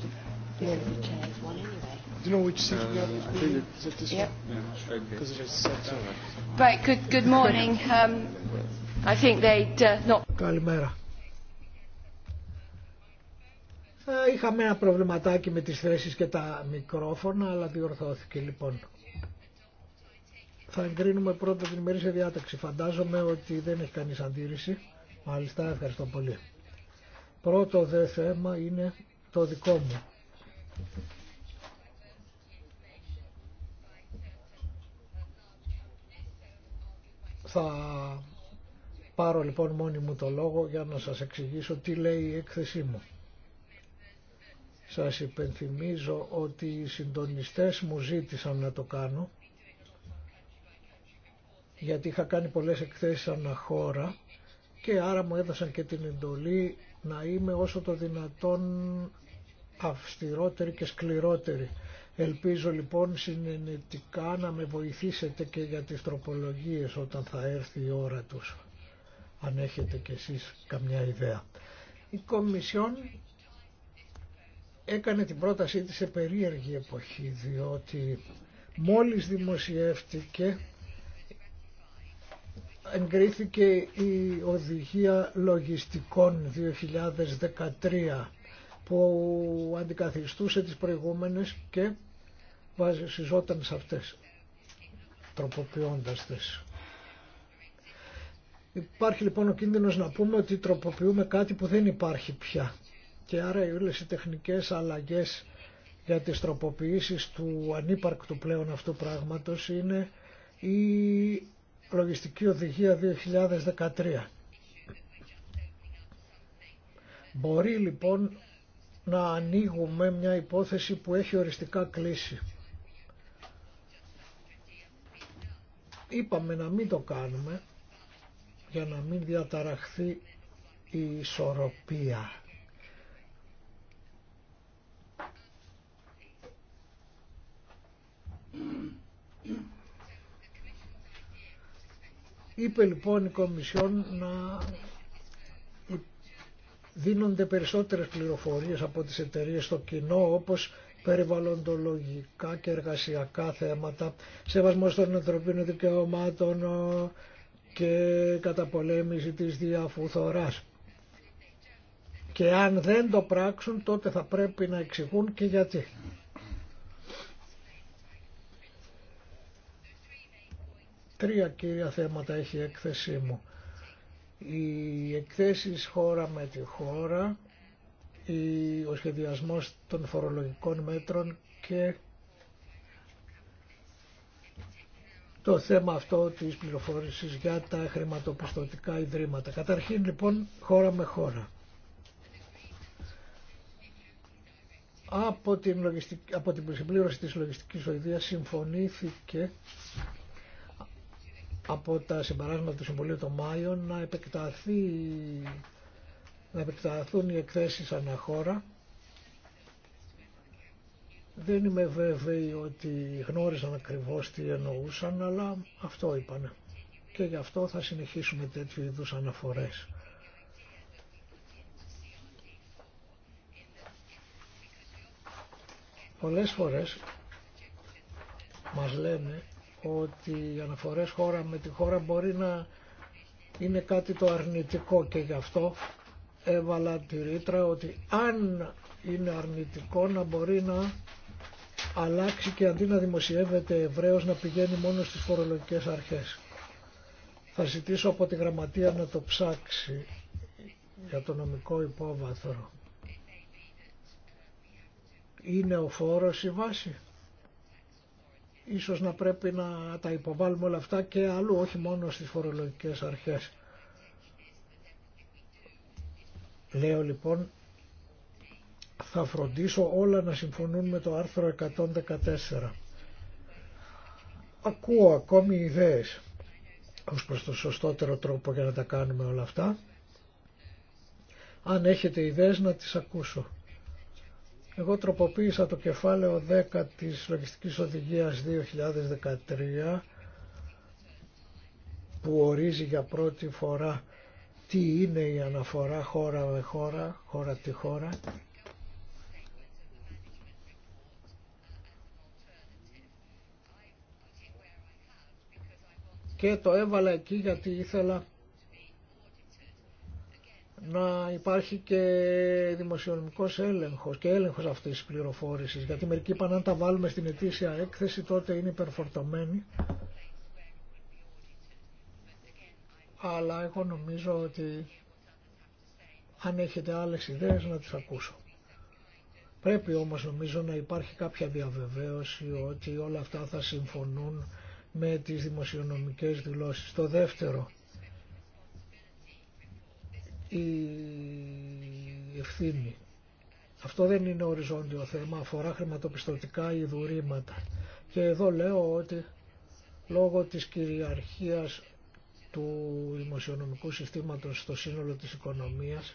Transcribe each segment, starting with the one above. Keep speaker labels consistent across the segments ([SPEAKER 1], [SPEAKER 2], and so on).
[SPEAKER 1] Do you know which seat we are? Uh, I think it's Because it so. Right, good, good morning. Um, I think they'd
[SPEAKER 2] uh, not... Καλημέρα. Είχαμε ένα προβληματάκι με τις θέσεις και τα μικρόφωνα, αλλά διορθώθηκε λοιπόν. Θα εγκρίνουμε πρώτα την ημερήσια διάταξη. Φαντάζομαι ότι δεν έχει κανείς αντίρρηση. Μάλιστα, ευχαριστώ πολύ. Πρώτο δε θέμα είναι το δικό μου. Θα πάρω λοιπόν μόνη μου το λόγο για να σας εξηγήσω τι λέει η έκθεσή μου. Σας υπενθυμίζω ότι οι συντονιστές μου ζήτησαν να το κάνω γιατί είχα κάνει πολλές εκθέσεις αναχώρα χώρα και άρα μου έδωσαν και την εντολή να είμαι όσο το δυνατόν αυστηρότερη και σκληρότερη. Ελπίζω λοιπόν συνενετικά να με βοηθήσετε και για τις τροπολογίες όταν θα έρθει η ώρα τους, αν έχετε κι εσείς καμιά ιδέα. Η Κομισιόν έκανε την πρότασή της σε περίεργη εποχή, διότι μόλις δημοσιεύτηκε εγκρίθηκε η Οδηγία Λογιστικών 2013 που αντικαθιστούσε τις προηγούμενες και βασιζόταν σε αυτές, τροποποιώντας τις. Υπάρχει λοιπόν ο κίνδυνος να πούμε ότι τροποποιούμε κάτι που δεν υπάρχει πια και άρα οι όλες οι τεχνικές αλλαγές για τις τροποποιήσεις του ανύπαρκτου πλέον αυτού πράγματος είναι η Λογιστική Οδηγία 2013. Μπορεί λοιπόν να ανοίγουμε μια υπόθεση που έχει οριστικά κλείσει. Είπαμε να μην το κάνουμε για να μην διαταραχθεί η ισορροπία. Είπε λοιπόν η Κομισιόν να δίνονται περισσότερες πληροφορίες από τις εταιρείες στο κοινό όπως περιβαλλοντολογικά και εργασιακά θέματα, σεβασμός των ανθρωπίνων δικαιωμάτων ε, και καταπολέμηση της διαφουθοράς. Και αν δεν το πράξουν τότε θα πρέπει να εξηγούν και γιατί. Τρία κύρια θέματα έχει η έκθεσή μου οι εκθέσεις χώρα με τη χώρα, ο σχεδιασμός των φορολογικών μέτρων και το θέμα αυτό της πληροφόρησης για τα χρηματοπιστωτικά ιδρύματα. Καταρχήν λοιπόν χώρα με χώρα. Από την, λογιστική, από την συμπλήρωση της λογιστικής συμφωνήθηκε από τα συμπαράσματα του Συμβουλίου των Μάιων να, επεκταθεί, να επεκταθούν οι εκθέσεις αναχώρα. Δεν είμαι βέβαιη ότι γνώριζαν ακριβώς τι εννοούσαν, αλλά αυτό είπανε. Και γι' αυτό θα συνεχίσουμε τέτοιου είδους αναφορές. Πολλές φορές μας λένε ότι οι αναφορές χώρα με τη χώρα μπορεί να είναι κάτι το αρνητικό και γι' αυτό έβαλα τη ρήτρα ότι αν είναι αρνητικό να μπορεί να αλλάξει και αντί να δημοσιεύεται ευρέως να πηγαίνει μόνο στις φορολογικές αρχές. Θα ζητήσω από τη γραμματεία να το ψάξει για το νομικό υπόβαθρο. Είναι ο φόρος η βάση ίσως να πρέπει να τα υποβάλουμε όλα αυτά και αλλού, όχι μόνο στις φορολογικές αρχές. Λέω λοιπόν, θα φροντίσω όλα να συμφωνούν με το άρθρο 114. Ακούω ακόμη ιδέες ως προς το σωστότερο τρόπο για να τα κάνουμε όλα αυτά. Αν έχετε ιδέες να τις ακούσω. Εγώ τροποποίησα το κεφάλαιο 10 της Λογιστικής Οδηγίας 2013 που ορίζει για πρώτη φορά τι είναι η αναφορά χώρα με χώρα, χώρα τη χώρα και το έβαλα εκεί γιατί ήθελα να υπάρχει και δημοσιονομικός έλεγχος και έλεγχος αυτής της πληροφόρησης γιατί μερικοί είπαν αν τα βάλουμε στην ετήσια έκθεση τότε είναι υπερφορτωμένοι αλλά εγώ νομίζω ότι αν έχετε άλλες ιδέες να τις ακούσω. Πρέπει όμως νομίζω να υπάρχει κάποια διαβεβαίωση ότι όλα αυτά θα συμφωνούν με τις δημοσιονομικές δηλώσεις. Το δεύτερο, η ευθύνη. Αυτό δεν είναι οριζόντιο θέμα, αφορά χρηματοπιστωτικά ιδουρήματα. Και εδώ λέω ότι λόγω της κυριαρχίας του δημοσιονομικού συστήματος στο σύνολο της οικονομίας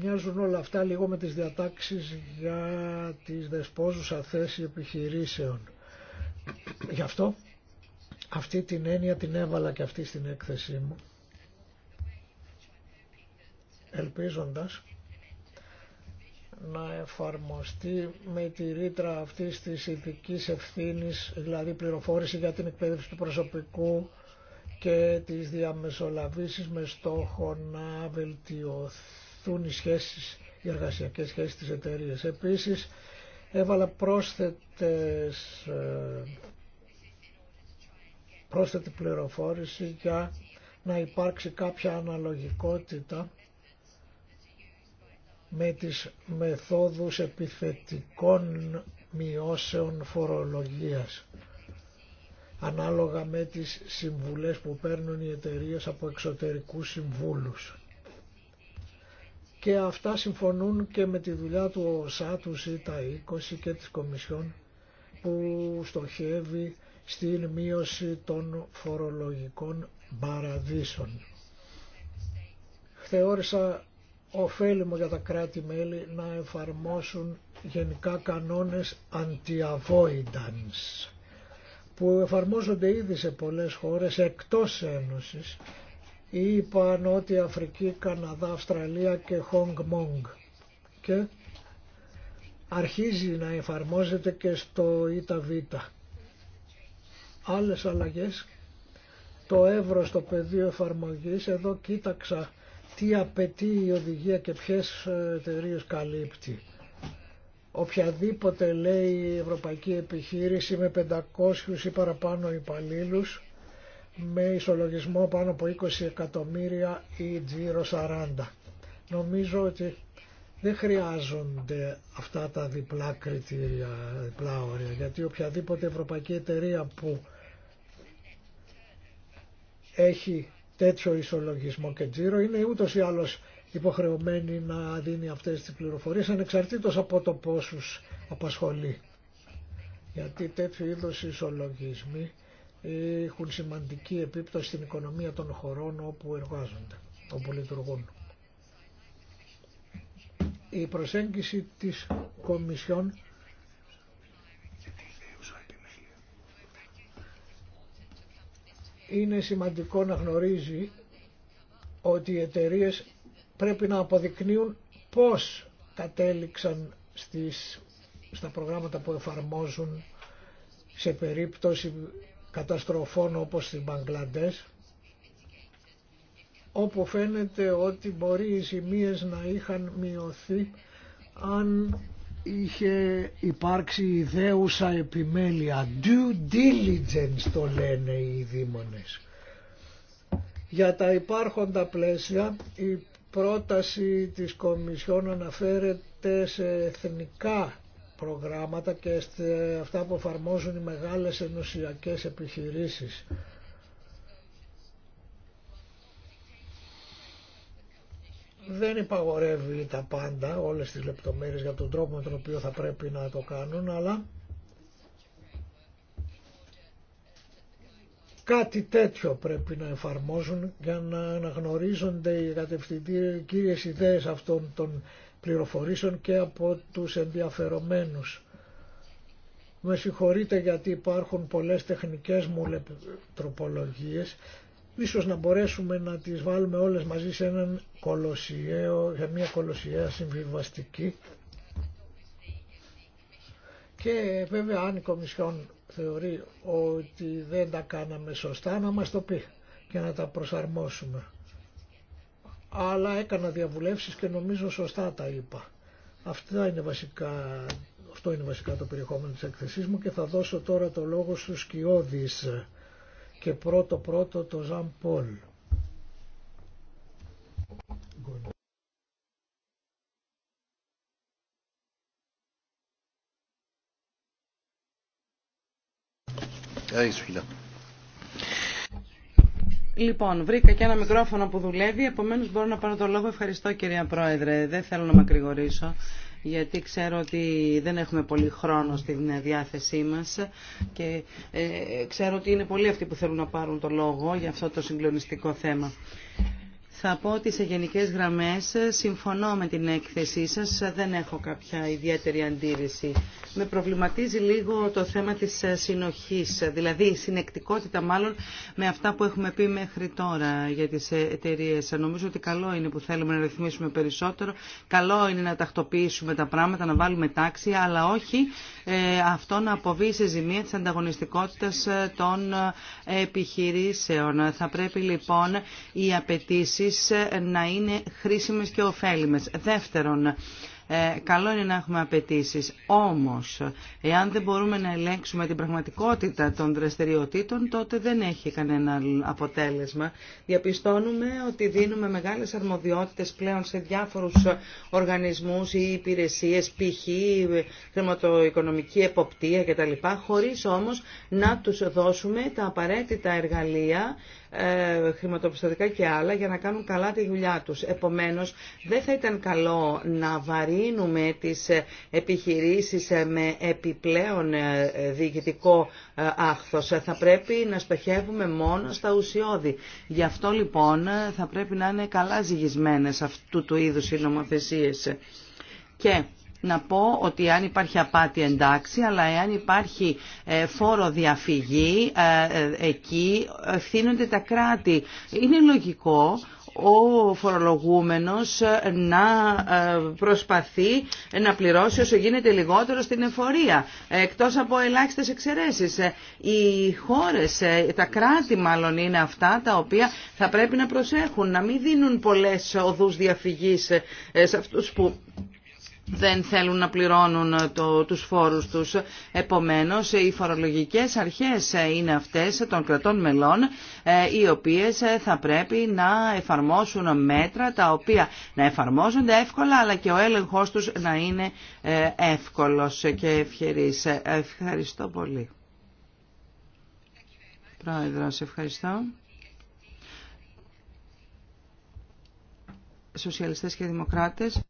[SPEAKER 2] μοιάζουν όλα αυτά λίγο με τις διατάξεις για τις δεσπόζουσα θέση επιχειρήσεων. Γι' αυτό αυτή την έννοια την έβαλα και αυτή στην έκθεσή μου ελπίζοντας να εφαρμοστεί με τη ρήτρα αυτή τη ειδική ευθύνη, δηλαδή πληροφόρηση για την εκπαίδευση του προσωπικού και της διαμεσολαβήσεις με στόχο να βελτιωθούν οι σχέσεις, οι εργασιακές σχέσεις της εταιρείας. Επίσης, έβαλα πρόσθετες, ε, πρόσθετη πληροφόρηση για να υπάρξει κάποια αναλογικότητα με τις μεθόδους επιθετικών μειώσεων φορολογίας ανάλογα με τις συμβουλές που παίρνουν οι εταιρείε από εξωτερικούς συμβούλους. Και αυτά συμφωνούν και με τη δουλειά του ΟΣΑ, του ΣΥΤΑ 20 και της Κομισιόν που στοχεύει στην μείωση των φορολογικών παραδείσων. Θεώρησα ωφέλιμο για τα κράτη-μέλη να εφαρμόσουν γενικά κανόνες anti-avoidance που εφαρμόζονται ήδη σε πολλές χώρες εκτός Ένωσης είπα Νότια Αφρική, Καναδά, Αυστραλία και Χονγκ Μόγκ και αρχίζει να εφαρμόζεται και στο ΙΤΑΒ. Άλλες αλλαγές το εύρος στο πεδίο εφαρμογής εδώ κοίταξα τι απαιτεί η οδηγία και ποιες ε, εταιρείε καλύπτει. Οποιαδήποτε λέει η Ευρωπαϊκή Επιχείρηση με 500 ή παραπάνω υπαλλήλους με ισολογισμό πάνω από 20 εκατομμύρια ή τζίρο 40. Νομίζω ότι δεν χρειάζονται αυτά τα διπλά κριτήρια, διπλά όρια, γιατί οποιαδήποτε ευρωπαϊκή εταιρεία που έχει τέτοιο ισολογισμό και τζίρο είναι ούτως ή άλλως υποχρεωμένη να δίνει αυτές τις πληροφορίες ανεξαρτήτως από το πόσους απασχολεί. Γιατί τέτοιου είδους ισολογισμοί έχουν σημαντική επίπτωση στην οικονομία των χωρών όπου εργάζονται, όπου λειτουργούν. Η προσέγγιση της Κομισιόν είναι σημαντικό να γνωρίζει ότι οι εταιρείε πρέπει να αποδεικνύουν πώς κατέληξαν στις, στα προγράμματα που εφαρμόζουν σε περίπτωση καταστροφών όπως στην Μπαγκλαντές όπου φαίνεται ότι μπορεί οι ζημίες να είχαν μειωθεί αν είχε υπάρξει ιδέουσα επιμέλεια. Due diligence το λένε οι δήμονες. Για τα υπάρχοντα πλαίσια η πρόταση της Κομισιόν αναφέρεται σε εθνικά προγράμματα και σε αυτά που εφαρμόζουν οι μεγάλες ενωσιακές επιχειρήσεις. δεν υπαγορεύει τα πάντα, όλες τις λεπτομέρειες για τον τρόπο με τον οποίο θα πρέπει να το κάνουν, αλλά κάτι τέτοιο πρέπει να εφαρμόζουν για να αναγνωρίζονται οι κατευθυντήρες κύριες ιδέες αυτών των πληροφορήσεων και από τους ενδιαφερομένους. Με συγχωρείτε γιατί υπάρχουν πολλές τεχνικές μου τροπολογίες Ίσως να μπορέσουμε να τις βάλουμε όλες μαζί σε, έναν κολοσιαίο, για μια κολοσιαία συμβιβαστική. Και βέβαια αν η Κομισιόν θεωρεί ότι δεν τα κάναμε σωστά να μας το πει και να τα προσαρμόσουμε. Αλλά έκανα διαβουλεύσεις και νομίζω σωστά τα είπα. Αυτά είναι βασικά, αυτό είναι βασικά το περιεχόμενο της εκθεσής μου και θα δώσω τώρα το λόγο στους κοιόδης και πρώτο πρώτο το Ζαν Πολ.
[SPEAKER 3] Λοιπόν, βρήκα και ένα μικρόφωνο που δουλεύει, επομένως μπορώ να πάρω το λόγο. Ευχαριστώ κυρία Πρόεδρε, δεν θέλω να ακρηγορήσω γιατί ξέρω ότι δεν έχουμε πολύ χρόνο στην διάθεσή μας και ε, ξέρω ότι είναι πολλοί αυτοί που θέλουν να πάρουν το λόγο για αυτό το συγκλονιστικό θέμα. Θα πω ότι σε γενικές γραμμές συμφωνώ με την έκθεσή σας, δεν έχω κάποια ιδιαίτερη αντίρρηση. Με προβληματίζει λίγο το θέμα της συνοχής, δηλαδή η συνεκτικότητα μάλλον με αυτά που έχουμε πει μέχρι τώρα για τις εταιρείε. Νομίζω ότι καλό είναι που θέλουμε να ρυθμίσουμε περισσότερο, καλό είναι να τακτοποιήσουμε τα πράγματα, να βάλουμε τάξη, αλλά όχι ε, αυτό να αποβεί σε ζημία της ανταγωνιστικότητας των επιχειρήσεων. Θα πρέπει λοιπόν οι απαιτήσει ε, να είναι χρήσιμες και ωφέλιμες. Δεύτερον, ε, καλό είναι να έχουμε απαιτήσει. Όμως, εάν δεν μπορούμε να ελέγξουμε την πραγματικότητα των δραστηριοτήτων, τότε δεν έχει κανένα αποτέλεσμα. Διαπιστώνουμε ότι δίνουμε μεγάλες αρμοδιότητες πλέον σε διάφορους οργανισμούς ή υπηρεσίες, π.χ. χρηματοοικονομική εποπτεία κτλ. Χωρίς όμως να τους δώσουμε τα απαραίτητα εργαλεία ε, χρηματοπιστωτικά και άλλα για να κάνουν καλά τη δουλειά τους. Επομένως, δεν θα ήταν καλό να βαρύνουμε τις ε, επιχειρήσεις ε, με επιπλέον διοικητικό άχθος. Θα πρέπει να στοχεύουμε μόνο στα ουσιώδη. Γι' αυτό λοιπόν θα πρέπει να είναι καλά ζυγισμένες αυτού του είδους οι νομοθεσίες. Και να πω ότι αν υπάρχει απάτη εντάξει, αλλά εάν υπάρχει ε, φόρο διαφυγή, ε, ε, εκεί ευθύνονται τα κράτη. Είναι λογικό ο φορολογούμενος να προσπαθεί να πληρώσει όσο γίνεται λιγότερο στην εφορία, εκτός από ελάχιστες εξαιρέσεις. Οι χώρες, τα κράτη μάλλον είναι αυτά τα οποία θα πρέπει να προσέχουν, να μην δίνουν πολλές οδούς διαφυγής σε αυτούς που δεν θέλουν να πληρώνουν ε, το, τους φόρους τους. Επομένως, οι φορολογικές αρχές ε, είναι αυτές των κρατών μελών, ε, οι οποίες θα πρέπει να εφαρμόσουν μέτρα, τα οποία να εφαρμόζονται εύκολα, αλλά και ο έλεγχος τους να είναι εύκολος και ευχερής. Ευχαριστώ πολύ. Πρόεδρος, ευχαριστώ. Σοσιαλιστές και Δημοκράτες.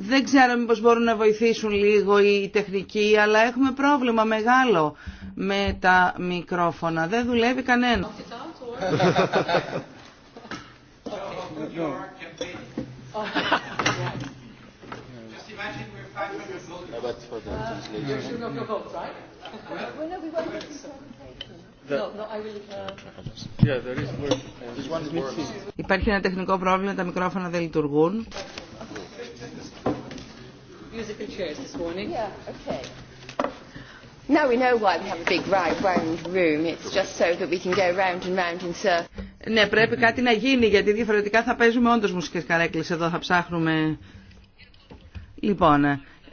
[SPEAKER 3] Δεν ξέρω μήπως μπορούν να βοηθήσουν λίγο οι τεχνικοί, αλλά έχουμε πρόβλημα μεγάλο με τα μικρόφωνα. Δεν δουλεύει κανένα. Υπάρχει ένα τεχνικό πρόβλημα, τα μικρόφωνα δεν λειτουργούν. Ναι, πρέπει κάτι να γίνει, γιατί διαφορετικά θα παίζουμε όντως μουσικές καρέκλες εδώ, θα ψάχνουμε... Λοιπόν,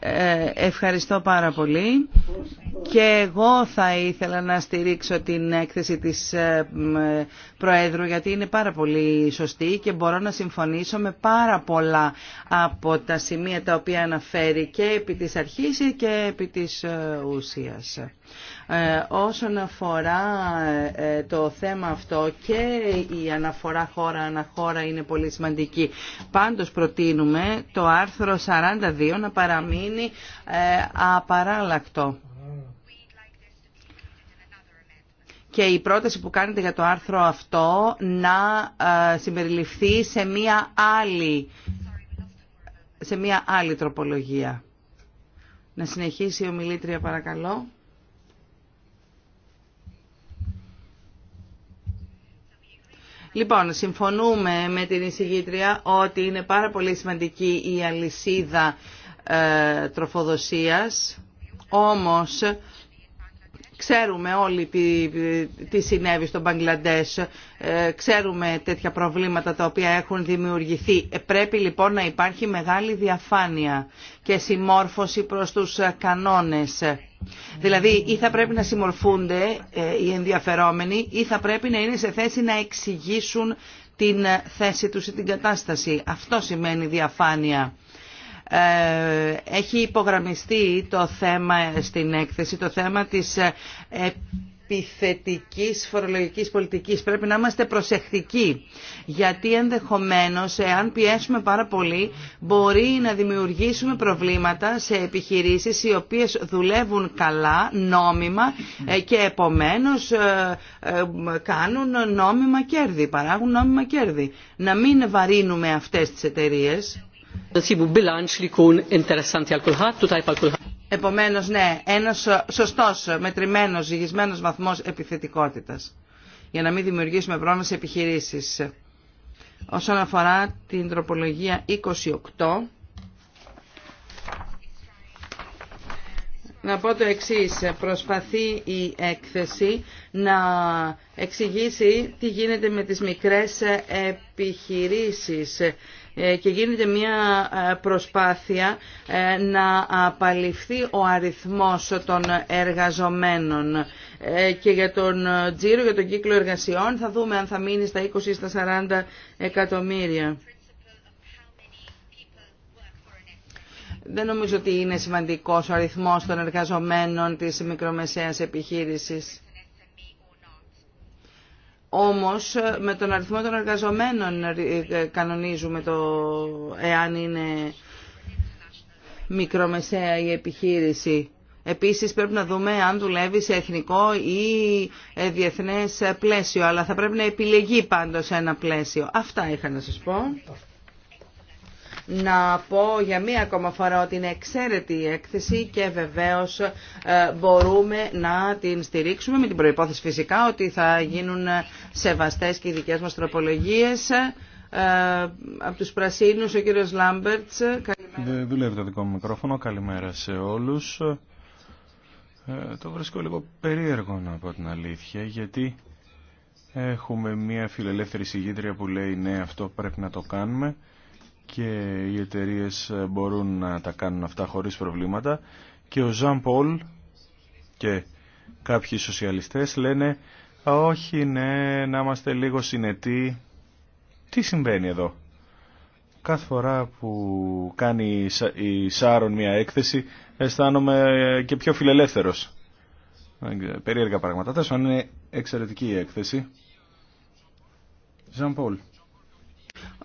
[SPEAKER 3] ε, ευχαριστώ πάρα πολύ. Και εγώ θα ήθελα να στηρίξω την έκθεση της ε, Προέδρου γιατί είναι πάρα πολύ σωστή και μπορώ να συμφωνήσω με πάρα πολλά από τα σημεία τα οποία αναφέρει και επί της αρχής και επί της ε, ουσίας. Ε, όσον αφορά ε, το θέμα αυτό και η αναφορά χώρα-αναχώρα είναι πολύ σημαντική. Πάντως προτείνουμε το άρθρο 42 να παραμείνει ε, απαράλλακτο. και η πρόταση που κάνετε για το άρθρο αυτό να συμπεριληφθεί σε μία άλλη, σε μία άλλη τροπολογία. Να συνεχίσει η ομιλήτρια παρακαλώ. Λοιπόν, συμφωνούμε με την εισηγήτρια ότι είναι πάρα πολύ σημαντική η αλυσίδα ε, τροφοδοσίας, όμως Ξέρουμε όλοι τι, συνέβη στον Μπαγκλαντές, ε, ξέρουμε τέτοια προβλήματα τα οποία έχουν δημιουργηθεί. Ε, πρέπει λοιπόν να υπάρχει μεγάλη διαφάνεια και συμμόρφωση προς τους κανόνες. Δηλαδή ή θα πρέπει να συμμορφούνται ε, οι ενδιαφερόμενοι ή θα πρέπει να είναι σε θέση να εξηγήσουν την ε, θέση τους ή την κατάσταση. Αυτό σημαίνει διαφάνεια. Ε, έχει υπογραμμιστεί το θέμα στην έκθεση, το θέμα της επιθετικής φορολογικής πολιτικής. Πρέπει να είμαστε προσεκτικοί, γιατί ενδεχομένως, εάν πιέσουμε πάρα πολύ, μπορεί να δημιουργήσουμε προβλήματα σε επιχειρήσεις οι οποίες δουλεύουν καλά, νόμιμα ε, και επομένως ε, ε, κάνουν νόμιμα κέρδη, παράγουν νόμιμα κέρδη. Να μην βαρύνουμε αυτές τις εταιρείες. Επομένως, ναι, ένας σωστός, μετρημένος, ζυγισμένος βαθμός επιθετικότητας για να μην δημιουργήσουμε πρόβλημα σε επιχειρήσεις. Όσον αφορά την τροπολογία 28, να πω το εξής. Προσπαθεί η έκθεση να εξηγήσει τι γίνεται με τις μικρές επιχειρήσεις ε, και γίνεται μια ε, προσπάθεια ε, να απαλληφθεί ο αριθμός των εργαζομένων και για τον τζίρο, για τον κύκλο εργασιών θα δούμε αν θα μείνει στα 20 ή στα 40 εκατομμύρια. Δεν νομίζω ότι είναι σημαντικός ο αριθμός των εργαζομένων της μικρομεσαίας επιχείρησης. Όμως με τον αριθμό των εργαζομένων ε, κανονίζουμε το εάν είναι μικρομεσαία η επιχείρηση. Επίσης πρέπει να δούμε αν δουλεύει σε εθνικό ή ε, διεθνές πλαίσιο, αλλά θα πρέπει να επιλεγεί πάντως ένα πλαίσιο. Αυτά είχα να σας πω να πω για μία ακόμα φορά ότι είναι εξαίρετη η έκθεση και βεβαίως ε, μπορούμε να την στηρίξουμε με την προϋπόθεση φυσικά ότι θα γίνουν σεβαστές και οι δικές μας τροπολογίες. Ε, από τους Πρασίνους, ο κύριος Λάμπερτς.
[SPEAKER 1] δουλεύει το δικό μου μικρόφωνο. Καλημέρα σε όλους. Ε, το βρίσκω λίγο περίεργο να πω την αλήθεια, γιατί έχουμε μια φιλελεύθερη συγγύτρια που λέει ναι αυτό πρέπει να το κάνουμε και οι εταιρείε ε, μπορούν να τα κάνουν αυτά χωρίς προβλήματα και ο Ζαν Πολ και κάποιοι σοσιαλιστές λένε όχι ναι να είμαστε λίγο συνετοί τι συμβαίνει εδώ κάθε φορά που κάνει η Σάρον μια έκθεση αισθάνομαι ε, και πιο φιλελεύθερος περίεργα πράγματα τέσσερα είναι εξαιρετική η έκθεση Ζαν Πολ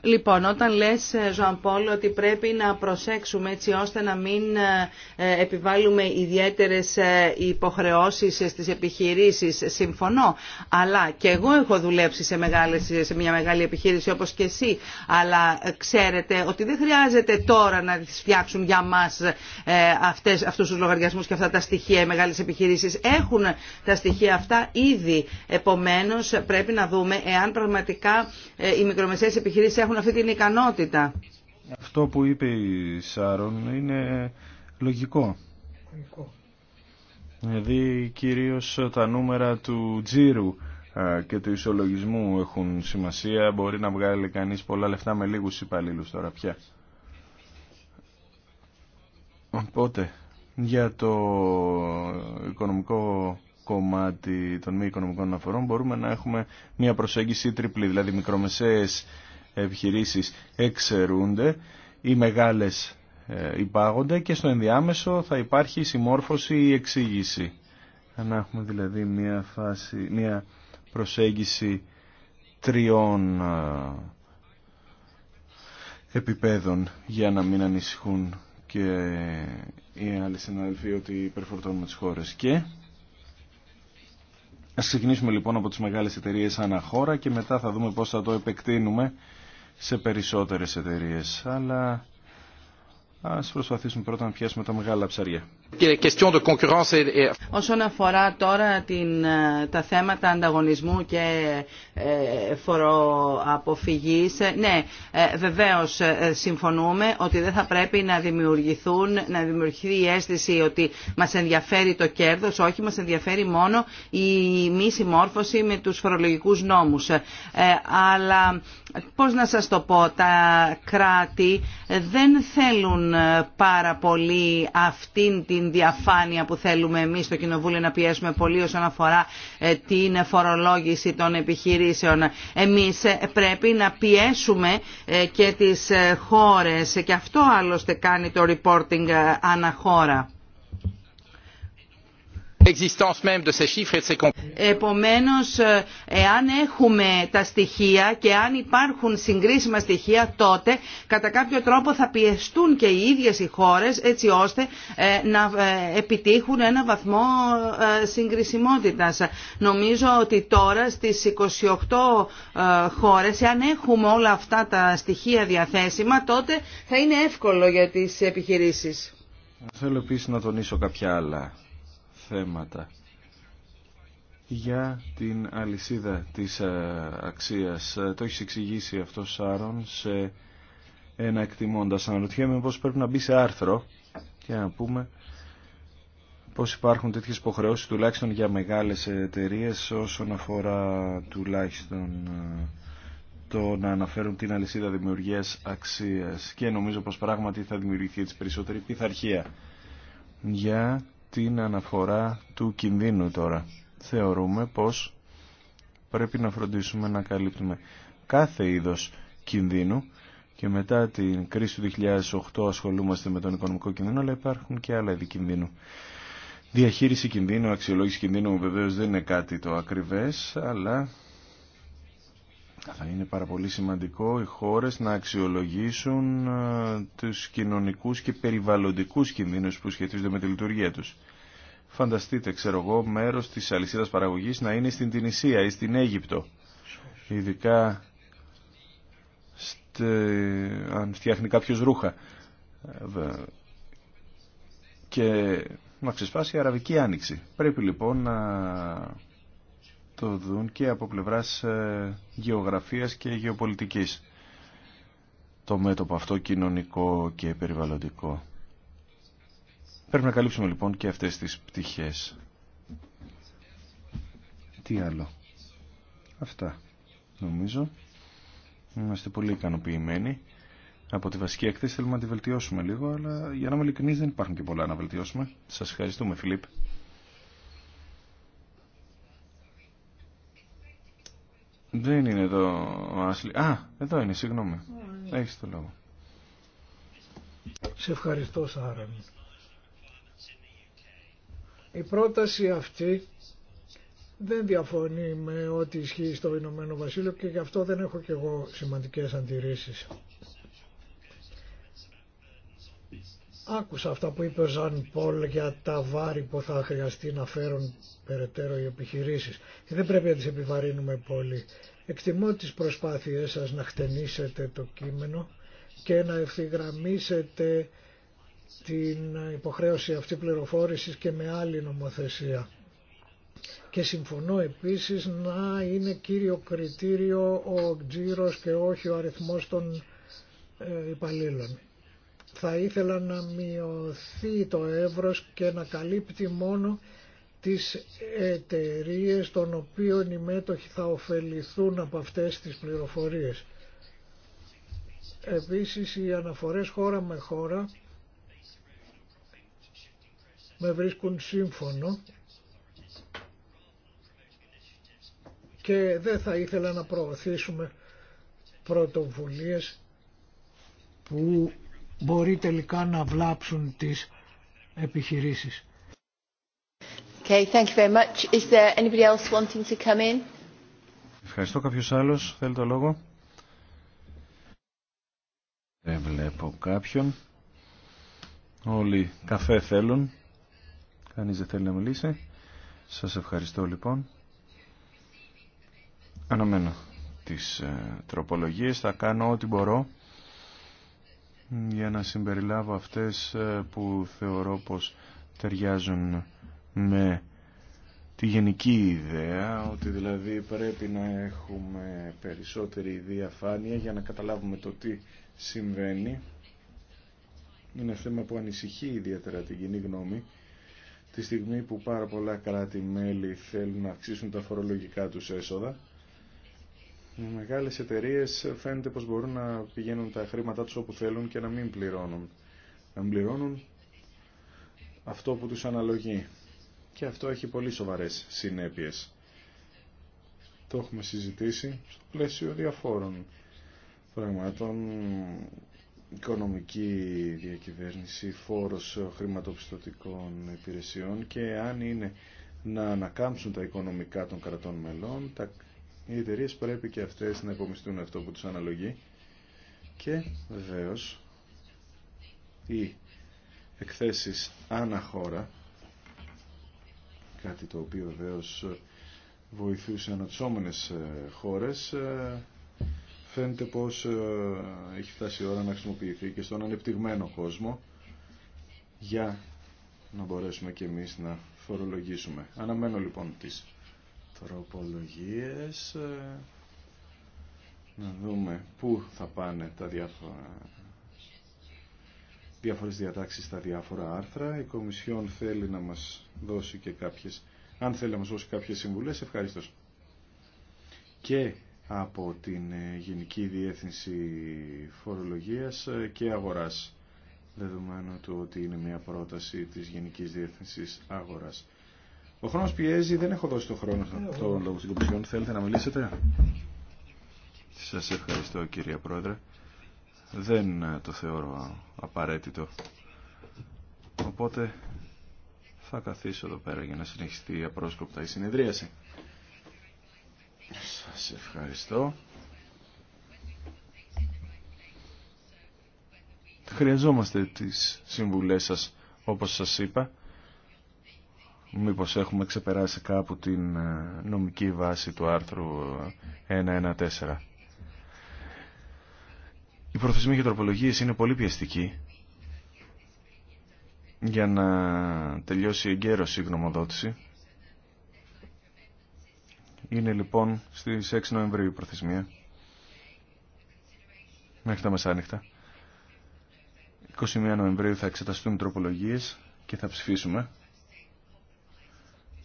[SPEAKER 3] Λοιπόν, όταν λες, ε, Ζωάν Πολ, ότι πρέπει να προσέξουμε έτσι ώστε να μην ε, ε, επιβάλλουμε ιδιαίτερες υποχρεώσεις στις επιχειρήσεις, συμφωνώ. Αλλά και εγώ έχω δουλέψει σε, μεγάλες, σε μια μεγάλη επιχείρηση όπως και εσύ. Αλλά ξέρετε ότι δεν χρειάζεται τώρα να τις φτιάξουν για μας αυτές, αυτούς τους λογαριασμούς και αυτά τα στοιχεία οι μεγάλες επιχειρήσεις. Έχουν τα στοιχεία αυτά ήδη. Επομένως, πρέπει να δούμε εάν πραγματικά οι μικρομεσαίες επιχειρήσεις έχουν έχουν αυτή την ικανότητα.
[SPEAKER 1] Αυτό που είπε η Σάρων είναι λογικό. Δηλαδή κυρίως τα νούμερα του τζίρου και του ισολογισμού έχουν σημασία. Μπορεί να βγάλει κανείς πολλά λεφτά με λίγους υπαλλήλου τώρα πια. Οπότε, για το οικονομικό κομμάτι των μη οικονομικών αναφορών μπορούμε να έχουμε μια προσέγγιση τριπλή, δηλαδή μικρομεσαίες επιχειρήσεις εξαιρούνται, οι μεγάλες ε, υπάγονται και στο ενδιάμεσο θα υπάρχει συμμόρφωση ή εξήγηση. Να έχουμε δηλαδή μια, φάση, μια προσέγγιση τριών ε, επιπέδων για να μην ανησυχούν και οι άλλοι συναδελφοί ότι υπερφορτώνουμε τις χώρες. Και ας ξεκινήσουμε λοιπόν από τις μεγάλες εταιρείες ανά χώρα και μετά θα δούμε πώς θα το επεκτείνουμε σε περισσότερες εταιρείες. Αλλά ας προσπαθήσουμε πρώτα να πιάσουμε τα μεγάλα ψαριά.
[SPEAKER 3] Όσον αφορά τώρα την, ε, τα θέματα ανταγωνισμού και ε, φοροαποφυγής, ε, ναι, βεβαίως συμφωνούμε ότι δεν θα πρέπει να δημιουργηθούν, να δημιουργηθεί η αίσθηση ότι μας ενδιαφέρει το κέρδος, όχι, μας ενδιαφέρει μόνο η μη συμμόρφωση με τους φορολογικούς νόμους. αλλά πώς να σας το πω, τα κράτη δεν θέλουν πάρα πολύ αυτήν την την διαφάνεια που θέλουμε εμείς στο Κοινοβούλιο να πιέσουμε πολύ όσον αφορά ε, την φορολόγηση των επιχειρήσεων. Εμείς ε, πρέπει να πιέσουμε ε, και τις χώρες και αυτό άλλωστε κάνει το reporting αναχώρα. Επομένως, εάν έχουμε τα στοιχεία και αν υπάρχουν συγκρίσιμα στοιχεία, τότε κατά κάποιο τρόπο θα πιεστούν και οι ίδιες οι χώρες έτσι ώστε ε, να ε, επιτύχουν ένα βαθμό ε, συγκρισιμότητας. Νομίζω ότι τώρα στις 28 χώρες, εάν έχουμε όλα αυτά τα στοιχεία διαθέσιμα, τότε θα είναι εύκολο για τις επιχειρήσεις.
[SPEAKER 1] Θέλω επίσης να τονίσω κάποια άλλα θέματα για την αλυσίδα της ε, αξίας. Ε, το έχει εξηγήσει αυτό Σάρον σε ένα εκτιμώντας. Αναρωτιέμαι πώς πρέπει να μπει σε άρθρο και να πούμε πώς υπάρχουν τέτοιες υποχρεώσεις τουλάχιστον για μεγάλες εταιρείε όσον αφορά τουλάχιστον ε, το να αναφέρουν την αλυσίδα δημιουργίας αξίας και νομίζω πως πράγματι θα δημιουργηθεί έτσι περισσότερη πειθαρχία για την αναφορά του κινδύνου τώρα. Θεωρούμε πως πρέπει να φροντίσουμε να καλύπτουμε κάθε είδος κινδύνου και μετά την κρίση του 2008 ασχολούμαστε με τον οικονομικό κινδύνο, αλλά υπάρχουν και άλλα είδη κινδύνου. Διαχείριση κινδύνου, αξιολόγηση κινδύνου βεβαίως δεν είναι κάτι το ακριβές, αλλά θα είναι πάρα πολύ σημαντικό οι χώρες να αξιολογήσουν ε, τους κοινωνικούς και περιβαλλοντικούς κινδύνους που σχετίζονται με τη λειτουργία τους. Φανταστείτε, ξέρω εγώ, μέρος της αλυσίδας παραγωγής να είναι στην Τινησία ή στην Αίγυπτο. Ειδικά στε... αν φτιάχνει κάποιος ρούχα. Ε, και να ξεσπάσει η Αραβική Άνοιξη. Πρέπει λοιπόν να το δουν και από πλευράς ε, γεωγραφίας και γεωπολιτικής. Το μέτωπο αυτό κοινωνικό και περιβαλλοντικό. Πρέπει να καλύψουμε λοιπόν και αυτές τις πτυχές. Τι άλλο. Αυτά νομίζω. Είμαστε πολύ ικανοποιημένοι από τη βασική εκθέση. Θέλουμε να τη βελτιώσουμε λίγο, αλλά για να είμαι ειλικρινής δεν υπάρχουν και πολλά να βελτιώσουμε. Σας ευχαριστούμε Φιλίπ. Δεν είναι εδώ ο Άσλι. Α, εδώ είναι, συγγνώμη. Ναι. Έχεις το λόγο.
[SPEAKER 2] Σε ευχαριστώ Σάρα. Η πρόταση αυτή δεν διαφωνεί με ό,τι ισχύει στο Ηνωμένο Βασίλειο και γι' αυτό δεν έχω κι εγώ σημαντικές αντιρρήσεις. Άκουσα αυτά που είπε ο Ζαν Πολ για τα βάρη που θα χρειαστεί να φέρουν περαιτέρω οι επιχειρήσεις. Και δεν πρέπει να τις επιβαρύνουμε πολύ. Εκτιμώ τις προσπάθειές σας να χτενίσετε το κείμενο και να ευθυγραμμίσετε την υποχρέωση αυτή πληροφόρησης και με άλλη νομοθεσία. Και συμφωνώ επίσης να είναι κύριο κριτήριο ο τζίρος και όχι ο αριθμός των ε, υπαλλήλων θα ήθελα να μειωθεί το εύρος και να καλύπτει μόνο τις εταιρείε των οποίων οι μέτοχοι θα ωφεληθούν από αυτές τις πληροφορίες. Επίσης οι αναφορές χώρα με χώρα με βρίσκουν σύμφωνο και δεν θα ήθελα να προωθήσουμε πρωτοβουλίες που μπορεί τελικά να βλάψουν τις επιχειρήσεις. Okay,
[SPEAKER 1] thank you very much. Is there anybody else wanting to come in? Ευχαριστώ. Κάποιος άλλος θέλει το λόγο. Δεν βλέπω κάποιον. Όλοι καφέ θέλουν. Κανείς δεν θέλει να μιλήσει. Σας ευχαριστώ λοιπόν. Αναμένω τις ε, τροπολογίες. Θα κάνω ό,τι μπορώ για να συμπεριλάβω αυτές ε, που θεωρώ πως ταιριάζουν με τη γενική ιδέα ότι δηλαδή πρέπει να έχουμε περισσότερη διαφάνεια για να καταλάβουμε το τι συμβαίνει. Είναι θέμα που ανησυχεί ιδιαίτερα την κοινή γνώμη τη στιγμή που πάρα πολλά κράτη-μέλη θέλουν να αυξήσουν τα φορολογικά τους έσοδα οι μεγάλες εταιρείες φαίνεται πως μπορούν να πηγαίνουν τα χρήματά τους όπου θέλουν και να μην πληρώνουν. Να μην πληρώνουν αυτό που τους αναλογεί. Και αυτό έχει πολύ σοβαρές συνέπειες. Το έχουμε συζητήσει στο πλαίσιο διαφόρων πραγμάτων. Οικονομική διακυβέρνηση, φόρος χρηματοπιστωτικών υπηρεσιών και αν είναι να ανακάμψουν τα οικονομικά των κρατών μελών, οι εταιρείε πρέπει και αυτές να υπομιστούν αυτό που τους αναλογεί και βεβαίω οι εκθέσεις αναχώρα, κάτι το οποίο βεβαίω βοηθούσε ανατσόμενες ε, χώρες, ε, φαίνεται πως ε, έχει φτάσει η ώρα να χρησιμοποιηθεί και στον ανεπτυγμένο κόσμο για να μπορέσουμε και εμείς να φορολογήσουμε. Αναμένω λοιπόν τις τροπολογίες. Ε, να δούμε πού θα πάνε τα διάφορα διάφορες διατάξεις στα διάφορα άρθρα. Η Κομισιόν θέλει να μας δώσει και κάποιες, αν θέλει να μας δώσει κάποιες συμβουλές, ευχαριστώ. Και από την ε, Γενική Διεύθυνση Φορολογίας ε, και Αγοράς, δεδομένου του ότι είναι μια πρόταση της Γενικής Διεύθυνσης Αγοράς. Ο χρόνος πιέζει, δεν έχω δώσει το χρόνο τον λόγο στην Θέλετε να μιλήσετε. Σας ευχαριστώ κύριε Πρόεδρε. Δεν ε, το θεωρώ απαραίτητο. Οπότε θα καθίσω εδώ πέρα για να συνεχιστεί απρόσκοπτα η συνεδρίαση. Σας ευχαριστώ. Χρειαζόμαστε τις συμβουλές σας, όπως σας είπα μήπως έχουμε ξεπεράσει κάπου την ε, νομική βάση του άρθρου 114. Ε, Οι προθεσμοί για τροπολογίες είναι πολύ πιεστικοί για να τελειώσει εγκαίρως η γνωμοδότηση. Είναι λοιπόν στις 6 Νοεμβρίου η προθεσμία. Μέχρι τα μεσάνυχτα. 21 Νοεμβρίου θα εξεταστούν τροπολογίες και θα ψηφίσουμε.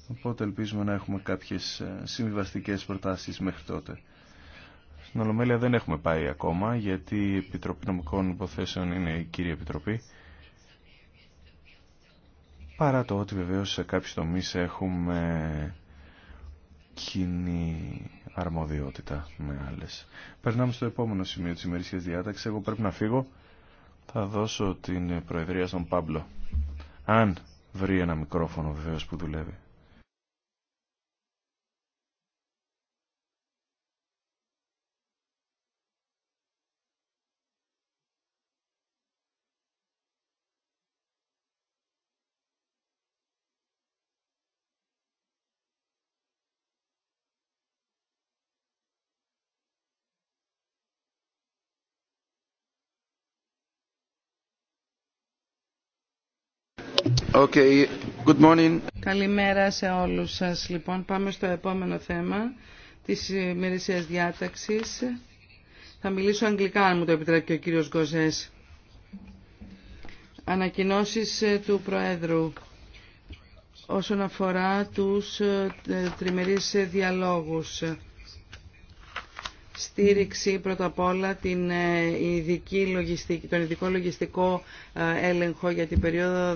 [SPEAKER 1] Οπότε ελπίζουμε να έχουμε κάποιες ε, συμβιβαστικές προτάσεις μέχρι τότε. Στην Ολομέλεια δεν έχουμε πάει ακόμα, γιατί η Επιτροπή Νομικών Υποθέσεων είναι η κύρια Επιτροπή. Παρά το ότι βεβαίως σε κάποιους τομείς έχουμε κοινή αρμοδιότητα με άλλες. Περνάμε στο επόμενο σημείο της ημερήσιας διάταξης. Εγώ πρέπει να φύγω. Θα δώσω την προεδρία στον Πάμπλο. Αν βρει ένα μικρόφωνο βεβαίως που δουλεύει.
[SPEAKER 3] Καλημέρα σε όλους σας. Λοιπόν, πάμε στο επόμενο θέμα της ημερησίας διάταξης. Θα μιλήσω αγγλικά, αν μου το επιτρέπει ο κύριος Γκοζές. Ανακοινώσεις ε, του Προέδρου όσον αφορά τους ε, τριμερείς ε, διαλόγους στήριξη πρώτα απ' όλα την ε, λογιστική, τον ειδικό λογιστικό ε, έλεγχο για την περίοδο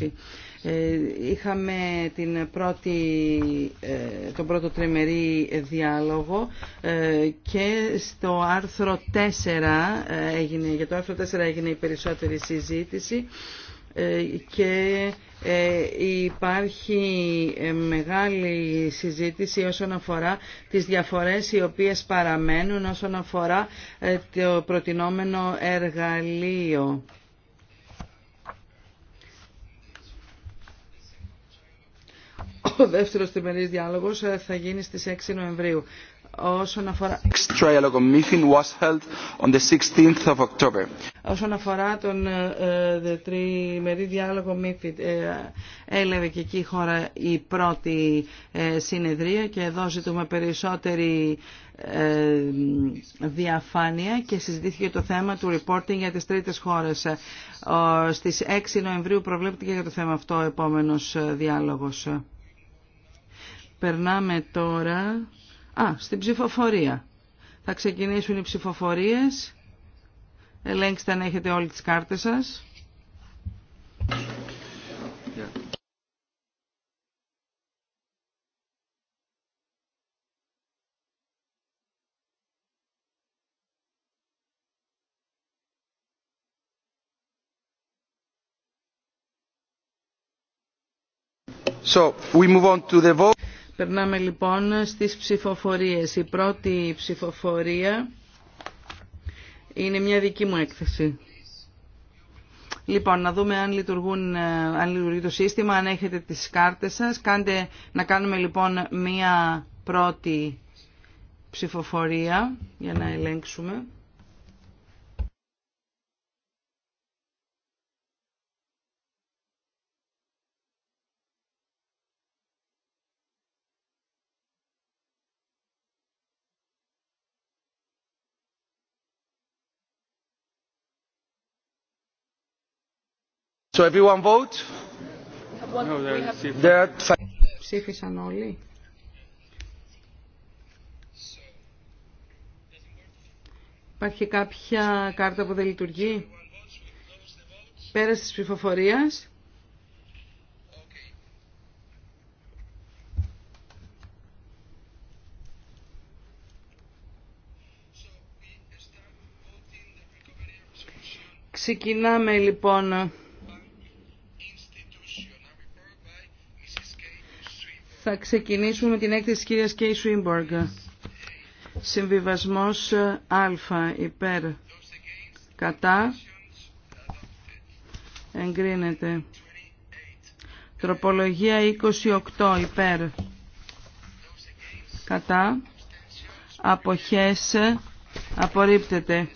[SPEAKER 3] 13-20. Ε, είχαμε την πρώτη, τον πρώτο τριμερή διάλογο και στο άρθρο 4 έγινε, για το άρθρο 4 έγινε η περισσότερη συζήτηση ε, και ε, υπάρχει ε, μεγάλη συζήτηση όσον αφορά τις διαφορές οι οποίες παραμένουν όσον αφορά το προτινόμενο εργαλείο. Ο δεύτερος τριμερής διάλογος θα γίνει στις 6 Νοεμβρίου. Όσον αφορά όσον αφορά τον ε, ε, τριμερή διάλογο Μήφη, ε, έλεγε και εκεί η χώρα η πρώτη συνεδρία και εδώ ζητούμε περισσότερη διαφάνεια και συζητήθηκε το θέμα του reporting για τις τρίτες χώρες. Στις 6 Νοεμβρίου προβλέπεται και για το θέμα αυτό ο επόμενος διάλογος. Περνάμε τώρα... Α, στην ψηφοφορία. Θα ξεκινήσουν οι ψηφοφορίες. Ελέγξτε αν έχετε όλοι τις κάρτες σας. So,
[SPEAKER 1] we move on to the vote.
[SPEAKER 3] Περνάμε λοιπόν στις ψηφοφορίες. Η πρώτη ψηφοφορία είναι μια δική μου έκθεση. Λοιπόν, να δούμε αν, λειτουργούν, ε, αν λειτουργεί το σύστημα, αν έχετε τις κάρτες σας. Κάντε, να κάνουμε λοιπόν μία πρώτη ψηφοφορία για να ελέγξουμε. So everyone vote?
[SPEAKER 1] No,
[SPEAKER 3] Ψήφισαν όλοι. Υπάρχει κάποια κάρτα που δεν λειτουργεί. Πέρασε τη ψηφοφορία. Ξεκινάμε λοιπόν Θα ξεκινήσουμε με την έκθεση της κυρίας Κέι Συμβιβασμός ε, Α υπέρ κατά εγκρίνεται. Τροπολογία 28 υπέρ κατά αποχές απορρίπτεται.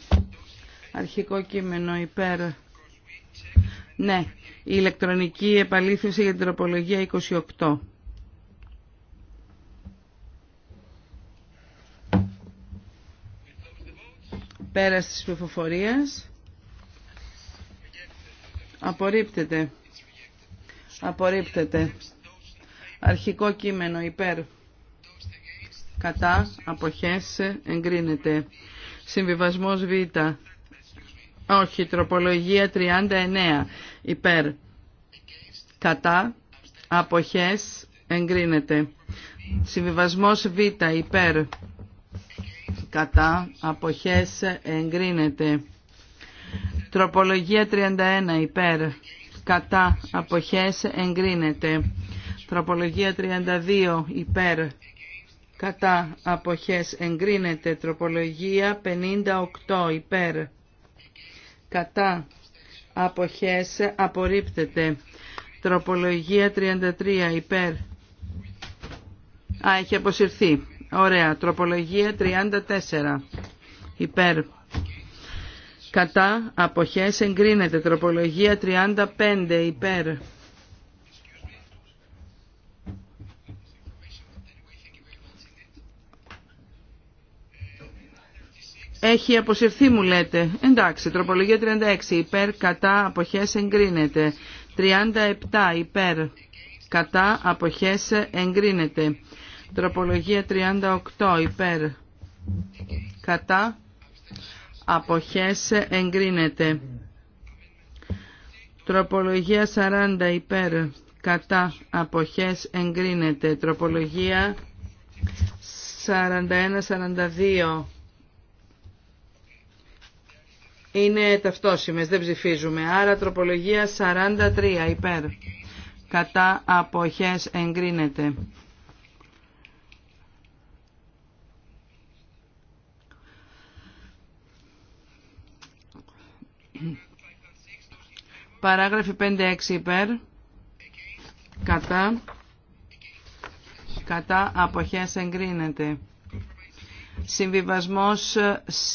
[SPEAKER 3] Αρχικό κείμενο υπέρ. Ναι, η ηλεκτρονική επαλήθευση για την τροπολογία 28. Πέρας της πληροφορίας. Απορρίπτεται. Απορρίπτεται. Αρχικό κείμενο υπέρ. Κατά. Αποχές. Εγκρίνεται. Συμβιβασμός Β. Όχι. Τροπολογία 39. Υπέρ. Κατά. Αποχές. Εγκρίνεται. Συμβιβασμός Β. Υπέρ κατά αποχές εγκρίνεται. Τροπολογία 31 υπέρ κατά αποχές εγκρίνεται. Τροπολογία 32 υπέρ κατά αποχές εγκρίνεται. Τροπολογία 58 υπέρ κατά αποχές απορρίπτεται. Τροπολογία 33 υπέρ. Α, έχει αποσυρθεί. Ωραία. Τροπολογία 34. Υπέρ. Κατά αποχές εγκρίνεται. Τροπολογία 35. Υπέρ. Έχει αποσυρθεί μου λέτε. Εντάξει, τροπολογία 36 υπέρ, κατά, αποχές εγκρίνεται. 37 υπέρ, κατά, αποχές εγκρίνεται. Τροπολογία 38 υπέρ κατά αποχές εγκρίνεται. Τροπολογία 40 υπέρ κατά αποχές εγκρίνεται. Τροπολογία 41-42 είναι ταυτόσιμες, δεν ψηφίζουμε. Άρα τροπολογία 43 υπέρ κατά αποχές εγκρίνεται. Παράγραφοι 5-6 υπέρ. Κατά. Κατά αποχές εγκρίνεται. Συμβιβασμός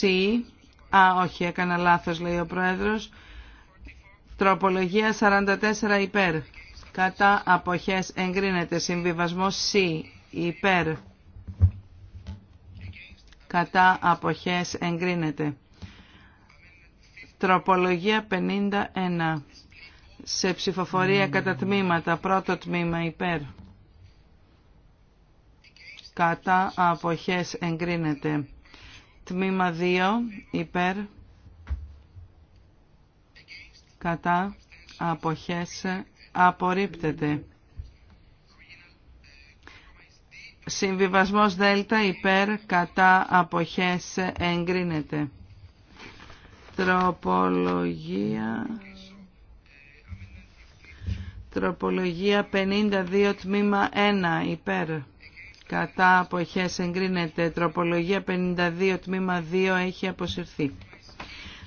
[SPEAKER 3] C. Α, όχι, έκανα λάθος, λέει ο Πρόεδρος. Τροπολογία 44 υπέρ. Κατά αποχές εγκρίνεται. Συμβιβασμός C. Υπέρ. Κατά αποχές εγκρίνεται. Τροπολογία 51. Σε ψηφοφορία κατά τμήματα. Πρώτο τμήμα υπέρ. Κατά αποχές εγκρίνεται. Τμήμα 2 υπέρ. Κατά αποχές απορρίπτεται. Συμβιβασμός Δέλτα υπέρ κατά αποχές εγκρίνεται. Τροπολογία... Τροπολογία 52 τμήμα 1 υπέρ. Κατά αποχές εγκρίνεται. Τροπολογία 52 τμήμα 2 έχει αποσυρθεί.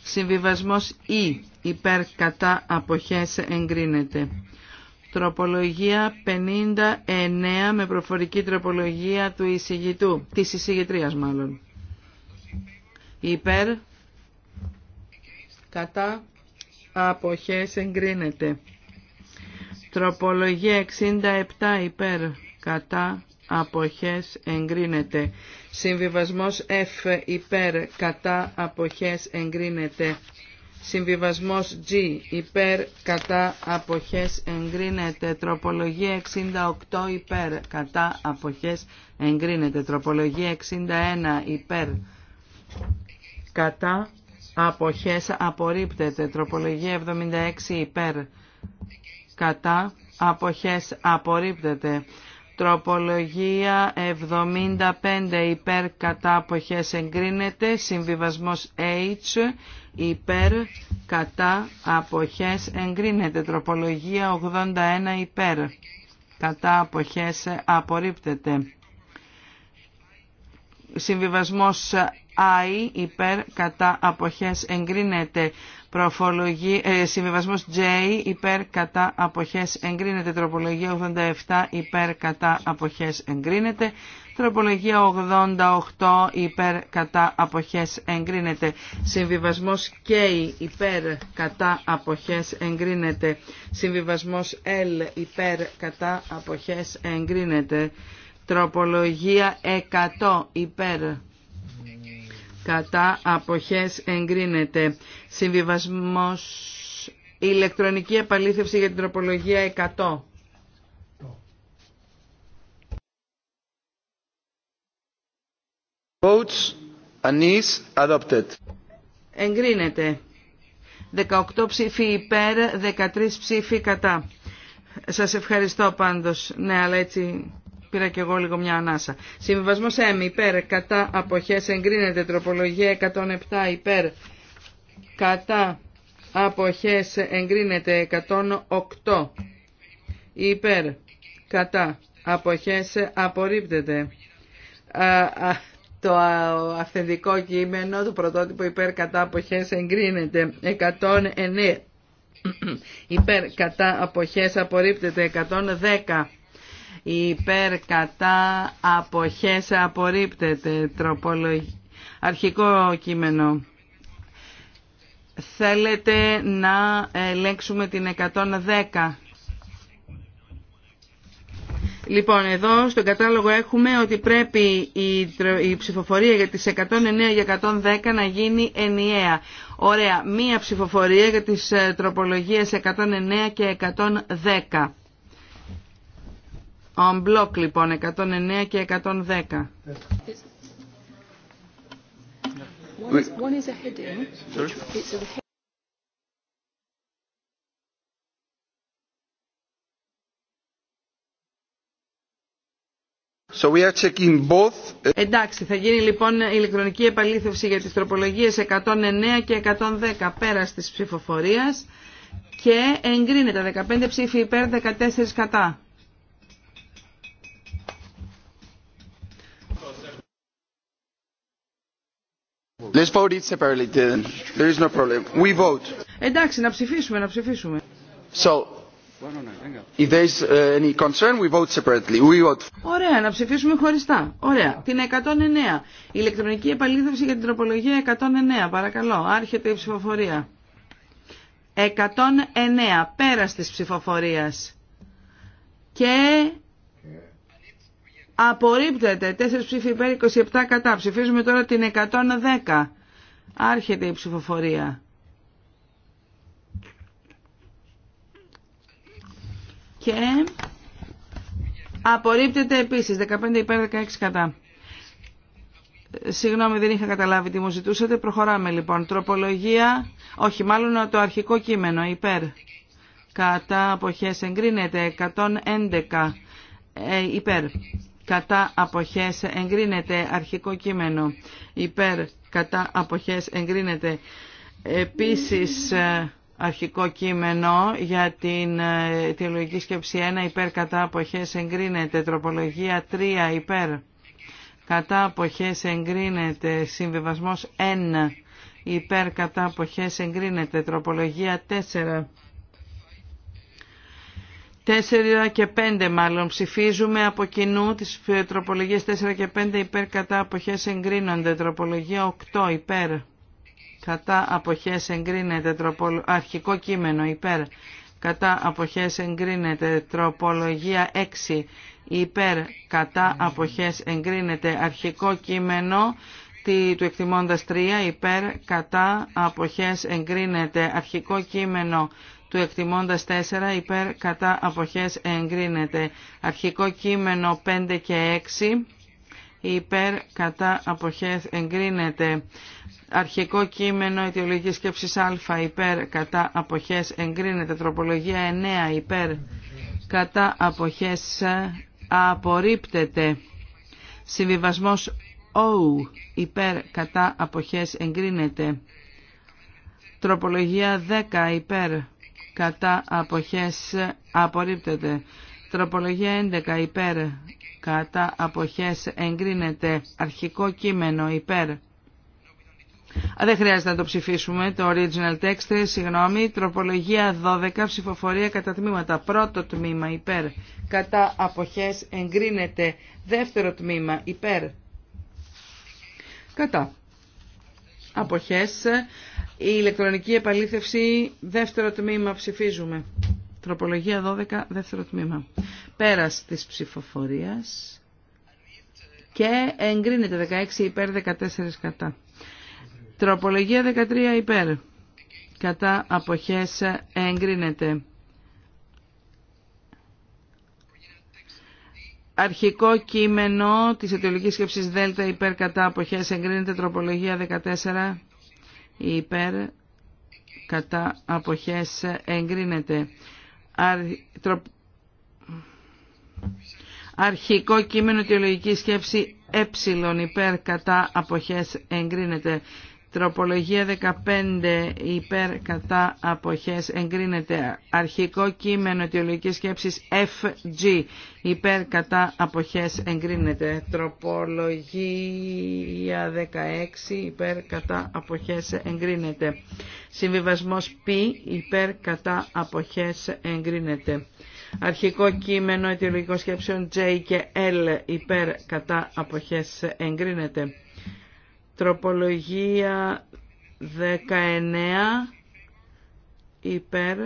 [SPEAKER 3] Συμβιβασμός Ι υπέρ κατά αποχές εγκρίνεται. Τροπολογία 59 με προφορική τροπολογία του εισηγητού, της εισηγητρίας μάλλον. Υπέρ κατά αποχές εγκρίνεται. Τροπολογία 67 υπέρ κατά αποχές εγκρίνεται. Συμβιβασμός F υπέρ κατά αποχές εγκρίνεται. Συμβιβασμός G υπέρ κατά αποχές εγκρίνεται. Τροπολογία 68 υπέρ κατά αποχές εγκρίνεται. Τροπολογία 61 υπέρ κατά αποχές απορρίπτεται. Τροπολογία 76 υπέρ κατά αποχές απορρίπτεται. Τροπολογία 75 υπέρ κατά αποχές εγκρίνεται. Συμβιβασμός H υπέρ κατά αποχές εγκρίνεται. Τροπολογία 81 υπέρ κατά αποχές απορρίπτεται. Συμβιβασμός Αι υπέρ κατά αποχές εγκρίνεται. Προφολογή, ε, συμβιβασμός J υπέρ κατά αποχές εγκρίνεται. Τροπολογία 87 υπέρ κατά αποχές εγκρίνεται. Τροπολογία 88 υπέρ κατά αποχές εγκρίνεται. Συμβιβασμός K υπέρ κατά αποχές εγκρίνεται. Συμβιβασμός L υπέρ κατά αποχές εγκρίνεται. Τροπολογία 100 υπέρ κατά αποχές εγκρίνεται. Συμβιβασμός ηλεκτρονική επαλήθευση για την τροπολογία 100. Votes, adopted. Εγκρίνεται. 18 ψήφοι υπέρ, 13 ψήφοι κατά. Σας ευχαριστώ πάντως. Ναι, αλλά έτσι πήρα και εγώ λίγο μια ανάσα. Συμβιβασμό εμ. υπέρ κατά αποχέ εγκρίνεται. Τροπολογία 107 υπέρ κατά αποχέ εγκρίνεται. 108 υπέρ κατά αποχέ απορρίπτεται. Το αυθεντικό κείμενο, του πρωτότυπο υπέρ κατά αποχές εγκρίνεται. 109 υπέρ κατά αποχές απορρίπτεται 110 υπέρ κατά αποχές απορρίπτεται τροπολογικό Αρχικό κείμενο. Θέλετε να ελέγξουμε την 110. Λοιπόν, εδώ στον κατάλογο έχουμε ότι πρέπει η, ψηφοφορία για τις 109 και 110 να γίνει ενιαία. Ωραία, μία ψηφοφορία για τις ε, τροπολογίες 109 και 110. On block λοιπόν 109 και 110. So we are both. Uh, Εντάξει, θα γίνει λοιπόν ηλεκτρονική επαλήθευση για τις τροπολογίες 109 και 110 πέρα της ψηφοφορίας και εγκρίνεται 15 ψήφοι υπέρ 14 κατά. Let's vote it separately then. There is no problem. We vote. Εντάξει, να ψηφίσουμε, να ψηφίσουμε. So, if there is uh, any concern, we vote separately. We vote. Ωραία, να ψηφίσουμε χωριστά. Ωραία. Την 109. Ηλεκτρονική επαλήθευση για την τροπολογία 109. Παρακαλώ, άρχεται η ψηφοφορία. 109. Πέρας της ψηφοφορίας. Και Απορρίπτεται. 4 ψήφοι υπέρ, 27 κατά. Ψηφίζουμε τώρα την 110. Άρχεται η ψηφοφορία. Και απορρίπτεται επίσης. 15 υπέρ, 16 κατά. Συγγνώμη, δεν είχα καταλάβει τι μου ζητούσατε. Προχωράμε λοιπόν. Τροπολογία, όχι μάλλον το αρχικό κείμενο, υπέρ. Κατά αποχές εγκρίνεται, 111 ε, υπέρ κατά αποχές εγκρίνεται αρχικό κείμενο υπέρ κατά αποχές εγκρίνεται επίσης ε, αρχικό κείμενο για την θεολογική σκέψη 1 υπέρ κατά αποχές εγκρίνεται τροπολογία 3 υπέρ κατά αποχές εγκρίνεται συμβιβασμός 1 υπέρ κατά αποχές εγκρίνεται τροπολογία 4 4 και 5 μάλλον ψηφίζουμε από κοινού τις τροπολογίες 4 και 5 υπέρ κατά αποχές εγκρίνονται. Τροπολογία 8 υπέρ κατά αποχές εγκρίνεται. Αρχικό κείμενο υπέρ κατά αποχές εγκρίνεται. Τροπολογία 6 υπέρ κατά αποχές εγκρίνεται. Αρχικό κείμενο του εκτιμώντας 3 υπέρ κατά αποχές εγκρίνεται. Αρχικό κείμενο του εκτιμώντας 4 υπέρ κατά αποχές εγκρίνεται. Αρχικό κείμενο 5 και 6 υπέρ κατά αποχές εγκρίνεται. Αρχικό κείμενο αιτιολογική σκέψη α υπέρ κατά αποχές εγκρίνεται. Τροπολογία 9 υπέρ κατά αποχές απορρίπτεται. Συμβιβασμός O υπέρ κατά αποχές εγκρίνεται. Τροπολογία 10 υπέρ κατά αποχές απορρίπτεται. Τροπολογία 11 υπέρ κατά αποχές εγκρίνεται. Αρχικό κείμενο υπέρ. δεν χρειάζεται να το ψηφίσουμε, το original text, ε, συγγνώμη, τροπολογία 12, ψηφοφορία κατά τμήματα. Πρώτο τμήμα, υπέρ, κατά αποχές εγκρίνεται. Δεύτερο τμήμα, υπέρ, κατά Αποχές. Η ηλεκτρονική επαλήθευση, δεύτερο τμήμα ψηφίζουμε. Τροπολογία 12, δεύτερο τμήμα. Πέρας της ψηφοφορίας και εγκρίνεται 16 υπέρ, 14 κατά. Τροπολογία 13 υπέρ. Κατά αποχές εγκρίνεται. Αρχικό κείμενο της αιτιολογικής σκέψης Δέλτα υπέρ κατά αποχές εγκρίνεται τροπολογία 14 υπέρ κατά αποχές εγκρίνεται. Αρχικό κείμενο αιτιολογική σκέψη ε υπέρ κατά αποχές εγκρίνεται. Τροπολογία 15 υπέρ κατά αποχές εγκρίνεται. Αρχικό κείμενο αιτιολογικής σκέψης FG υπέρ κατά αποχές εγκρίνεται. Τροπολογία 16 υπέρ κατά αποχές εγκρίνεται. Συμβιβασμός P υπέρ κατά αποχές εγκρίνεται. Αρχικό κείμενο αιτιολογικών σκέψεων J και L υπέρ κατά αποχές εγκρίνεται. Τροπολογία 19 υπέρ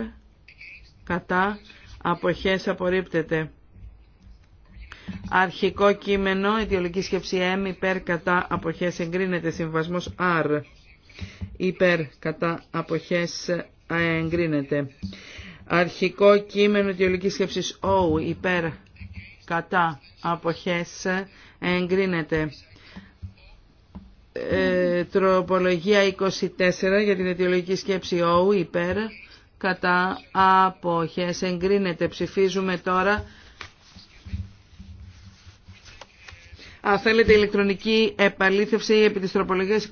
[SPEAKER 3] κατά αποχές απορρίπτεται. Αρχικό κείμενο, ιδιολογική σκέψη M, υπέρ κατά αποχές εγκρίνεται, συμβασμός R, υπέρ κατά αποχές εγκρίνεται. Αρχικό κείμενο, ιδιολογική σκέψη O, υπέρ κατά αποχές εγκρίνεται. Ε, τροπολογία 24 για την αιτιολογική σκέψη ΟΟΥ υπέρ κατά αποχές εγκρίνεται ψηφίζουμε τώρα Α, θέλετε ηλεκτρονική επαλήθευση επί της τροπολογίας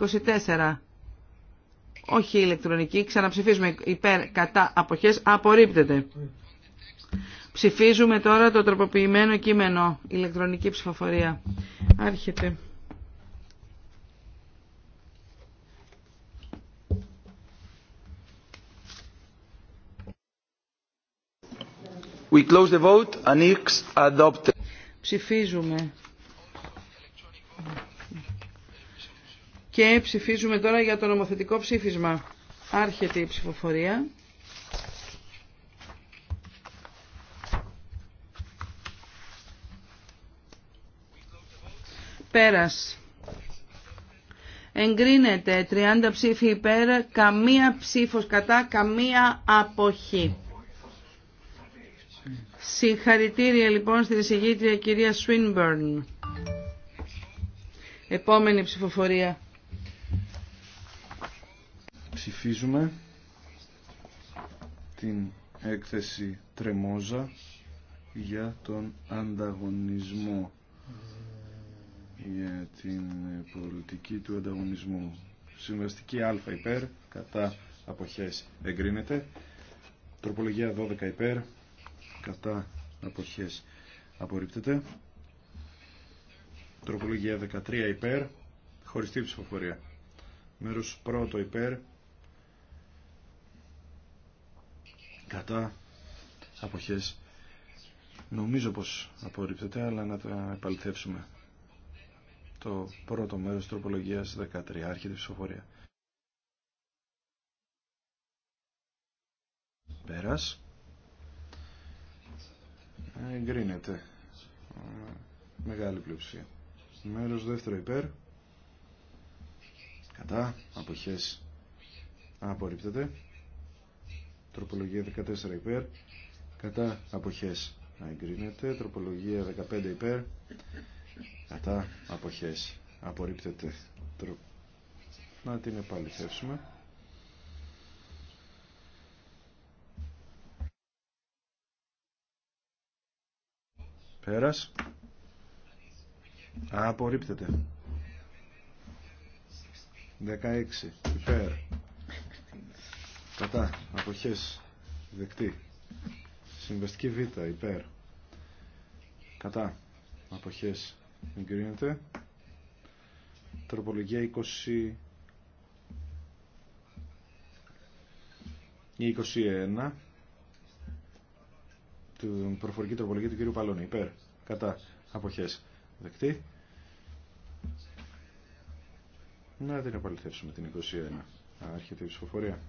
[SPEAKER 3] 24 όχι ηλεκτρονική ξαναψηφίζουμε υπέρ κατά αποχές απορρίπτεται ψηφίζουμε τώρα το τροποποιημένο κείμενο ηλεκτρονική ψηφοφορία άρχεται We close the vote adopted. Ψηφίζουμε. Και ψηφίζουμε τώρα για το νομοθετικό ψήφισμα. Άρχεται η ψηφοφορία. Πέρας. Εγκρίνεται 30 ψήφοι υπέρ, καμία ψήφος κατά, καμία αποχή. Συγχαρητήρια λοιπόν στην εισηγήτρια κυρία Σουίνμπερν. Επόμενη ψηφοφορία.
[SPEAKER 1] Ψηφίζουμε την έκθεση Τρεμόζα για τον ανταγωνισμό για την πολιτική του ανταγωνισμού. Συμβαστική α υπέρ, κατά αποχές εγκρίνεται. Τροπολογία 12 υπέρ, κατά αποχές απορρίπτεται τροπολογία 13 υπέρ χωριστή ψηφοφορία μέρος πρώτο υπέρ κατά αποχές νομίζω πως απορρίπτεται αλλά να τα επαληθεύσουμε το πρώτο μέρος τροπολογίας 13 άρχιτη ψηφοφορία πέρας εγκρίνεται μεγάλη πλειοψηφία μέρος δεύτερο υπέρ κατά αποχές απορρίπτεται τροπολογία 14 υπέρ κατά αποχές εγκρίνεται τροπολογία 15 υπέρ κατά αποχές απορρίπτεται να την επαληθεύσουμε Πέρας. Απορρίπτεται. 16. Υπέρ. Κατά. Αποχές. Δεκτή. Συμβαστική Β. Υπέρ. Κατά. Αποχές. Εγκρίνεται. Τροπολογία 20. 21 την προφορική τροπολογία του κ. Παλώνη. Υπέρ. Κατά. Αποχές. Δεκτή. Να την επαληθεύσουμε την 21. Άρχεται η ψηφοφορία.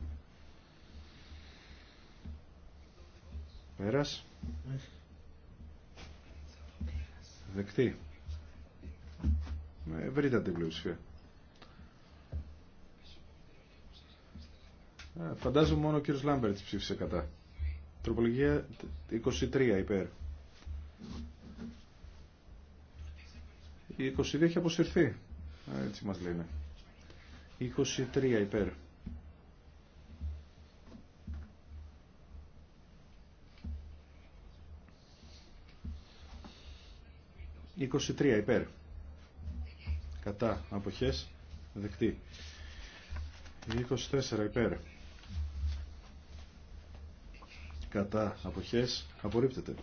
[SPEAKER 1] Πέρας. Δεκτή. Με την πλειοψηφία. Ε, φαντάζομαι μόνο ο κύριος Λάμπερτς ψήφισε κατά. Τροπολογία 23 υπέρ. Η 22 έχει αποσυρθεί. Έτσι μας λένε. 23 υπέρ. 23 υπέρ. Κατά αποχές δεκτή. 24 υπέρ κατά αποχές απορρίπτεται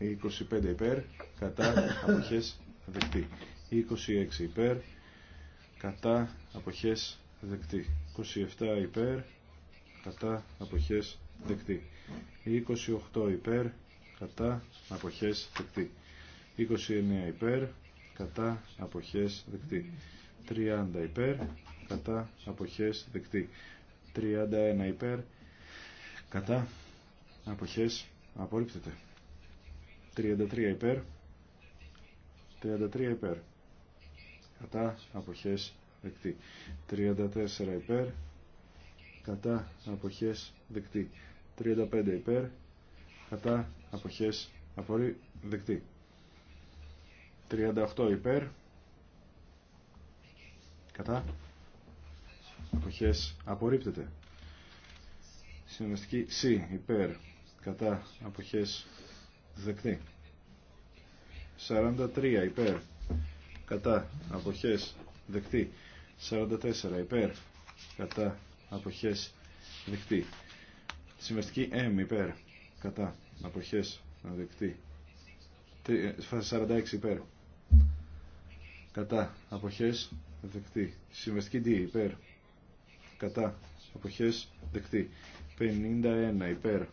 [SPEAKER 1] 25 υπέρ κατά αποχές δεκτή 26 υπέρ κατά αποχές δεκτή 27 υπέρ κατά αποχές δεκτή 28 υπέρ κατά αποχές δεκτή 29 υπέρ κατά αποχές δεκτή 30 υπέρ κατά αποχές δεκτή 31 υπέρ κατά αποχές απορρίπτεται 33 υπέρ 33 υπέρ κατά αποχές δεκτή 34 υπέρ κατά αποχές δεκτή 35 υπέρ κατά αποχές απορρί 38 υπέρ κατά αποχές απορρίπτεται Συμβαστική C υπέρ κατά αποχές δεκτή. 43 υπέρ κατά αποχές δεκτή. 44 υπέρ κατά αποχές δεκτή. Συμβαστική M υπέρ κατά αποχές δεκτή. 46 υπέρ κατά αποχές δεκτή. Συμβαστική D υπέρ κατά αποχές δεκτή. 51 υπέρ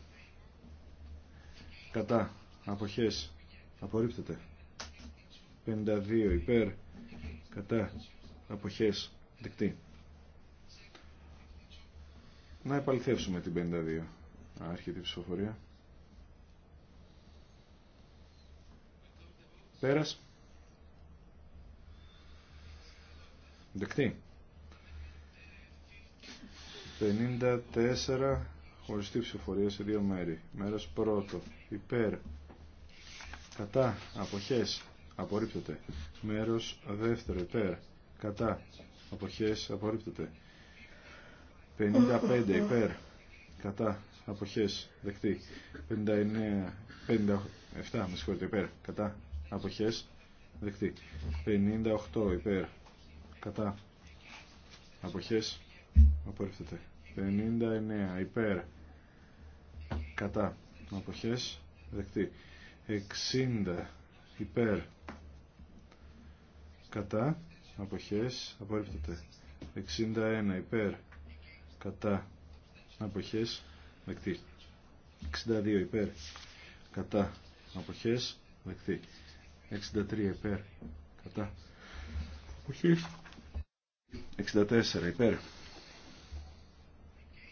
[SPEAKER 1] κατά αποχές απορρίπτεται 52 υπέρ κατά αποχές δεκτή να επαληθεύσουμε την 52 άρχεται η ψηφοφορία πέρας δεκτή 54 χωριστή ψηφοφορία σε δύο μέρη. Μέρος πρώτο, υπέρ, κατά, αποχές, απορρίπτεται. Μέρος δεύτερο, υπέρ, κατά, αποχές, απορρίπτεται. 55 υπέρ, κατά, αποχές, δεκτή. 59, 57, με συγχωρείτε, υπέρ, κατά, αποχές, δεκτή. 58 υπέρ, κατά, αποχές, απορρίπτεται. 59 υπέρ, κατά αποχές δεκτή 60 υπέρ κατά αποχές απορρίπτεται 61 υπέρ κατά αποχές δεκτή 62 υπέρ κατά αποχές δεκτή 63 υπέρ κατά αποχές 64 υπέρ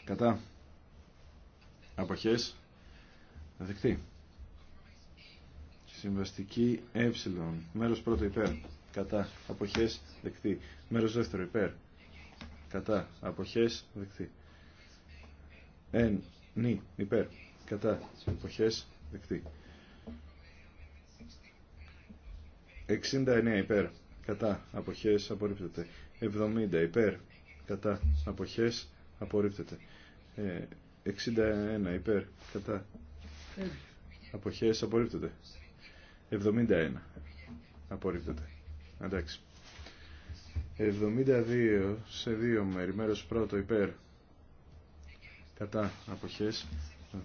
[SPEAKER 1] κατά αποχές Δεκτή. Συμβαστική ε. Μέρος πρώτο υπέρ. Κατά. Αποχές. Δεκτή. Μέρος δεύτερο υπέρ. Κατά. Αποχές. Δεκτή. Εν. Νι. Υπέρ. Κατά. Αποχές. Δεκτή. 69 υπέρ. Κατά. Αποχές. Απορρίπτεται. 70 υπέρ. Κατά. Αποχές. Απορρίπτεται. 61 ε, υπέρ. Κατά. Αποχές απορρίπτονται. 71. Απορρίπτονται. Εντάξει. 72 σε δύο μέρη. Μέρος πρώτο υπέρ. Κατά αποχές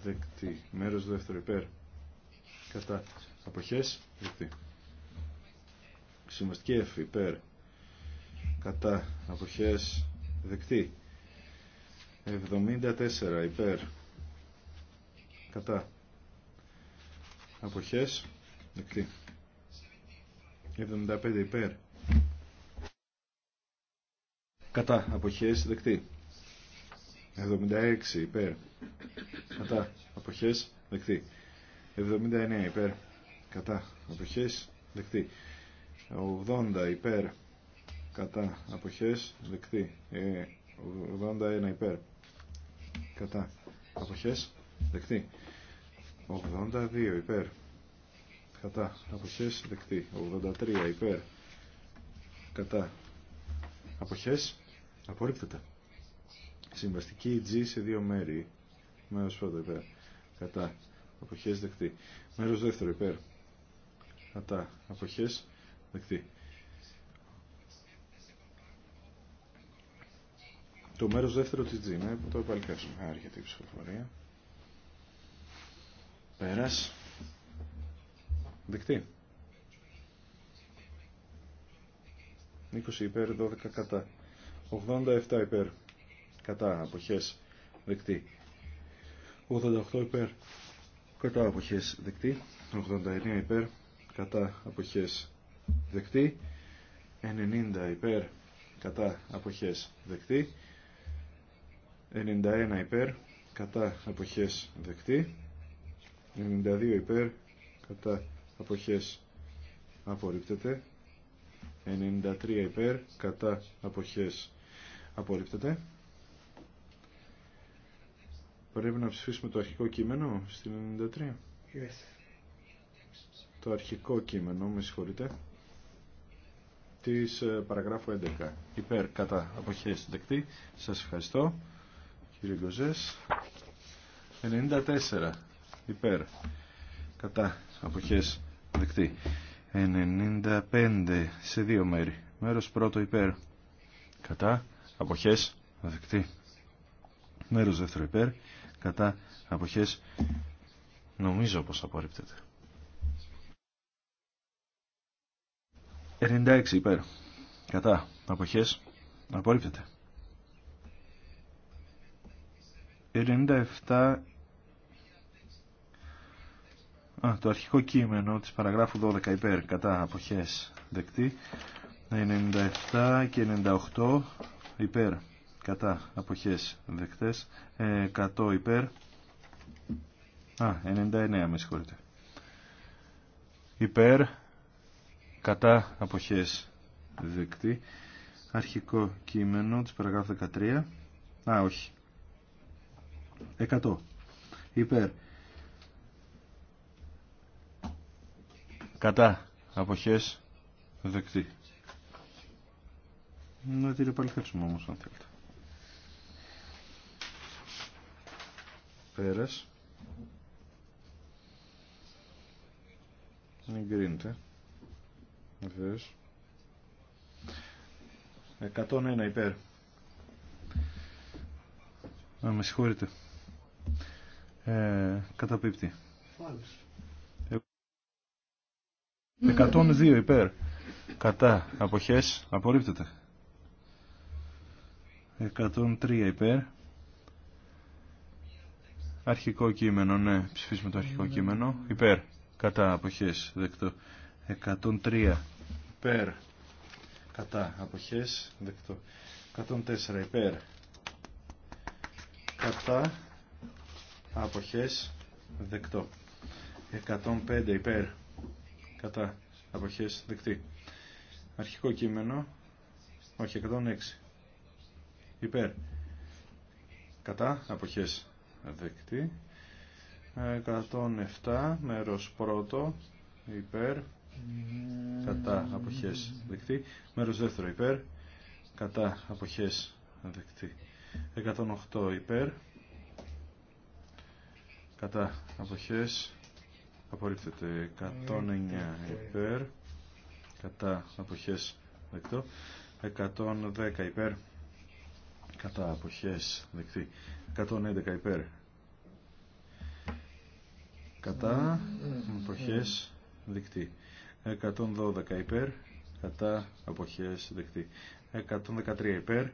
[SPEAKER 1] δεκτή. Μέρος δεύτερο υπέρ. Κατά αποχές δεκτή. Συμβαστική F υπέρ. Κατά αποχές δεκτή. 74 υπέρ. Κατά αποχές δεκτή 75 υπέρ κατά αποχές δεκτή 76 υπέρ κατά αποχές δεκτή 79 υπέρ κατά αποχές δεκτή 80 υπέρ κατά αποχές δεκτή 81 ε, υπέρ κατά αποχές δεκτή 82 υπέρ. Κατά. Αποχές δεκτή. 83 υπέρ. Κατά. αποχέ, Απορρίπτεται. Συμβαστική G σε δύο μέρη. μέρο πρώτο υπέρ. Κατά. αποχέ δεκτή. Μέρος δεύτερο υπέρ. Κατά. αποχέ, δεκτή. Το μέρος δεύτερο της G. Ναι, το επαληθεύσουμε. Άρχεται η ψηφοφορία. Πέρας. Δεκτή. 20 υπέρ, 12 κατά. 87 υπέρ. Κατά αποχές δεκτή. 88 υπέρ. Κατά αποχές δεκτή. 89 υπέρ. Κατά αποχές δεκτή. 90 υπέρ. Κατά αποχές δεκτή. 91 υπέρ. Κατά αποχές δεκτή. 92 υπέρ κατά αποχές απορρίπτεται 93 υπέρ κατά αποχές απορρίπτεται Πρέπει να ψηφίσουμε το αρχικό κείμενο στην 93. Yes. Το αρχικό κείμενο, με συγχωρείτε, της ε, παραγράφου 11. Υπέρ κατά αποχές δεκτή. Σας ευχαριστώ, κύριε Γκοζές. 94 υπέρ κατά αποχές δεκτή 95 σε δύο μέρη μέρος πρώτο υπέρ κατά αποχές δεκτή μέρος δεύτερο υπέρ κατά αποχές νομίζω πως απορρίπτεται 96 υπέρ κατά αποχές απορρίπτεται 97 Α, το αρχικό κείμενο της παραγράφου 12 υπέρ κατά αποχές δεκτή 97 ε, και 98 υπέρ κατά αποχές δεκτές 100 ε, υπέρ Α, 99 με συγχωρείτε υπέρ κατά αποχές δεκτή αρχικό κείμενο της παραγράφου 13 Α, όχι 100 υπέρ Κατά. Αποχές. Δεκτή. Να την επαληθεύσουμε όμως αν θέλετε. Πέρας. Εγκρίνεται. Βεβαίως. 101 υπέρ. Να με συγχωρείτε. Ε, καταπίπτει.
[SPEAKER 2] Φάλος. 102
[SPEAKER 1] υπέρ. Κατά. Αποχές. Απορρίπτεται. 103 υπέρ. Αρχικό κείμενο, ναι. Ψηφίσουμε το αρχικό κείμενο. Υπέρ. Κατά. Αποχές. Δεκτό. 103 υπέρ. Κατά. Αποχές. Δεκτό. 104 υπέρ. Κατά. Αποχές. Δεκτό. 105 υπέρ κατά αποχές δεκτή. Αρχικό κείμενο, όχι 106, υπέρ, κατά αποχές δεκτή. 107, μέρος πρώτο, υπέρ, κατά αποχές δεκτή. Μέρος δεύτερο υπέρ, κατά αποχές δεκτή. 108 υπέρ, κατά αποχές απορρίπτεται 109 υπέρ κατά αποχές δεκτό 110 υπέρ κατά αποχές δεκτή 111 υπέρ κατά αποχές δεκτή 112 υπέρ κατά αποχές δεκτή 113 υπέρ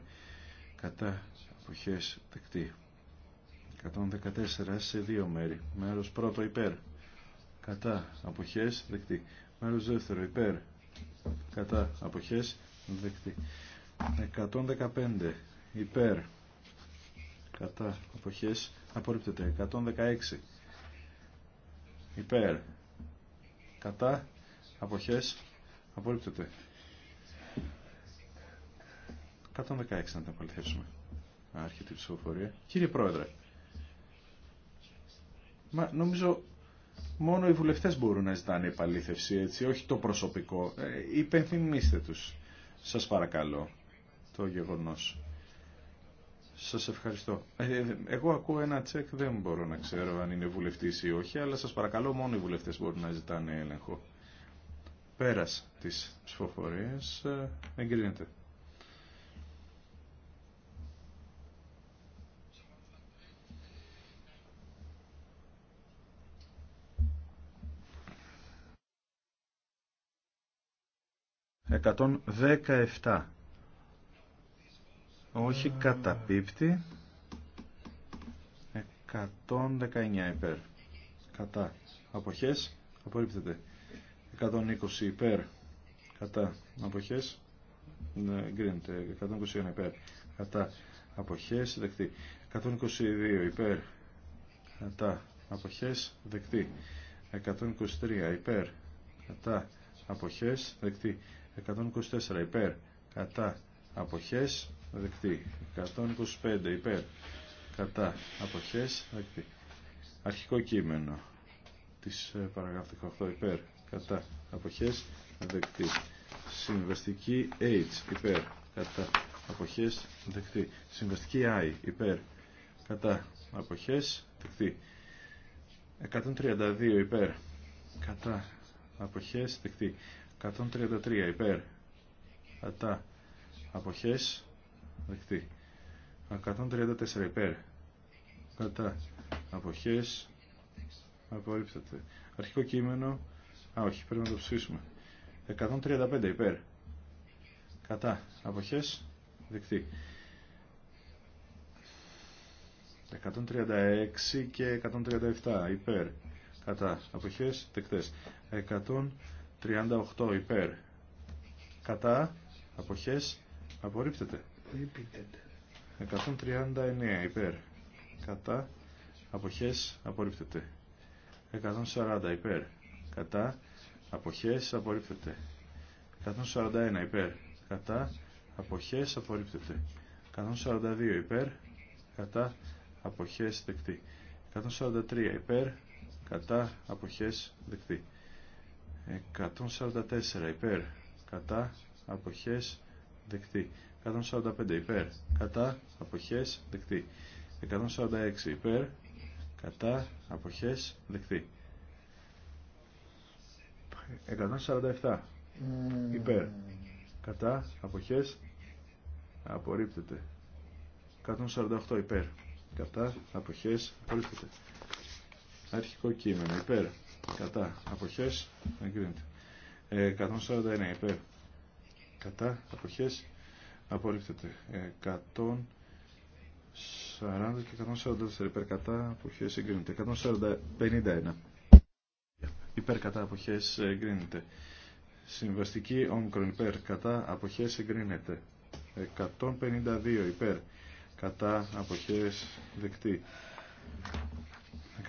[SPEAKER 1] κατά αποχές δεκτή 114 σε δύο μέρη μέρος πρώτο υπέρ κατά αποχές δεκτή. Μέρος δεύτερο υπέρ κατά αποχές δεκτή. 115 υπέρ κατά αποχές απορρίπτεται. 116 υπέρ κατά αποχές απορρίπτεται. 116 να τα απολυθέσουμε. Άρχεται ψηφοφορία. Κύριε Πρόεδρε, μα νομίζω Μόνο οι βουλευτές μπορούν να ζητάνε επαλήθευση, έτσι, όχι το προσωπικό. Ε, υπενθυμίστε τους, σας παρακαλώ, το γεγονός. Σας ευχαριστώ. Ε, εγώ ακούω ένα τσεκ, δεν μπορώ να ξέρω αν είναι βουλευτής ή όχι, αλλά σας παρακαλώ μόνο οι βουλευτές μπορούν να ζητάνε έλεγχο. Πέρας της ψηφοφορίας ε, εγκρίνεται. 117. Όχι καταπίπτει. 119 υπέρ. Κατά. Αποχές. Απορρίπτεται. 120 υπέρ. Κατά. Αποχές. Ναι, Γκρίνεται. 121 υπέρ. Κατά. Αποχές. Δεκτή. 122 υπέρ. Κατά. Αποχές. Δεκτή. 123 υπέρ. Κατά. Αποχές. Δεκτή. 124 υπέρ κατά αποχές δεκτή 125 υπέρ κατά αποχές δεκτή αρχικό κείμενο της ε, παραγράφου 18 υπέρ κατά αποχές δεκτή συμβαστική H υπέρ κατά αποχές δεκτή συμβαστική I υπέρ κατά αποχές δεκτή 132 υπέρ κατά αποχές δεκτή 133 υπέρ κατά αποχές δεκτή 134 υπέρ κατά αποχές απορρίπτεται αρχικό κείμενο α όχι πρέπει να το ψήσουμε. 135 υπέρ κατά αποχές δεκτή 136 και 137 υπέρ κατά αποχές δεκτές 38 υπέρ κατά αποχές απορρίπτεται 139 υπέρ κατά αποχές απορρίπτεται 140 υπέρ κατά αποχές απορρίπτεται 141 υπέρ κατά αποχές απορρίπτεται 142 υπέρ κατά αποχές δεκτή 143 υπέρ κατά αποχές δεκτή 144 υπέρ κατά αποχές δεκτή 145 υπέρ κατά αποχές δεκτή 146 υπέρ κατά αποχές δεκτή 147 mm. υπέρ κατά αποχές απορρίπτεται 148 υπέρ κατά αποχές απορρίπτεται αρχικό κείμενο υπέρ κατά αποχές εγκρίνεται 149 ε, υπέρ κατά αποχές απορρίπτεται 140 και 144 υπέρ κατά αποχές εγκρίνεται 151 υπέρ κατά αποχές εγκρίνεται συμβαστική όμικρον υπέρ κατά αποχές εγκρίνεται 152 υπέρ κατά αποχές δεκτή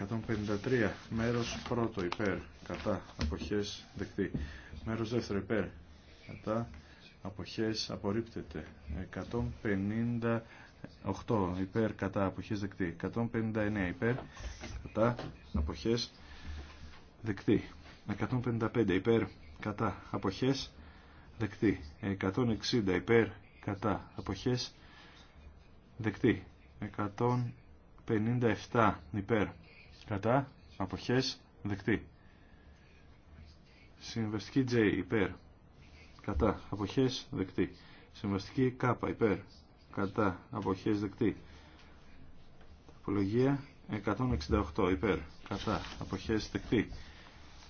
[SPEAKER 1] 153 μέρος πρώτο υπέρ κατά αποχές δεκτή μέρος δεύτερο υπέρ κατά αποχές απορρίπτεται 158 υπέρ κατά αποχές δεκτή 159 υπέρ κατά αποχές δεκτή 155 υπέρ κατά αποχές δεκτή 160 υπέρ κατά αποχές δεκτή 157 υπέρ κατά, αποχές, δεκτή. Συμβαστική J, υπέρ, κατά, αποχές, δεκτή. Συμβαστική K, υπέρ, κατά, αποχές, δεκτή. Απολογία 168, υπέρ, κατά, αποχές, δεκτή.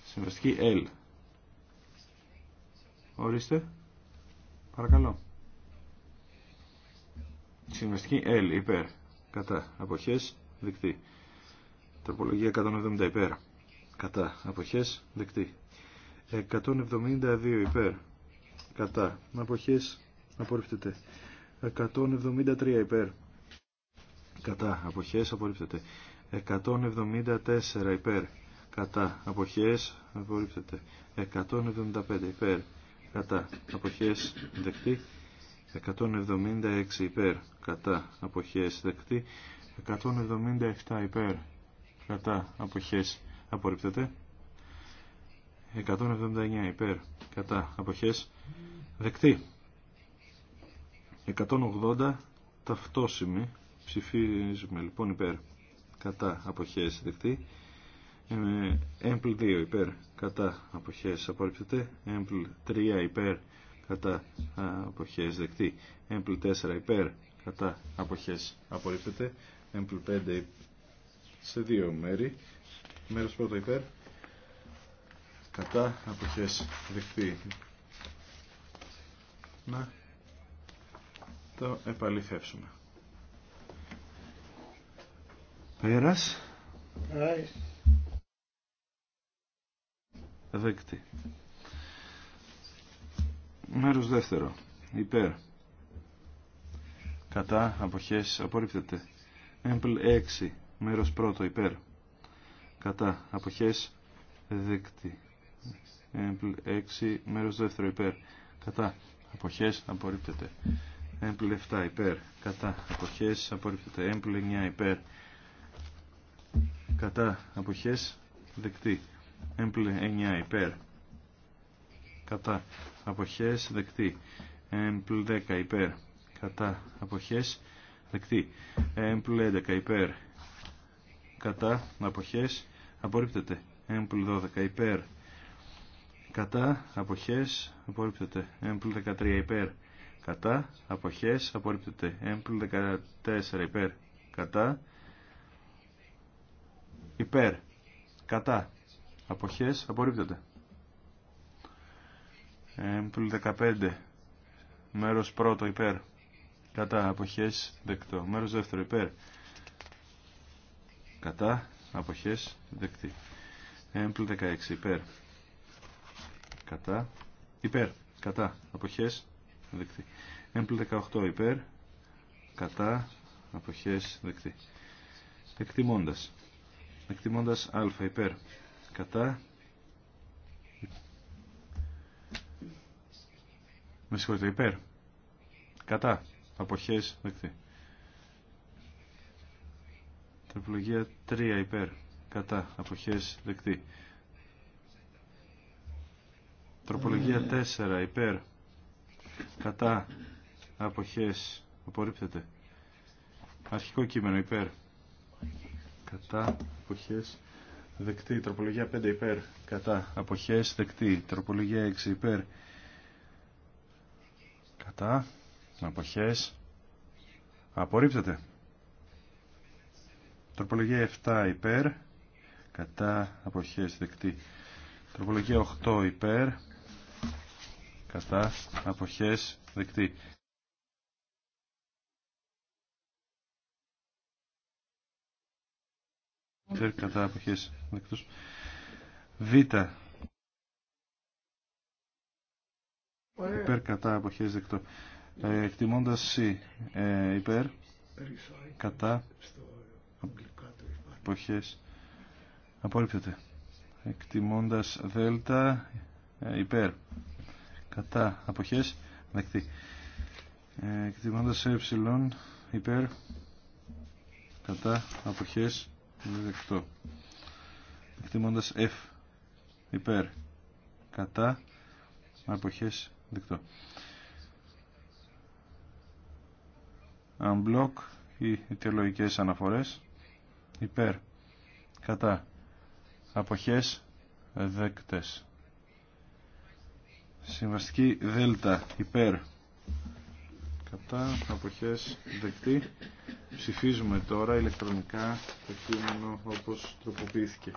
[SPEAKER 1] Συμβαστική L. Ορίστε, παρακαλώ. Συμβαστική L, υπέρ, κατά, αποχές, δεκτή. Τροπολογία 170 υπέρ. Κατά. Αποχές. Δεκτή. 172 υπέρ. Κατά. Αποχές. Απορρίπτεται. 173 υπέρ. Κατά. Αποχές. Απορρίπτεται. 174 υπέρ. Κατά. Αποχές. Απορρίπτεται. 175 υπέρ. Κατά. Αποχές. Δεκτή. 176 υπέρ. Κατά. Αποχές. Δεκτή. 177 υπέρ κατά αποχές απορρίπτεται 179 υπέρ κατά αποχές δεκτή 180 ταυτόσημη ψηφίζουμε λοιπόν υπέρ κατά αποχές δεκτή ε, έμπλ 2 υπέρ κατά αποχές απορρίπτεται έμπλ 3 υπέρ κατά αποχές δεκτή έμπλ 4 υπέρ κατά αποχές απορρίπτεται έμπλ 5 υπέρ σε δύο μέρη. Μέρος πρώτο υπέρ, κατά αποχές δεχτεί Να το επαληθεύσουμε. Πέρας. Δεκτή. Μέρος δεύτερο. Υπέρ. Κατά αποχές απορρίπτεται. Έμπλ 6. Μέρος πρώτο υπέρ. Κατά. Αποχές δεκτή. 6 μέρος δεύτερο υπέρ. Κατά. Αποχές απορρίπτεται. Έμπλ 7 υπέρ. Κατά. Αποχές απορρίπτεται. Έμπλ 9 υπέρ. Κατά. Αποχές δεκτή. Έμπλ 9 υπέρ. Κατά. Αποχές δεκτή. Έμπλ 10 υπέρ. Κατά. Αποχές δεκτή. Έμπλ 11 υπέρ κατά αποχές απορρίπτεται έμπλ 12 υπέρ κατά αποχές απορρίπτεται έμπλ 13 υπέρ κατά αποχές απορρίπτεται έμπλ 14 υπέρ κατά υπέρ κατά αποχές απορρίπτεται έμπλ 15 μέρος πρώτο υπέρ κατά αποχές δεκτό μέρος δεύτερο υπέρ κατά αποχές δεκτή έμπλ 16 υπέρ κατά υπέρ κατά αποχές δεκτή έμπλ 18 υπέρ κατά αποχές δεκτή εκτιμώντας εκτιμώντας α υπέρ κατά με συγχωρείτε υπέρ κατά αποχές δεκτή Τροπολογία 3 υπέρ. Κατά. Αποχές δεκτή. Τροπολογία 4 ε. υπέρ. Κατά. Αποχές απορρίπτεται. Αρχικό κείμενο υπέρ. Κατά. Αποχές δεκτή. Τροπολογία 5 υπέρ. Κατά. Αποχές δεκτή. Τροπολογία 6 υπέρ. Κατά. Αποχές απορρίπτεται. Τροπολογία 7 υπέρ, κατά αποχές δεκτή. Τροπολογία 8 υπέρ, κατά αποχές δεκτή. Υπέρ κατά αποχές δεκτός. Β. Υπέρ κατά αποχές δεκτό. Ε, εκτιμώντας C ε, υπέρ κατά εποχές απορρίπτεται εκτιμώντας δέλτα ε, υπέρ κατά αποχές δεκτή ε, εκτιμώντας ε υπέρ κατά αποχές δεκτό εκτιμώντας F υπέρ κατά αποχές δεκτό unblock οι αιτιολογικές αναφορές υπέρ κατά αποχές δεκτές συμβαστική δέλτα υπέρ κατά αποχές δεκτή ψηφίζουμε τώρα ηλεκτρονικά το κείμενο όπως τροποποιήθηκε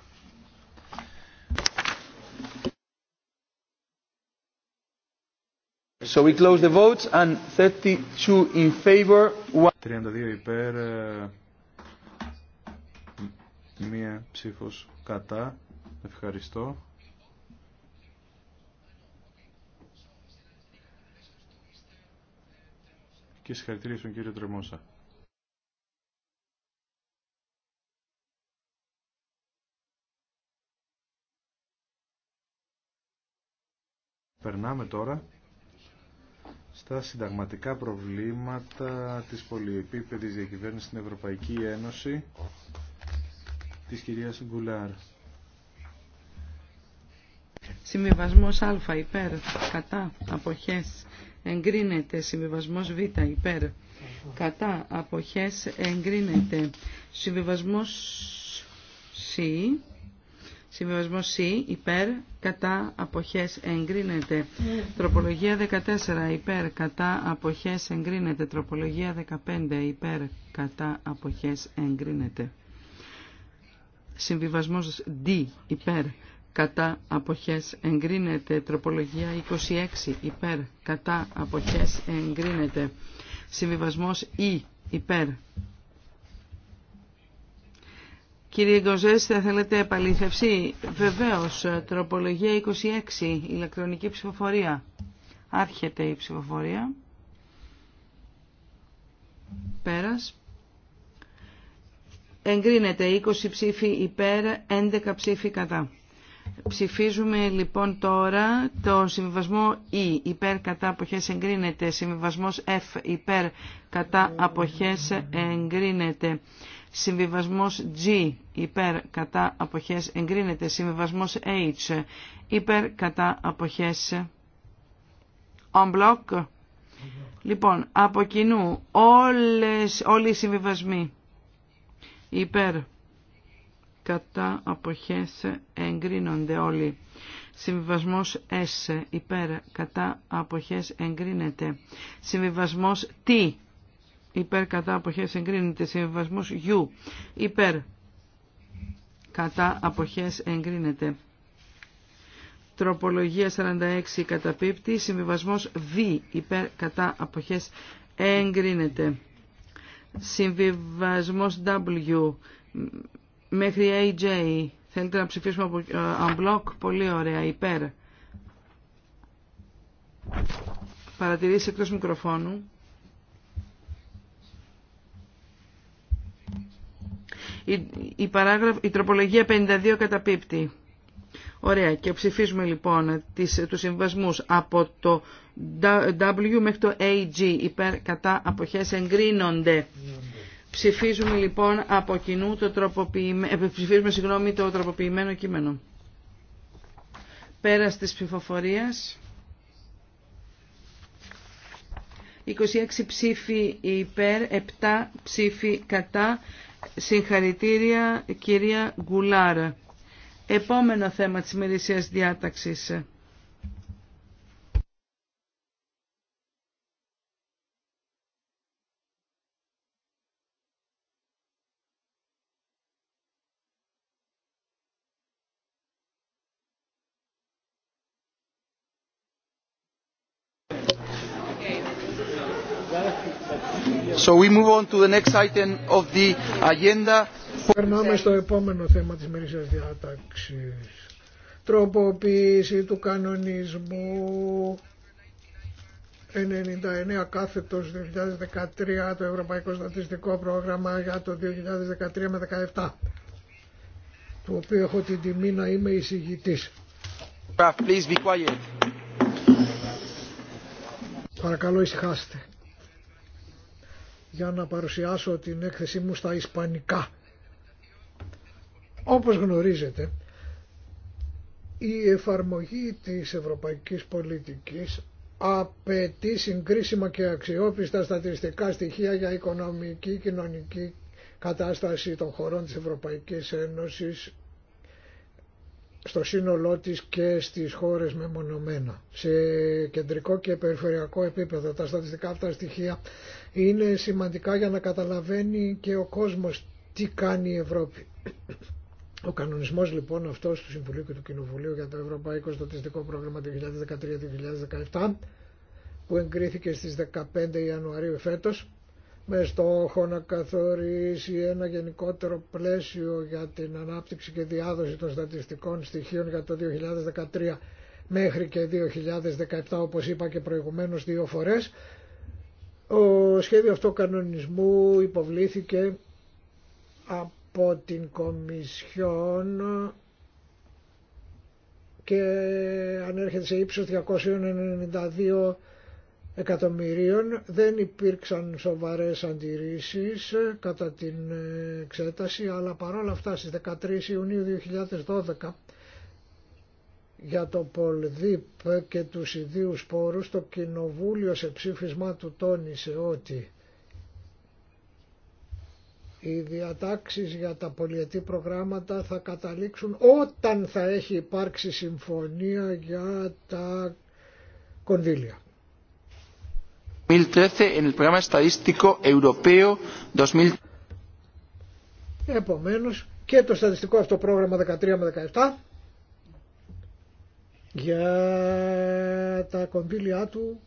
[SPEAKER 1] So we close the votes and 32 in favor. 32 υπέρ, ε, μία ψήφος κατά. Ευχαριστώ. Και συγχαρητήρια στον κύριο Τρεμόσα. Περνάμε τώρα στα συνταγματικά προβλήματα της πολυεπίπεδης διακυβέρνησης στην Ευρωπαϊκή Ένωση της κυρίας Γκουλάρ.
[SPEAKER 3] Συμβιβασμό Α υπέρ, κατά, απόχέ. εγκρίνεται. Συμβιβασμό Β υπέρ, κατά, απόχέ εγκρίνεται. Συμβιβασμό Σ, Συμβιβασμό Σ υπέρ, κατά, αποχέ. εγκρίνεται. Τροπολογία 14 υπέρ, κατά, αποχέ. εγκρίνεται. Τροπολογία 15 υπέρ, κατά, αποχέ. εγκρίνεται. Συμβιβασμός D υπέρ κατά αποχές εγκρίνεται. Τροπολογία 26 υπέρ κατά αποχές εγκρίνεται. Συμβιβασμός E υπέρ. Κύριε Γκοζές, θα θέλετε επαλήθευση. Βεβαίως, τροπολογία 26, ηλεκτρονική ψηφοφορία. Άρχεται η ψηφοφορία. Πέρας. Εγκρίνεται 20 ψήφοι υπέρ, 11 ψήφοι κατά. Ψηφίζουμε λοιπόν τώρα το συμβιβασμό E υπέρ κατά αποχές εγκρίνεται, συμβιβασμός F υπέρ κατά αποχές εγκρίνεται, συμβιβασμός G υπέρ κατά αποχές εγκρίνεται, συμβιβασμός H υπέρ κατά αποχές on block. Λοιπόν, από κοινού όλες, όλοι οι συμβιβασμοί υπέρ κατά αποχές εγκρίνονται όλοι. Συμβιβασμός S υπέρ κατά αποχές εγκρίνεται. Συμβιβασμός T υπέρ κατά αποχές εγκρίνεται. Συμβιβασμός U υπέρ κατά αποχές εγκρίνεται. Τροπολογία 46 καταπίπτει. Συμβιβασμός V. υπέρ κατά αποχές εγκρίνεται. Συμβιβασμός W μέχρι AJ. Θέλετε να ψηφίσουμε από unblock. Ε, Πολύ ωραία. Υπέρ. Παρατηρήσει εκτός μικροφώνου. Η, η, η τροπολογία 52 καταπίπτει. Ωραία και ψηφίζουμε λοιπόν τις, τους συμβασμούς από το W μέχρι το AG υπέρ κατά αποχές εγκρίνονται. Ψηφίζουμε λοιπόν από κοινού το τροποποιημένο, ε, ψηφίζουμε συγγνώμη το τροποποιημένο κείμενο. Πέρας της ψηφοφορίας. 26 ψήφοι υπέρ, 7 ψήφοι κατά. Συγχαρητήρια κυρία Γκουλάρα επόμενο θέμα της μερησίας διάταξης. So we move on to the next item of the agenda. Λοιπόν, περνάμε στο
[SPEAKER 2] επόμενο θέμα της μερικής διάταξης. Τροποποίηση του κανονισμού 99 κάθετος 2013 το Ευρωπαϊκό Στατιστικό Πρόγραμμα για το 2013 με 17 του οποίου έχω την τιμή να είμαι εισηγητής.
[SPEAKER 3] Please be
[SPEAKER 2] Παρακαλώ ησυχάστε για να παρουσιάσω την έκθεσή μου στα ισπανικά. Όπως γνωρίζετε, η εφαρμογή της ευρωπαϊκής πολιτικής απαιτεί συγκρίσιμα και αξιόπιστα στατιστικά στοιχεία για οικονομική, και κοινωνική κατάσταση των χωρών της Ευρωπαϊκής Ένωσης στο σύνολό της και στις χώρες μεμονωμένα. Σε κεντρικό και περιφερειακό επίπεδο τα στατιστικά αυτά στοιχεία είναι σημαντικά για να καταλαβαίνει και ο κόσμος τι κάνει η Ευρώπη. Ο κανονισμός λοιπόν αυτός του Συμβουλίου και του Κοινοβουλίου για το Ευρωπαϊκό Στατιστικό Πρόγραμμα 2013-2017 που εγκρίθηκε στις 15 Ιανουαρίου φέτος με στόχο να καθορίσει ένα γενικότερο πλαίσιο για την ανάπτυξη και διάδοση των στατιστικών στοιχείων για το 2013 μέχρι και 2017 όπως είπα και προηγουμένως δύο φορές. Ο σχέδιο αυτό κανονισμού υποβλήθηκε από την Κομισιόν και ανέρχεται σε ύψος 292 εκατομμυρίων. Δεν υπήρξαν σοβαρές αντιρρήσεις κατά την εξέταση, αλλά παρόλα αυτά στις 13 Ιουνίου 2012 για το ΠολΔΙΠ και τους ιδίους πόρους το Κοινοβούλιο σε ψήφισμα του τόνισε ότι οι διατάξεις για τα πολιετή προγράμματα θα καταλήξουν όταν θα έχει υπάρξει συμφωνία για τα κονδύλια.
[SPEAKER 3] 2013 en el programa estadístico europeo 2000.
[SPEAKER 2] Επομένως και το στατιστικό αυτό πρόγραμμα 13 με 17 για τα κονδύλια του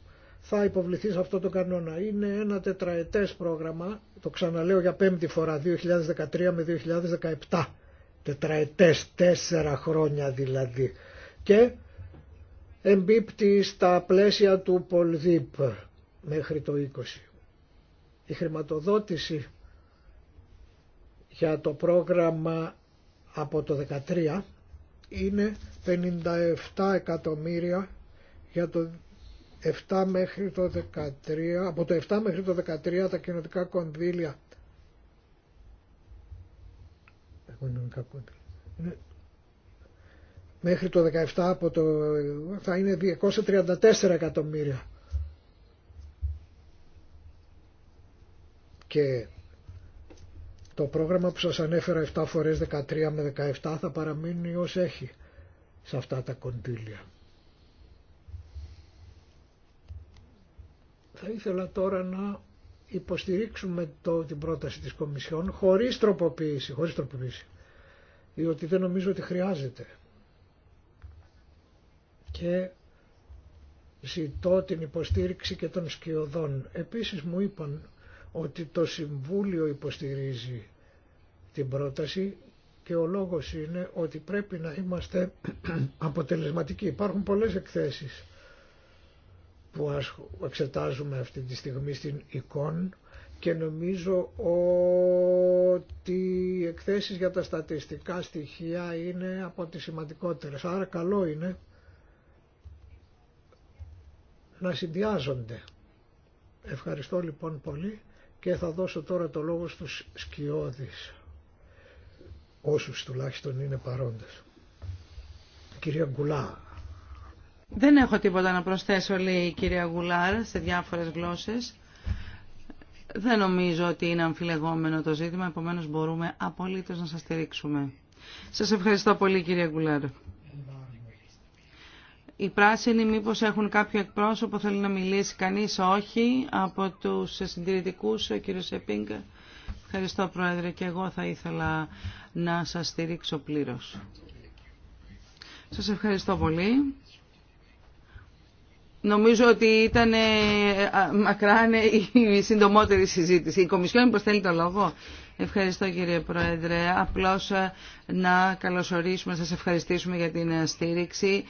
[SPEAKER 2] θα υποβληθεί σε αυτό το κανόνα. Είναι ένα τετραετές πρόγραμμα, το ξαναλέω για πέμπτη φορά, 2013 με 2017. Τετραετές, τέσσερα χρόνια δηλαδή. Και εμπίπτει στα πλαίσια του Πολδίπ μέχρι το 20. Η χρηματοδότηση για το πρόγραμμα από το 2013 είναι 57 εκατομμύρια για το 7 μέχρι το 13, από το 7 μέχρι το 13 τα κοινωτικά κονδύλια. Μέχρι το 17 από το, θα είναι 234 εκατομμύρια. Και το πρόγραμμα που σας ανέφερα 7 φορές 13 με 17 θα παραμείνει ως έχει σε αυτά τα κονδύλια. Θα ήθελα τώρα να υποστηρίξουμε το, την πρόταση της Κομισιόν χωρίς τροποποίηση, χωρίς τροποποίηση, διότι δεν νομίζω ότι χρειάζεται. Και ζητώ την υποστήριξη και των σκιωδών. Επίσης μου είπαν ότι το Συμβούλιο υποστηρίζει την πρόταση και ο λόγος είναι ότι πρέπει να είμαστε αποτελεσματικοί. Υπάρχουν πολλές εκθέσεις που εξετάζουμε αυτή τη στιγμή στην εικόνα και νομίζω ότι οι εκθέσεις για τα στατιστικά στοιχεία είναι από τις σημαντικότερες. Άρα καλό είναι να συνδυάζονται. Ευχαριστώ λοιπόν πολύ και θα δώσω τώρα το λόγο στους σκιώδεις, όσους τουλάχιστον είναι παρόντες. Κυρία Γκουλά,
[SPEAKER 3] δεν έχω τίποτα να προσθέσω, λέει η κυρία Γουλάρ, σε διάφορες γλώσσες. Δεν νομίζω ότι είναι αμφιλεγόμενο το ζήτημα, επομένως μπορούμε απολύτως να σας στηρίξουμε. Σας ευχαριστώ πολύ κυρία Γκουλάρ. Οι πράσινοι μήπως έχουν κάποιο εκπρόσωπο, θέλει να μιλήσει κανείς, όχι, από τους συντηρητικούς, ο κύριος Σεπίνγκ. Ευχαριστώ Πρόεδρε και εγώ θα ήθελα να σας στηρίξω πλήρως. Σας ευχαριστώ πολύ. Νομίζω ότι ήταν ε, μακράν ναι, η συντομότερη συζήτηση. Η Κομισιόν πως θέλει το λόγο. Ευχαριστώ κύριε Πρόεδρε. Απλώς ε, να καλωσορίσουμε, να σας ευχαριστήσουμε για την ε, στήριξη.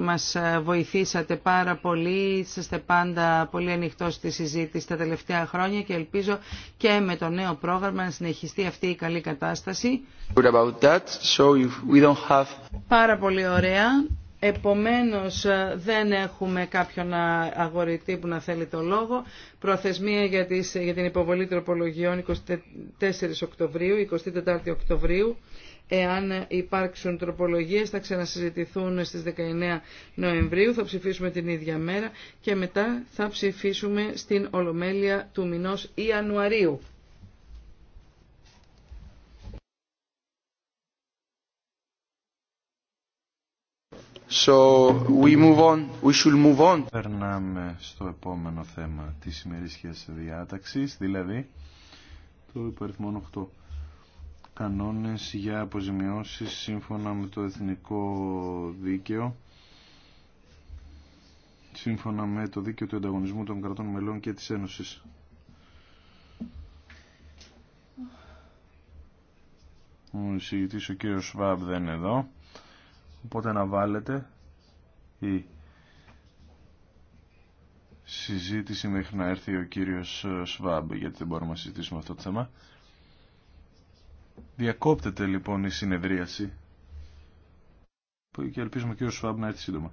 [SPEAKER 3] Μας βοηθήσατε πάρα πολύ, είστε πάντα πολύ ανοιχτό στη συζήτηση τα τελευταία χρόνια και ελπίζω και με το νέο πρόγραμμα να συνεχιστεί αυτή η καλή κατάσταση. so have... Πάρα πολύ ωραία. Επομένως ε, δεν έχουμε κάποιον αγορητή που να θέλει το λόγο. Προθεσμία για, την υποβολή τροπολογιών 24 Οκτωβρίου, 24 Οκτωβρίου. Εάν υπάρξουν τροπολογίες θα ξανασυζητηθούν στις 19 Νοεμβρίου, θα ψηφίσουμε την ίδια μέρα και μετά θα ψηφίσουμε στην Ολομέλεια του μηνός Ιανουαρίου.
[SPEAKER 1] So we move on. We should move on. Περνάμε στο επόμενο θέμα της ημερήσιας διάταξης, δηλαδή το υπαριθμό 8. Κανόνες για αποζημιώσεις σύμφωνα με το εθνικό δίκαιο, σύμφωνα με το δίκαιο του ανταγωνισμού των κρατών μελών και της Ένωσης. Ο εισηγητής ο κύριος Σβάμπ δεν είναι εδώ. Οπότε να βάλετε η συζήτηση μέχρι να έρθει ο κύριος ε, Σβάμπ, γιατί δεν μπορούμε να συζητήσουμε αυτό το θέμα. Διακόπτεται λοιπόν η συνεδρίαση και ελπίζουμε ο κύριος Σβάμπ να έρθει σύντομα.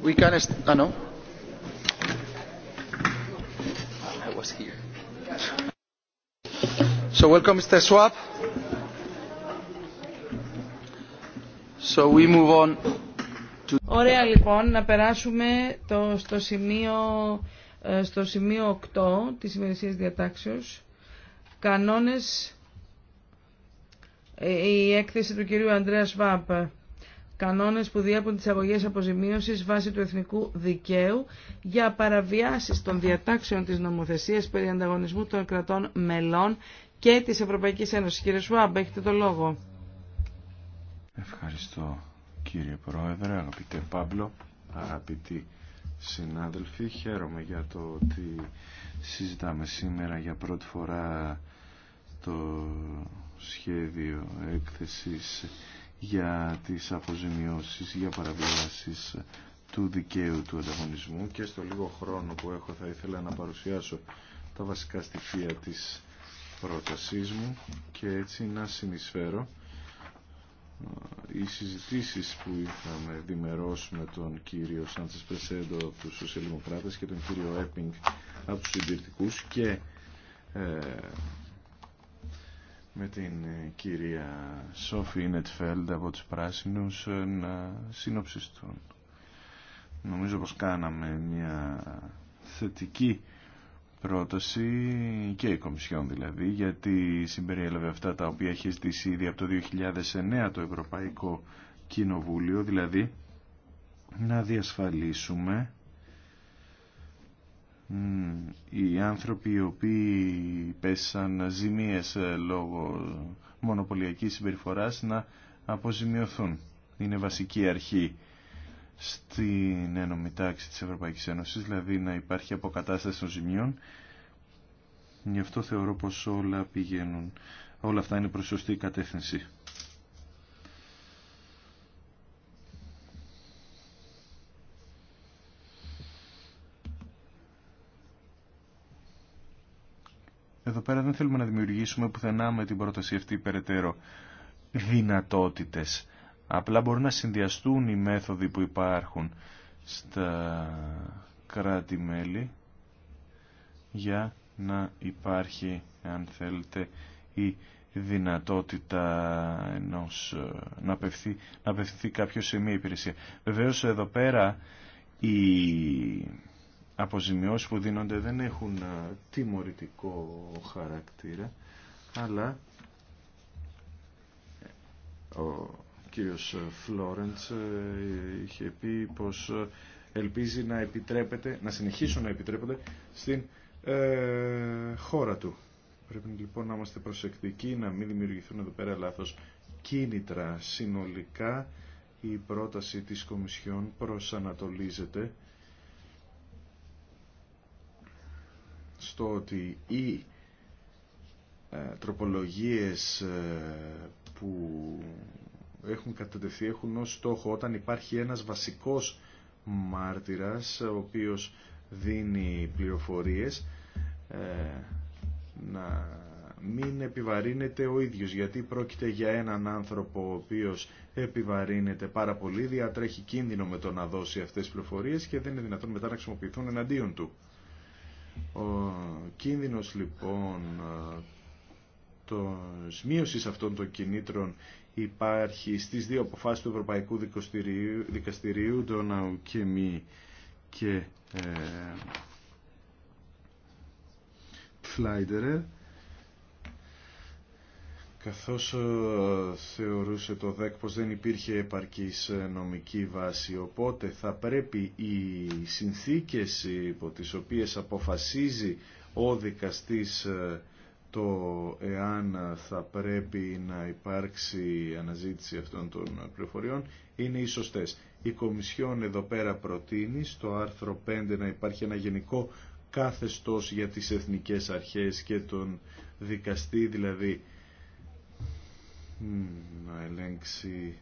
[SPEAKER 3] Ah, so welcome, Mr. Swap. So we move on Ωραία λοιπόν να περάσουμε το, στο σημείο ε, στο σημείο 8 της ημερησίας διατάξεως κανόνες ε, η έκθεση του κυρίου Ανδρέα Σβάμπ κανόνες που διέπουν τις αγωγέ αποζημίωση βάσει του εθνικού δικαίου για παραβιάσει των διατάξεων της νομοθεσίας περί ανταγωνισμού των κρατών μελών και τη Ευρωπαϊκή Ένωση. Κύριε Σουάμπ, έχετε το λόγο.
[SPEAKER 1] Ευχαριστώ κύριε Πρόεδρε, αγαπητέ Πάμπλο, αγαπητή συνάδελφοι. Χαίρομαι για το ότι συζητάμε σήμερα για πρώτη φορά το σχέδιο έκθεσης για τις αποζημιώσεις για παραβιάσεις του δικαίου του ανταγωνισμού και στο λίγο χρόνο που έχω θα ήθελα να παρουσιάσω τα βασικά στοιχεία της πρότασής μου και έτσι να συνεισφέρω ε, οι συζητήσεις που είχαμε διμερώς με τον κύριο Σάντσες Πρεσέντο από τους Σοσιαλδημοκράτες και τον κύριο Έπινγκ από τους Συντηρητικούς και ε, με την ε, κυρία Σόφι Νετφέλντ από τους Πράσινους ε, να συνοψιστούν. Νομίζω πως κάναμε μια θετική πρόταση και η Κομισιόν δηλαδή γιατί συμπεριέλαβε αυτά τα οποία έχει στήσει ήδη από το 2009 το Ευρωπαϊκό Κοινοβούλιο δηλαδή να διασφαλίσουμε οι άνθρωποι οι οποίοι πέσαν ζημίες ε, λόγω μονοπωλιακής συμπεριφοράς να αποζημιωθούν. Είναι βασική αρχή στην ένωμη τάξη της Ευρωπαϊκής Ένωσης, δηλαδή να υπάρχει αποκατάσταση των ζημιών. Γι' αυτό θεωρώ πως όλα πηγαίνουν, όλα αυτά είναι προς σωστή κατεύθυνση. πέρα δεν θέλουμε να δημιουργήσουμε πουθενά με την πρόταση αυτή περαιτέρω δυνατότητες. Απλά μπορούν να συνδυαστούν οι μέθοδοι που υπάρχουν στα κράτη-μέλη για να υπάρχει, αν θέλετε, η δυνατότητα ενός, να, να απευθυνθεί κάποιο σε μία υπηρεσία. Βεβαίως εδώ πέρα η αποζημιώσεις που δίνονται δεν έχουν ε, τιμωρητικό χαρακτήρα, αλλά ε, ο κύριος Φλόρεντς ε, είχε πει πως ελπίζει να επιτρέπεται, να συνεχίσουν να επιτρέπονται στην χώρα του. Πρέπει λοιπόν να είμαστε προσεκτικοί, να μην δημιουργηθούν εδώ πέρα λάθος κίνητρα συνολικά. Η πρόταση της Κομισιόν προσανατολίζεται στο ότι οι ε, τροπολογίες ε, που έχουν κατατεθεί έχουν ως στόχο όταν υπάρχει ένας βασικός μάρτυρας ο οποίος δίνει πληροφορίες ε, να μην επιβαρύνεται ο ίδιος γιατί πρόκειται για έναν άνθρωπο ο οποίος επιβαρύνεται πάρα πολύ διατρέχει κίνδυνο με το να δώσει αυτές τις πληροφορίες και δεν είναι δυνατόν μετά να χρησιμοποιηθούν εναντίον του. Ο κίνδυνος λοιπόν το μείωσης αυτών των κινήτρων υπάρχει στις δύο αποφάσεις του Ευρωπαϊκού Δικαστηρίου, να και Μη και ε, Φλάιντερε καθώς ε, θεωρούσε το ΔΕΚ πως δεν υπήρχε επαρκής ε, νομική βάση, οπότε θα πρέπει οι συνθήκες υπό τις οποίες αποφασίζει ο δικαστής ε, το εάν θα πρέπει να υπάρξει αναζήτηση αυτών των πληροφοριών είναι οι σωστές. Η Κομισιόν εδώ πέρα προτείνει στο άρθρο 5 να υπάρχει ένα γενικό κάθεστος για τις εθνικές αρχές και τον δικαστή, δηλαδή να ελέγξει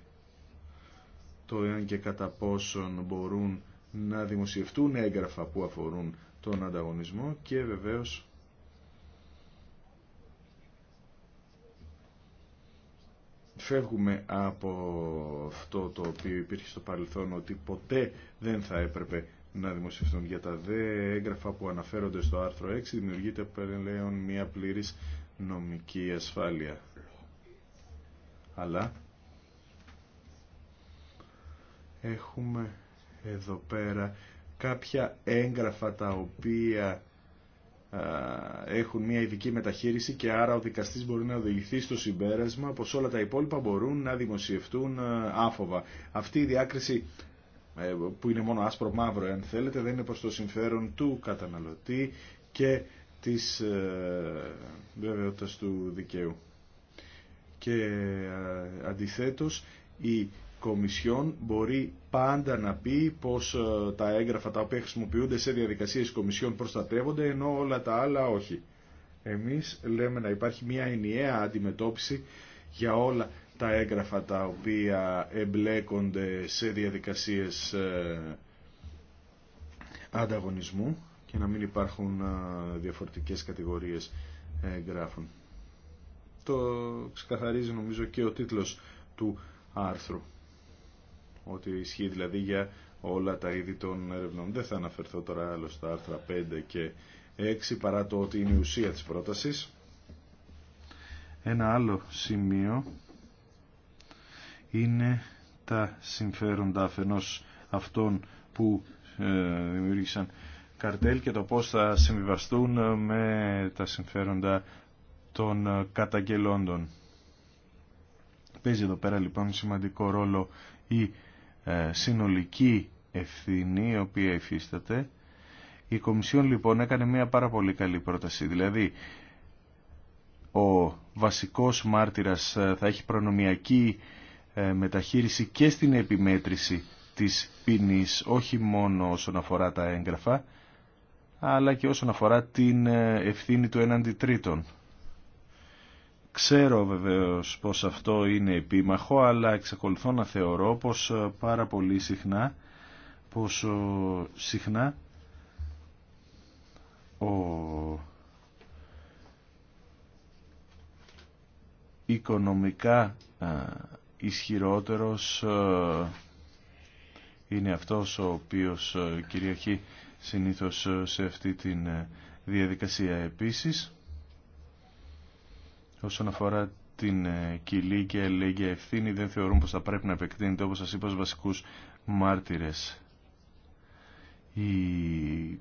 [SPEAKER 1] το εάν και κατά πόσον μπορούν να δημοσιευτούν έγγραφα που αφορούν τον ανταγωνισμό και βεβαίως φεύγουμε από αυτό το οποίο υπήρχε στο παρελθόν ότι ποτέ δεν θα έπρεπε να δημοσιευτούν. Για τα δε έγγραφα που αναφέρονται στο άρθρο 6 δημιουργείται πλέον μια πλήρης νομική ασφάλεια αλλά έχουμε εδώ πέρα κάποια έγγραφα τα οποία έχουν μια ειδική μεταχείριση και άρα ο δικαστής μπορεί να οδηγηθεί στο συμπέρασμα πως όλα τα υπόλοιπα μπορούν να δημοσιευτούν άφοβα. Αυτή η διάκριση ε, που είναι μόνο άσπρο μαύρο αν θέλετε δεν είναι προς το συμφέρον του καταναλωτή και της ε, βεβαιότητας του δικαίου και αντιθέτως η Κομισιόν μπορεί πάντα να πει πως τα έγγραφα τα οποία χρησιμοποιούνται σε διαδικασίες Κομισιόν προστατεύονται ενώ όλα τα άλλα όχι. Εμείς λέμε να υπάρχει μια ενιαία αντιμετώπιση για όλα τα έγγραφα τα οποία εμπλέκονται σε διαδικασίες ε, ανταγωνισμού και να μην υπάρχουν διαφορετικές κατηγορίες εγγράφων. Το ξεκαθαρίζει νομίζω και ο τίτλος του άρθρου. Ότι ισχύει δηλαδή για όλα τα είδη των έρευνων. Δεν θα αναφερθώ τώρα άλλο στα άρθρα 5 και 6 παρά το ότι είναι η ουσία της πρότασης. Ένα άλλο σημείο είναι τα συμφέροντα αφενός αυτών που ε, δημιούργησαν καρτέλ και το πώς θα συμβιβαστούν με τα συμφέροντα των ε, καταγγελόντων. Παίζει εδώ πέρα λοιπόν σημαντικό ρόλο η ε, συνολική ευθύνη η οποία υφίσταται. Η Κομισιόν λοιπόν έκανε μια πάρα πολύ καλή πρόταση. Δηλαδή ο βασικός μάρτυρας ε, θα έχει προνομιακή μεταχείριση και στην επιμέτρηση της ποινή όχι μόνο όσον αφορά τα έγγραφα αλλά και όσον αφορά την ευθύνη του έναντι τρίτων. Ξέρω βεβαίως πως αυτό είναι επίμαχο, αλλά εξακολουθώ να θεωρώ πως ε, πάρα πολύ συχνά, πως ε, συχνά ο οικονομικά ε, ισχυρότερος είναι αυτός ο οποίος κυριαρχεί συνήθως σε αυτή τη διαδικασία επίσης. Όσον αφορά την ε, κοιλή και ελέγγυα ευθύνη, δεν θεωρούν πως θα πρέπει να επεκτείνεται, όπως σας είπα, στους βασικούς μάρτυρες. Η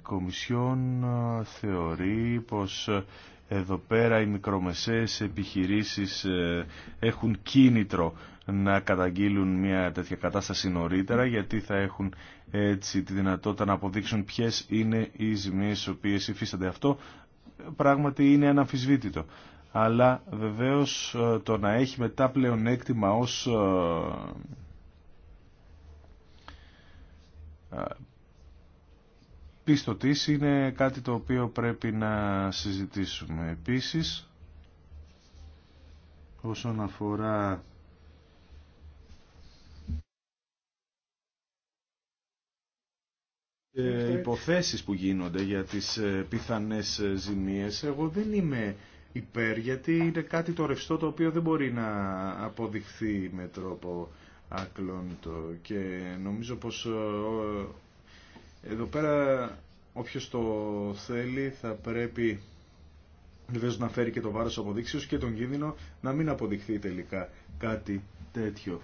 [SPEAKER 1] Κομισιόν ε, θεωρεί πως ε, εδώ πέρα οι μικρομεσαίες επιχειρήσεις έχουν κίνητρο να καταγγείλουν μια τέτοια κατάσταση νωρίτερα γιατί θα έχουν έτσι τη δυνατότητα να αποδείξουν ποιες είναι οι ζημίες οι οποίες υφίστανται αυτό πράγματι είναι αναμφισβήτητο αλλά βεβαίως ε, το να έχει μετά πλεονέκτημα ως ε, ε, πιστοτής είναι κάτι το οποίο πρέπει να συζητήσουμε. Επίσης, όσον αφορά υποθέσεις που γίνονται για τις πιθανές ζημίες, εγώ δεν είμαι υπέρ γιατί είναι κάτι το ρευστό το οποίο δεν μπορεί να αποδειχθεί με τρόπο άκλοντο και νομίζω πως ε, ε, εδώ πέρα όποιος το θέλει θα πρέπει βεβαίω να φέρει και το βάρος αποδείξεως και τον κίνδυνο να μην αποδειχθεί τελικά κάτι τέτοιο.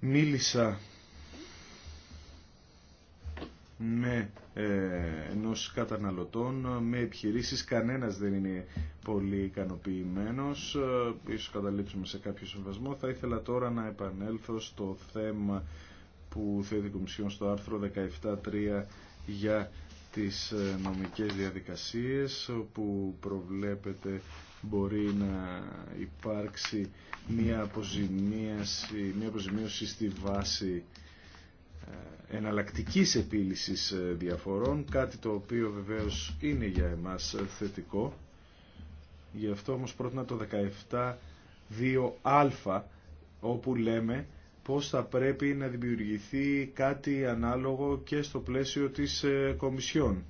[SPEAKER 1] Μίλησα με ε, ενός καταναλωτών, με επιχειρήσεις. Κανένας δεν είναι πολύ ικανοποιημένος. Ε, ίσως καταλήψουμε σε κάποιο συμβασμό. Θα ήθελα τώρα να επανέλθω στο θέμα που θέτει η Κομισιόν στο άρθρο 17.3 για τις ε, νομικές διαδικασίες που προβλέπεται μπορεί να υπάρξει μια αποζημίωση, μια αποζημίωση στη βάση ε, εναλλακτικής επίλυσης ε, διαφορών, κάτι το οποίο βεβαίως είναι για εμάς ε, θετικό. Γι' αυτό όμως πρότεινα το 17.2α, όπου λέμε πώς θα πρέπει να δημιουργηθεί κάτι ανάλογο και στο πλαίσιο της Κομισιόν.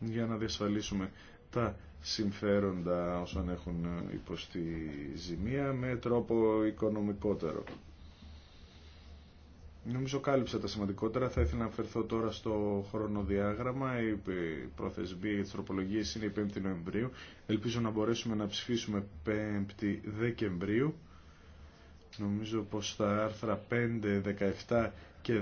[SPEAKER 1] Για να διασφαλίσουμε τα συμφέροντα όσων έχουν υποστεί ζημία με τρόπο οικονομικότερο. Νομίζω κάλυψα τα σημαντικότερα. Θα ήθελα να αφαιρθώ τώρα στο χρονοδιάγραμμα. Η προθεσμία για τι είναι η 5η Νοεμβρίου. Ελπίζω να μπορέσουμε να ψηφίσουμε 5η Δεκεμβρίου. Νομίζω πως τα άρθρα 5, 17 και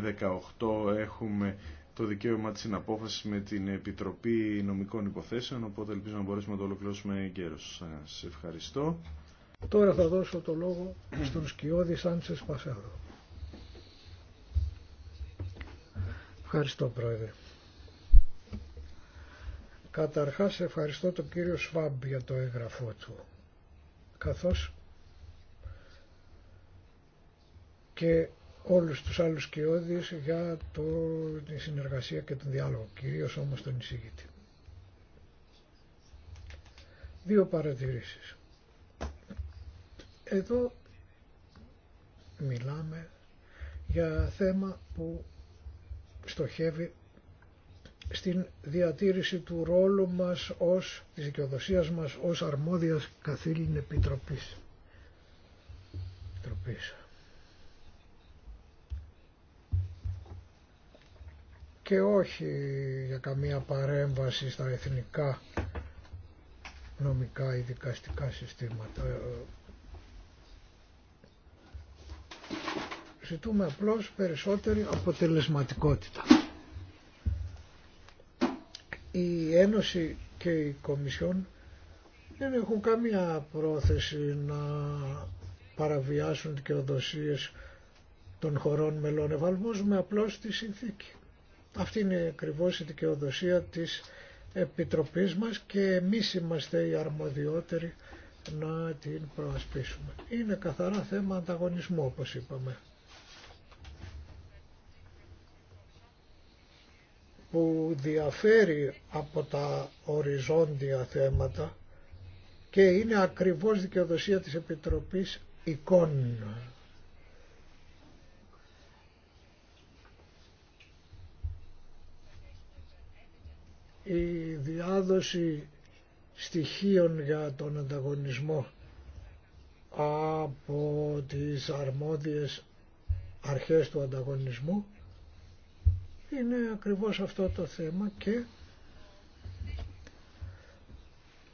[SPEAKER 1] 18 έχουμε το δικαίωμα της συναπόφασης με την Επιτροπή Νομικών Υποθέσεων, οπότε ελπίζω να μπορέσουμε να το ολοκληρώσουμε καιρός. Σας ευχαριστώ.
[SPEAKER 2] Τώρα θα δώσω το λόγο στον Σκιώδη Σάντσες Πασάρο. Ευχαριστώ Πρόεδρε. Καταρχάς ευχαριστώ τον κύριο Σφάμπ για το έγγραφό του, καθώς και όλους τους άλλους κοιόδης για το, τη συνεργασία και τον διάλογο, κυρίως όμως τον εισηγητή. Δύο παρατηρήσεις. Εδώ μιλάμε για θέμα που στοχεύει στην διατήρηση του ρόλου μας ως, της δικαιοδοσίας μας ως αρμόδιας καθήλυν επιτροπής. επιτροπής. και όχι για καμία παρέμβαση στα εθνικά νομικά ή δικαστικά συστήματα. Ζητούμε απλώς περισσότερη αποτελεσματικότητα. Η Ένωση και η Κομισιόν δεν έχουν καμία πρόθεση να παραβιάσουν δικαιοδοσίες των χωρών μελών. με απλώς τη συνθήκη. Αυτή είναι ακριβώ η δικαιοδοσία της Επιτροπής μας και εμείς είμαστε οι αρμοδιότεροι να την προασπίσουμε. Είναι καθαρά θέμα ανταγωνισμού όπως είπαμε. που διαφέρει από τα οριζόντια θέματα και είναι ακριβώς δικαιοδοσία της Επιτροπής εικόνων. η διάδοση στοιχείων για τον ανταγωνισμό από τις αρμόδιες αρχές του ανταγωνισμού είναι ακριβώς αυτό το θέμα και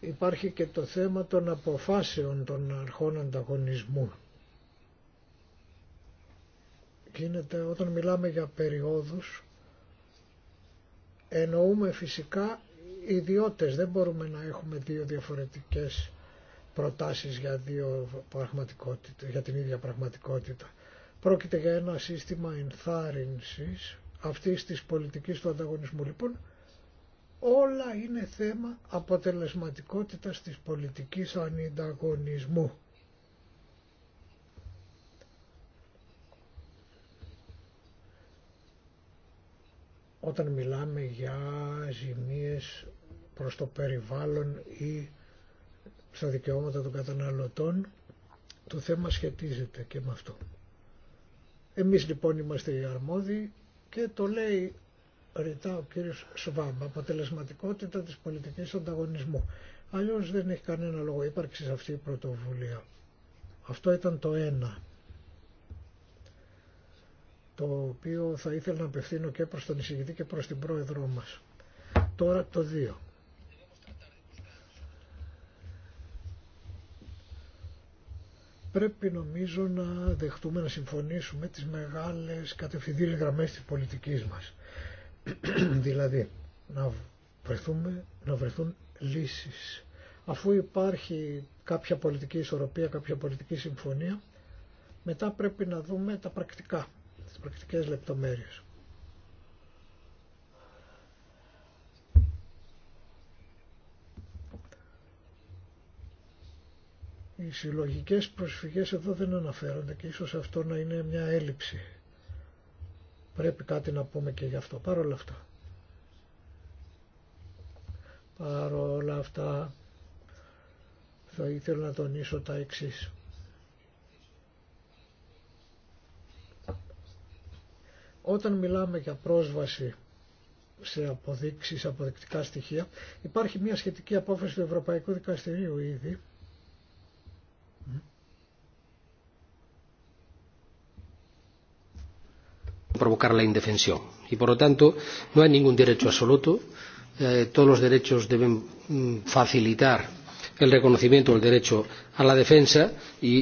[SPEAKER 2] υπάρχει και το θέμα των αποφάσεων των αρχών ανταγωνισμού. Γίνεται όταν μιλάμε για περιόδους εννοούμε φυσικά ιδιώτες. Δεν μπορούμε να έχουμε δύο διαφορετικές προτάσεις για, δύο πραγματικότητα, για την ίδια πραγματικότητα. Πρόκειται για ένα σύστημα ενθάρρυνσης αυτής της πολιτικής του ανταγωνισμού. Λοιπόν, όλα είναι θέμα αποτελεσματικότητας της πολιτικής ανταγωνισμού. όταν μιλάμε για ζημίες προς το περιβάλλον ή στα δικαιώματα των καταναλωτών, το θέμα σχετίζεται και με αυτό. Εμείς λοιπόν είμαστε οι αρμόδιοι και το λέει ρητά ο κύριος Σουβάμ, αποτελεσματικότητα της πολιτικής ανταγωνισμού. Αλλιώς δεν έχει κανένα λόγο ύπαρξης αυτή η πρωτοβουλία. Αυτό ήταν το ένα το οποίο θα ήθελα να απευθύνω και προς τον εισηγητή και προς την πρόεδρό μας. Τώρα το 2. Πρέπει νομίζω να δεχτούμε να συμφωνήσουμε τις μεγάλες κατευθυντήρες γραμμές της πολιτικής μας. δηλαδή να, βρεθούμε, να βρεθούν λύσεις. Αφού υπάρχει κάποια πολιτική ισορροπία, κάποια πολιτική συμφωνία, μετά πρέπει να δούμε τα πρακτικά τις πρακτικές λεπτομέρειες. Οι συλλογικές προσφυγές εδώ δεν αναφέρονται και ίσως αυτό να είναι μια έλλειψη. Πρέπει κάτι να πούμε και γι' αυτό. Παρ' όλα αυτά. Παρ' όλα αυτά θα ήθελα να τονίσω τα εξής. Όταν μιλάμε για πρόσβαση σε αποδείξεις, αποδεικτικά στοιχεία, υπάρχει μια σχετική απόφαση του Ευρωπαϊκού Δικαστηρίου ήδη,
[SPEAKER 4] provocar la indefensión. Y por lo tanto, no hay ningún derecho absoluto. Todos los derechos deben facilitar el reconocimiento del derecho a la defensa y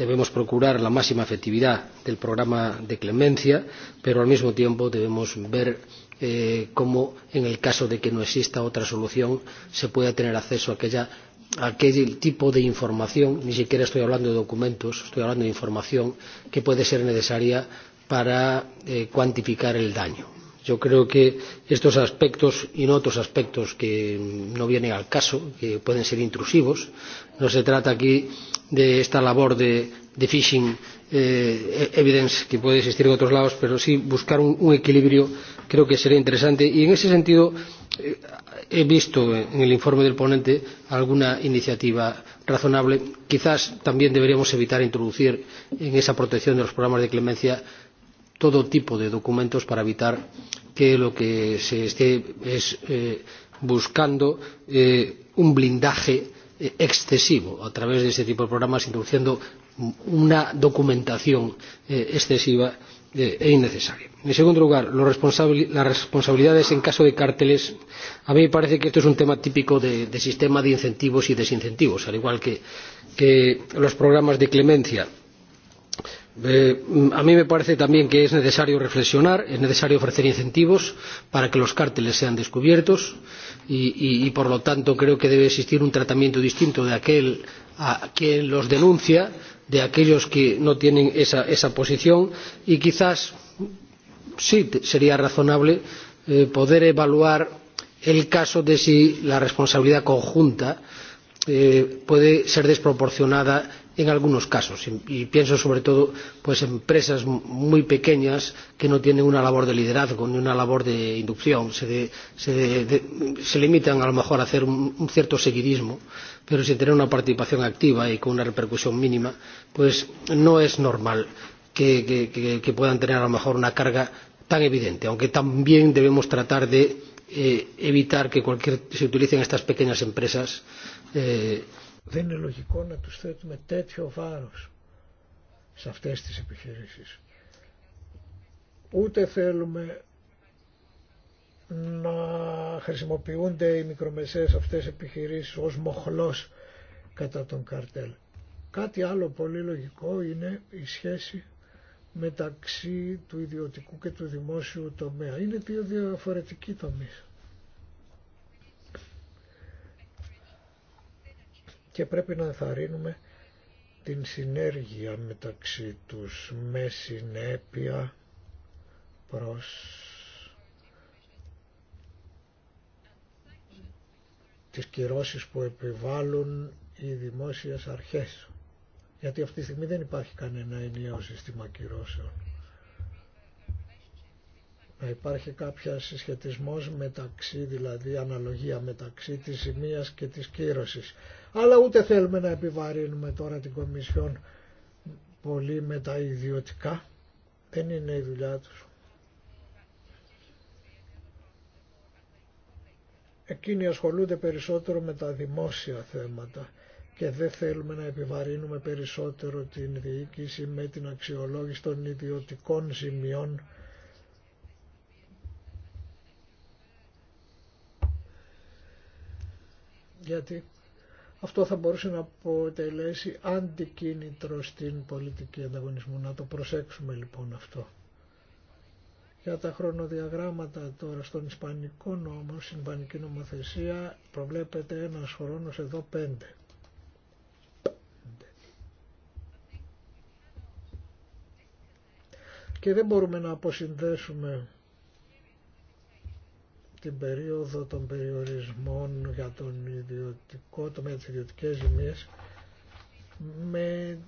[SPEAKER 4] debemos procurar la máxima efectividad del programa de clemencia pero al mismo tiempo debemos ver cómo en el caso de que no exista otra solución se pueda tener acceso a aquel tipo de información ni siquiera estoy hablando de documentos estoy hablando de información que puede ser necesaria para cuantificar el daño. Yo creo que estos aspectos y no otros aspectos que no vienen al caso, que pueden ser intrusivos, no se trata aquí de esta labor de phishing evidence que puede existir en otros lados, pero sí buscar un equilibrio creo que sería interesante. Y en ese sentido he visto en el informe del ponente alguna iniciativa razonable. Quizás también deberíamos evitar introducir en esa protección de los programas de clemencia todo tipo de documentos para evitar que lo que se esté es buscando un blindaje excesivo a través de ese tipo de programas introduciendo una documentación excesiva e innecesaria. En segundo lugar, las responsabilidades en caso de cárteles. A mí me parece que esto es un tema típico de sistema de incentivos y desincentivos, al igual que los programas de clemencia a mí me parece también que es necesario reflexionar es necesario ofrecer incentivos para que los cárteles sean descubiertos y por lo tanto creo que debe existir un tratamiento distinto de aquel a quien los denuncia de aquellos que no tienen esa posición y quizás sí sería razonable poder evaluar el caso de si la responsabilidad conjunta puede ser desproporcionada en algunos casos y pienso sobre todo pues en empresas muy pequeñas que no tienen una labor de liderazgo ni una labor de inducción se limitan a lo mejor a hacer un cierto seguidismo pero sin tener una participación activa y con una repercusión mínima pues no es normal que puedan tener a lo mejor una carga tan evidente aunque también debemos tratar de evitar que se utilicen estas pequeñas empresas
[SPEAKER 2] δεν είναι λογικό να τους θέτουμε τέτοιο βάρος σε αυτές τις επιχειρήσεις. Ούτε θέλουμε να χρησιμοποιούνται οι μικρομεσαίες αυτές επιχειρήσεις ως μοχλός κατά τον καρτέλ. Κάτι άλλο πολύ λογικό είναι η σχέση μεταξύ του ιδιωτικού και του δημόσιου τομέα. Είναι δύο διαφορετικοί τομείς. και πρέπει να ενθαρρύνουμε την συνέργεια μεταξύ τους με συνέπεια προς τις κυρώσεις που επιβάλλουν οι δημόσιες αρχές. Γιατί αυτή τη στιγμή δεν υπάρχει κανένα ενιαίο σύστημα κυρώσεων να υπάρχει κάποια συσχετισμός μεταξύ, δηλαδή αναλογία μεταξύ της ζημίας και της κύρωσης. Αλλά ούτε θέλουμε να επιβαρύνουμε τώρα την Κομισιόν πολύ με τα ιδιωτικά. Δεν είναι η δουλειά τους. Εκείνοι ασχολούνται περισσότερο με τα δημόσια θέματα και δεν θέλουμε να επιβαρύνουμε περισσότερο την διοίκηση με την αξιολόγηση των ιδιωτικών ζημιών γιατί αυτό θα μπορούσε να αποτελέσει αντικίνητρο στην πολιτική ανταγωνισμού. Να το προσέξουμε λοιπόν αυτό. Για τα χρονοδιαγράμματα τώρα στον Ισπανικό νόμο, στην Ισπανική νομοθεσία προβλέπεται ένας χρόνος εδώ πέντε. Και δεν μπορούμε να αποσυνδέσουμε την περίοδο των περιορισμών για τον ιδιωτικό τομέα τις ιδιωτικές ζημίες με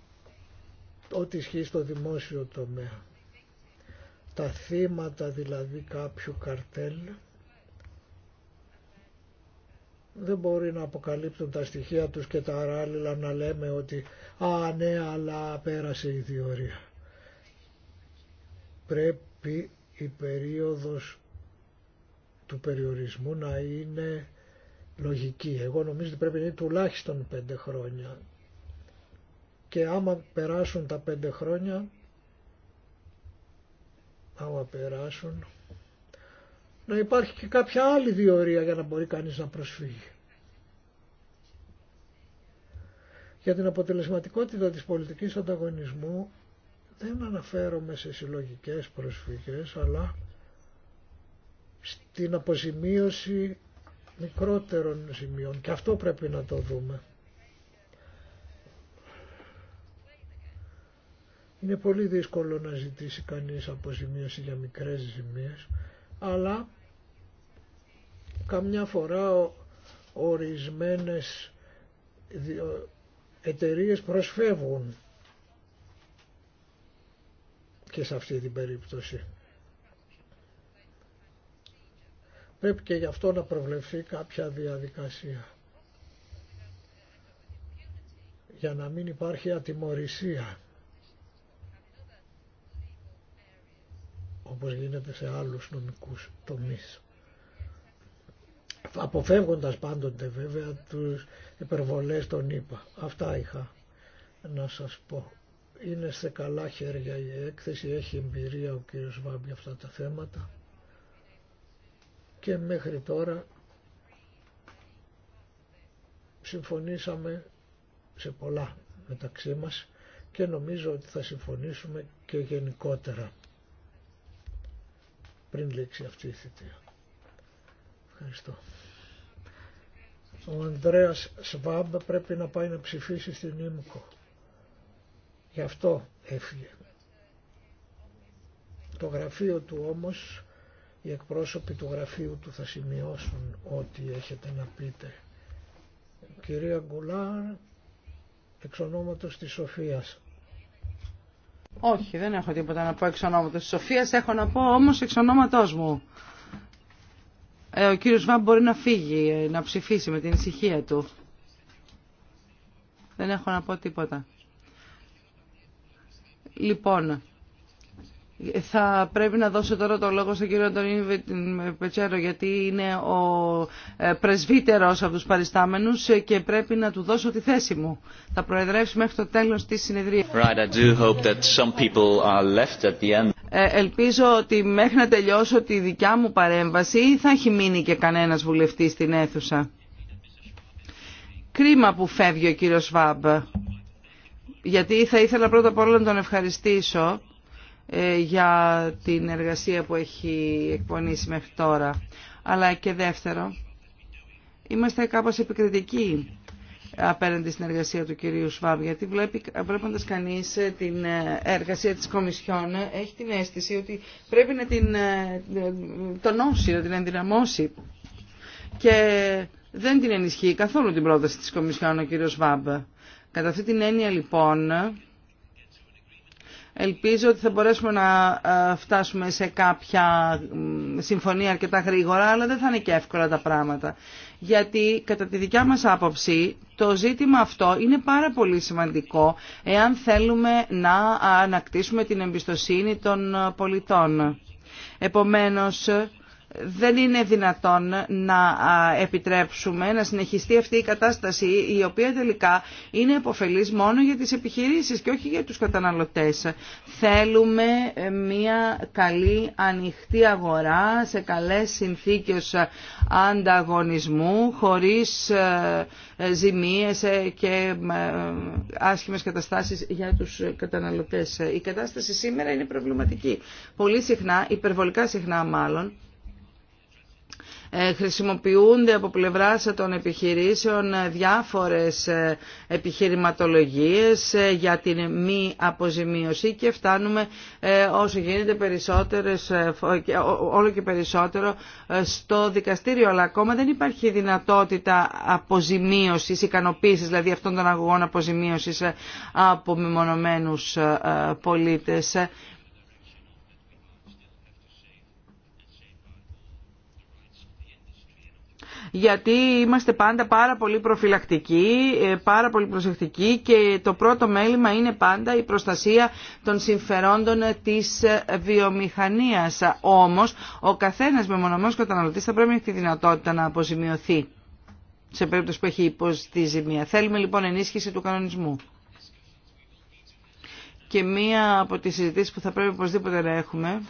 [SPEAKER 2] ό,τι ισχύει στο δημόσιο τομέα. Τα θύματα δηλαδή κάποιου καρτέλ δεν μπορεί να αποκαλύπτουν τα στοιχεία τους και τα αράλληλα να λέμε ότι «Α, ναι, αλλά πέρασε η διορία». Πρέπει η περίοδος του περιορισμού να είναι λογική. Εγώ νομίζω ότι πρέπει να είναι τουλάχιστον πέντε χρόνια. Και άμα περάσουν τα πέντε χρόνια, άμα περάσουν, να υπάρχει και κάποια άλλη διορία για να μπορεί κανείς να προσφύγει. Για την αποτελεσματικότητα της πολιτικής ανταγωνισμού δεν αναφέρομαι σε συλλογικές προσφυγές, αλλά στην αποζημίωση μικρότερων ζημίων. και αυτό πρέπει να το δούμε. Είναι πολύ δύσκολο να ζητήσει κανείς αποζημίωση για μικρές ζημίες, αλλά καμιά φορά ορισμένες εταιρείες προσφεύγουν και σε αυτή την περίπτωση. Πρέπει και γι' αυτό να προβλεφθεί κάποια διαδικασία. Για να μην υπάρχει ατιμορρησία. Όπως γίνεται σε άλλους νομικούς τομείς. Αποφεύγοντας πάντοτε βέβαια τους υπερβολές των ΗΠΑ. Αυτά είχα να σας πω. Είναι σε καλά χέρια η έκθεση, έχει εμπειρία ο κύριος Βάμπη αυτά τα θέματα και μέχρι τώρα συμφωνήσαμε σε πολλά μεταξύ μας και νομίζω ότι θα συμφωνήσουμε και γενικότερα πριν λήξει αυτή η θητεία. Ευχαριστώ. Ο Ανδρέας Σβάμπ πρέπει να πάει να ψηφίσει στην Ίμκο. Γι' αυτό έφυγε. Το γραφείο του όμως οι εκπρόσωποι του γραφείου του θα σημειώσουν ό,τι έχετε να πείτε. Κυρία Γκουλάρ, εξ ονόματος της Σοφίας.
[SPEAKER 3] Όχι, δεν έχω τίποτα να πω εξ ονόματος της Σοφίας, έχω να πω όμως εξ ονόματός μου. Ε, ο κύριος Βαμ μπορεί να φύγει, να ψηφίσει με την ησυχία του. Δεν έχω να πω τίποτα. Λοιπόν, θα πρέπει να δώσω τώρα το λόγο στον κύριο Αντωνίου Πετσέρο γιατί είναι ο ε, πρεσβύτερος από τους παριστάμενους και πρέπει να του δώσω τη θέση μου. Θα προεδρεύσει μέχρι το τέλος της συνεδρίας. ελπίζω ότι μέχρι να τελειώσω τη δικιά μου παρέμβαση θα έχει μείνει και κανένας βουλευτής στην αίθουσα. Κρίμα που φεύγει ο κύριος Βαμπ. Γιατί θα ήθελα πρώτα απ' όλα να τον ευχαριστήσω ε, για την εργασία που έχει εκπονήσει μέχρι τώρα. Αλλά και δεύτερο, είμαστε κάπως επικριτικοί απέναντι στην εργασία του κυρίου Σβάμπ, γιατί βλέπει, βλέποντας κανείς ε, την ε, εργασία της Κομισιόν, έχει την αίσθηση ότι πρέπει να την τονώσει, να την ενδυναμώσει. Και δεν την ενισχύει καθόλου την πρόταση της Κομισιόν ο κύριος Σβάμ. Κατά αυτή την έννοια λοιπόν, Ελπίζω ότι θα μπορέσουμε να ε, φτάσουμε σε κάποια συμφωνία αρκετά γρήγορα, αλλά δεν θα είναι και εύκολα τα πράγματα. Γιατί κατά τη δικιά μας άποψη το ζήτημα αυτό είναι πάρα πολύ σημαντικό εάν θέλουμε να ανακτήσουμε την εμπιστοσύνη των ε, πολιτών. Επομένως, δεν είναι δυνατόν να επιτρέψουμε να συνεχιστεί αυτή η κατάσταση η οποία τελικά είναι επωφελής μόνο για τις επιχειρήσεις και όχι για τους καταναλωτές. Θέλουμε ε, μια καλή ανοιχτή αγορά σε καλές συνθήκες ανταγωνισμού χωρίς ε, ε, ζημίες και άσχημες καταστάσεις για τους καταναλωτές. Η κατάσταση σήμερα είναι προβληματική. Πολύ συχνά, υπερβολικά συχνά μάλλον, ε, χρησιμοποιούνται από πλευρά των επιχειρήσεων ε, διάφορες ε, επιχειρηματολογίες για την μη αποζημίωση και φτάνουμε όσο γίνεται περισσότερες, όλο και περισσότερο στο δικαστήριο. Αλλά ακόμα δεν υπάρχει δυνατότητα αποζημίωσης, ικανοποίησης δηλαδή αυτών των αγωγών αποζημίωσης από μεμονωμένους πολίτες. γιατί είμαστε πάντα πάρα πολύ προφυλακτικοί, ε, πάρα πολύ προσεκτικοί και το πρώτο μέλημα είναι πάντα η προστασία των συμφερόντων της βιομηχανίας. Όμως, ο καθένας μεμονωμένος καταναλωτής θα πρέπει να έχει τη δυνατότητα να αποζημιωθεί σε περίπτωση που έχει υποστεί ζημία. Θέλουμε λοιπόν ενίσχυση του κανονισμού. Και μία από τις συζητήσεις που θα πρέπει οπωσδήποτε να έχουμε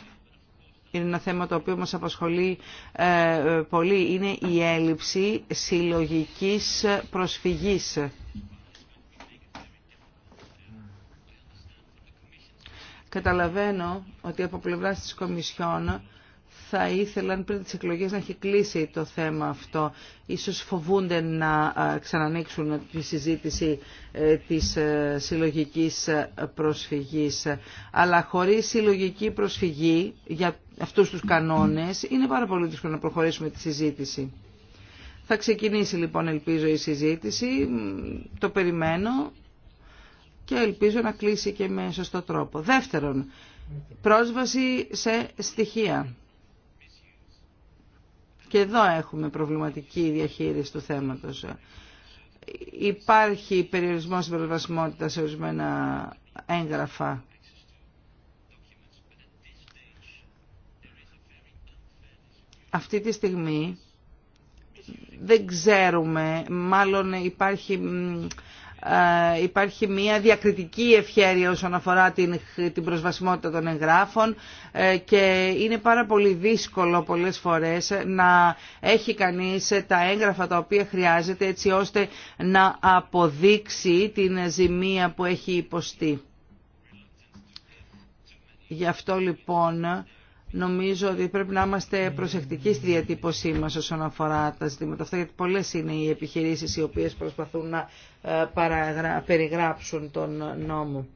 [SPEAKER 3] είναι ένα θέμα το οποίο μας απασχολεί ε, πολύ, είναι η έλλειψη συλλογικής προσφυγής. Καταλαβαίνω ότι από πλευράς της Κομισιόν θα ήθελαν πριν τις εκλογές να έχει κλείσει το θέμα αυτό. Ίσως φοβούνται να ε, ξανανοίξουν τη συζήτηση ε, της ε, συλλογικής προσφυγής. Αλλά χωρίς συλλογική προσφυγή για αυτούς τους κανόνες είναι πάρα πολύ δύσκολο να προχωρήσουμε τη συζήτηση. Θα ξεκινήσει λοιπόν ελπίζω η συζήτηση, το περιμένω και ελπίζω να κλείσει και με σωστό τρόπο. Δεύτερον, πρόσβαση σε στοιχεία. Και εδώ έχουμε προβληματική διαχείριση του θέματος. Υπάρχει περιορισμός υπερβασιμότητα σε ορισμένα έγγραφα. Αυτή τη στιγμή δεν ξέρουμε, μάλλον υπάρχει ε, υπάρχει μια διακριτική ευχέρεια όσον αφορά την, την προσβασιμότητα των εγγράφων ε, και είναι πάρα πολύ δύσκολο πολλές φορές να έχει κανείς τα έγγραφα τα οποία χρειάζεται έτσι ώστε να αποδείξει την ζημία που έχει υποστεί. Γι' αυτό λοιπόν Νομίζω ότι πρέπει να είμαστε προσεκτικοί στη διατύπωσή μας όσον αφορά τα ζητήματα αυτά, γιατί πολλές είναι οι επιχειρήσεις οι οποίες προσπαθούν να ε, περιγράψουν τον νόμο.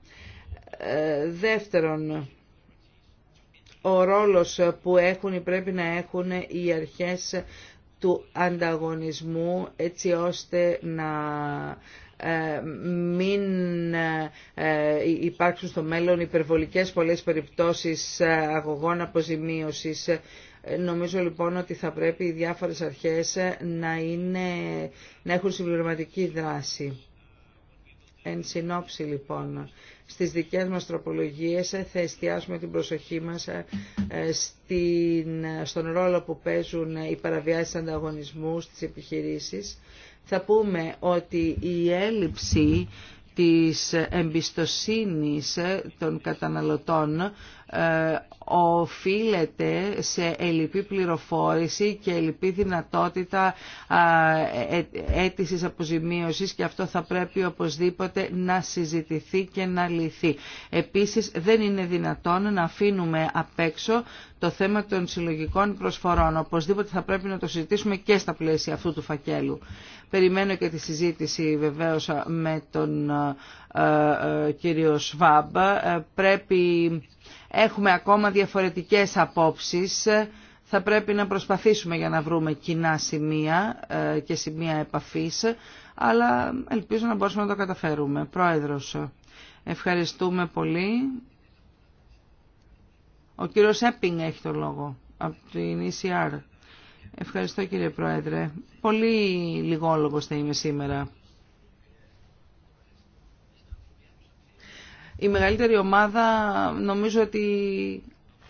[SPEAKER 3] Ε, δεύτερον, ο ρόλος που έχουν ή πρέπει να έχουν οι αρχές του ανταγωνισμού έτσι ώστε να ε, μην ε, ε, υπάρξουν στο μέλλον υπερβολικές πολλές περιπτώσεις αγωγών αποζημίωσης. Νομίζω λοιπόν ότι θα πρέπει οι διάφορες αρχές να, είναι, να έχουν συμπληρωματική δράση. Εν συνόψη λοιπόν, στις δικές μας τροπολογίες θα εστιάσουμε την προσοχή μας στην, στον ρόλο που παίζουν οι παραβιάσεις ανταγωνισμού στις επιχειρήσεις, θα πούμε ότι η έλλειψη της εμπιστοσύνης των καταναλωτών ε, οφείλεται σε ελλειπή πληροφόρηση και ελλειπή δυνατότητα ε, ε, αίτησης αποζημίωσης και αυτό θα πρέπει οπωσδήποτε να συζητηθεί και να λυθεί. Επίσης δεν είναι δυνατόν να αφήνουμε απ' έξω το θέμα των συλλογικών προσφορών. Οπωσδήποτε θα πρέπει να το συζητήσουμε και στα πλαίσια αυτού του φακέλου. Περιμένω και τη συζήτηση βεβαίως με τον κύριο Σβάμπ. Ε, πρέπει... Έχουμε ακόμα διαφορετικές απόψεις. Θα πρέπει να προσπαθήσουμε για να βρούμε κοινά σημεία ε, και σημεία επαφής, αλλά ελπίζω να μπορούμε να το καταφέρουμε. Πρόεδρος, ευχαριστούμε πολύ. Ο κύριο Έπινγκ έχει το λόγο από την ECR. Ευχαριστώ κύριε Πρόεδρε. Πολύ λιγόλογο θα είμαι σήμερα. Η μεγαλύτερη ομάδα νομίζω ότι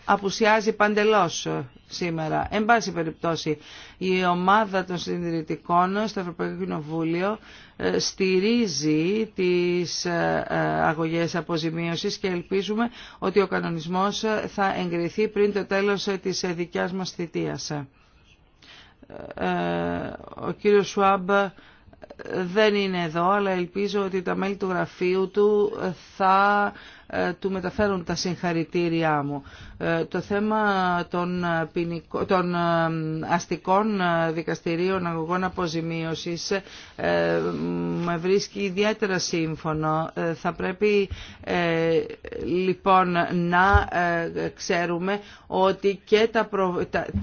[SPEAKER 3] απουσιάζει παντελώς ε, σήμερα. Εν πάση περιπτώσει, η ομάδα των συντηρητικών στο Ευρωπαϊκό Κοινοβούλιο ε, στηρίζει τις ε, αγωγές αποζημίωσης και ελπίζουμε ότι ο κανονισμός θα εγκριθεί πριν το τέλος της δικιάς μας θητείας. Ο κύριος Σουάμπ δεν είναι εδώ, αλλά ελπίζω ότι τα μέλη του γραφείου του θα ε, του μεταφέρουν τα συγχαρητήριά μου. Ε, το θέμα των, ε, αστικών δικαστηρίων αγωγών αποζημίωσης με βρίσκει ιδιαίτερα σύμφωνο. Θα πρέπει λοιπόν να ξέρουμε ότι και τα,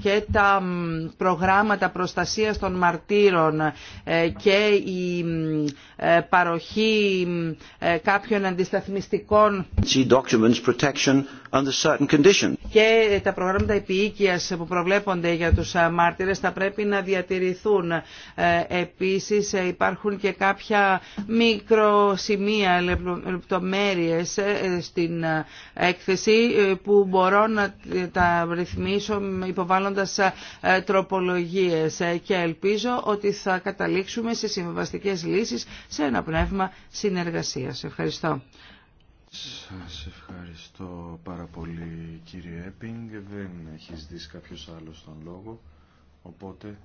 [SPEAKER 3] και τα προγράμματα προστασίας των μαρτύρων και η παροχή κάποιων αντισταθμιστικών και τα προγράμματα επίοικια που προβλέπονται για τους μάρτυρες θα πρέπει να διατηρηθούν. Ε, επίσης ε, υπάρχουν και κάποια μικροσημεία, λεπτομέρειες ε, στην έκθεση που μπορώ να τα ρυθμίσω υποβάλλοντας τροπολογίες και ελπίζω ότι θα καταλήξουμε σε συμβαστικές λύσεις σε ένα πνεύμα συνεργασία. Ευχαριστώ.
[SPEAKER 1] Σας ευχαριστώ πάρα πολύ κύριε Έπινγκ. Δεν έχει δει κάποιος άλλος τον λόγο, οπότε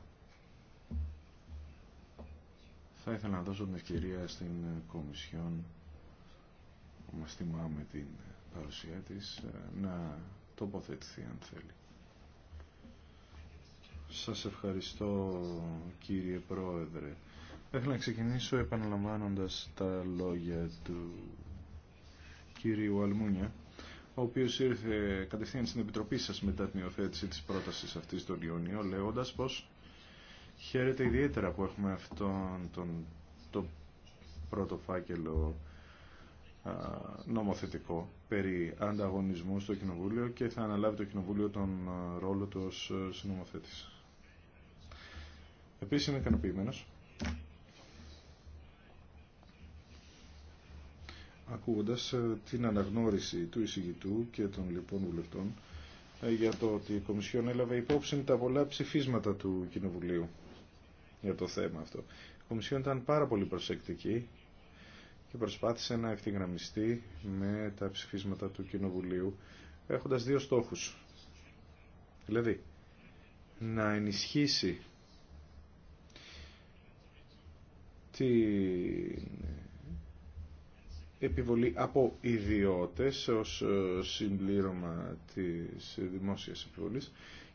[SPEAKER 1] θα ήθελα να δώσω την ευκαιρία στην Κομισιόν που μας θυμάμαι την παρουσία της ε, να τοποθετηθεί αν θέλει. Σας ευχαριστώ κύριε Πρόεδρε. Θα ήθελα να ξεκινήσω επαναλαμβάνοντας τα λόγια του κύριου Αλμούνια, ο οποίος ήρθε κατευθείαν στην Επιτροπή σας μετά την υιοθέτηση της πρότασης αυτής στο Ιούνιο, λέγοντα πως χαίρεται ιδιαίτερα που έχουμε αυτόν τον, το πρώτο φάκελο νομοθετικό περί ανταγωνισμού στο Κοινοβούλιο και θα αναλάβει το Κοινοβούλιο τον ρόλο του ως συνομοθέτης. Επίσης είμαι ικανοποιημένος ακούγοντας ε, την αναγνώριση του εισηγητού και των λοιπόν βουλευτών ε, για το ότι η Κομισιόν έλαβε υπόψη τα πολλά ψηφίσματα του Κοινοβουλίου για το θέμα αυτό. Η Κομισιόν ήταν πάρα πολύ προσεκτική και προσπάθησε να ευθυγραμμιστεί με τα ψηφίσματα του Κοινοβουλίου έχοντας δύο στόχους. Δηλαδή, να ενισχύσει την επιβολή από ιδιώτες ως ε, συμπλήρωμα της δημόσιας επιβολής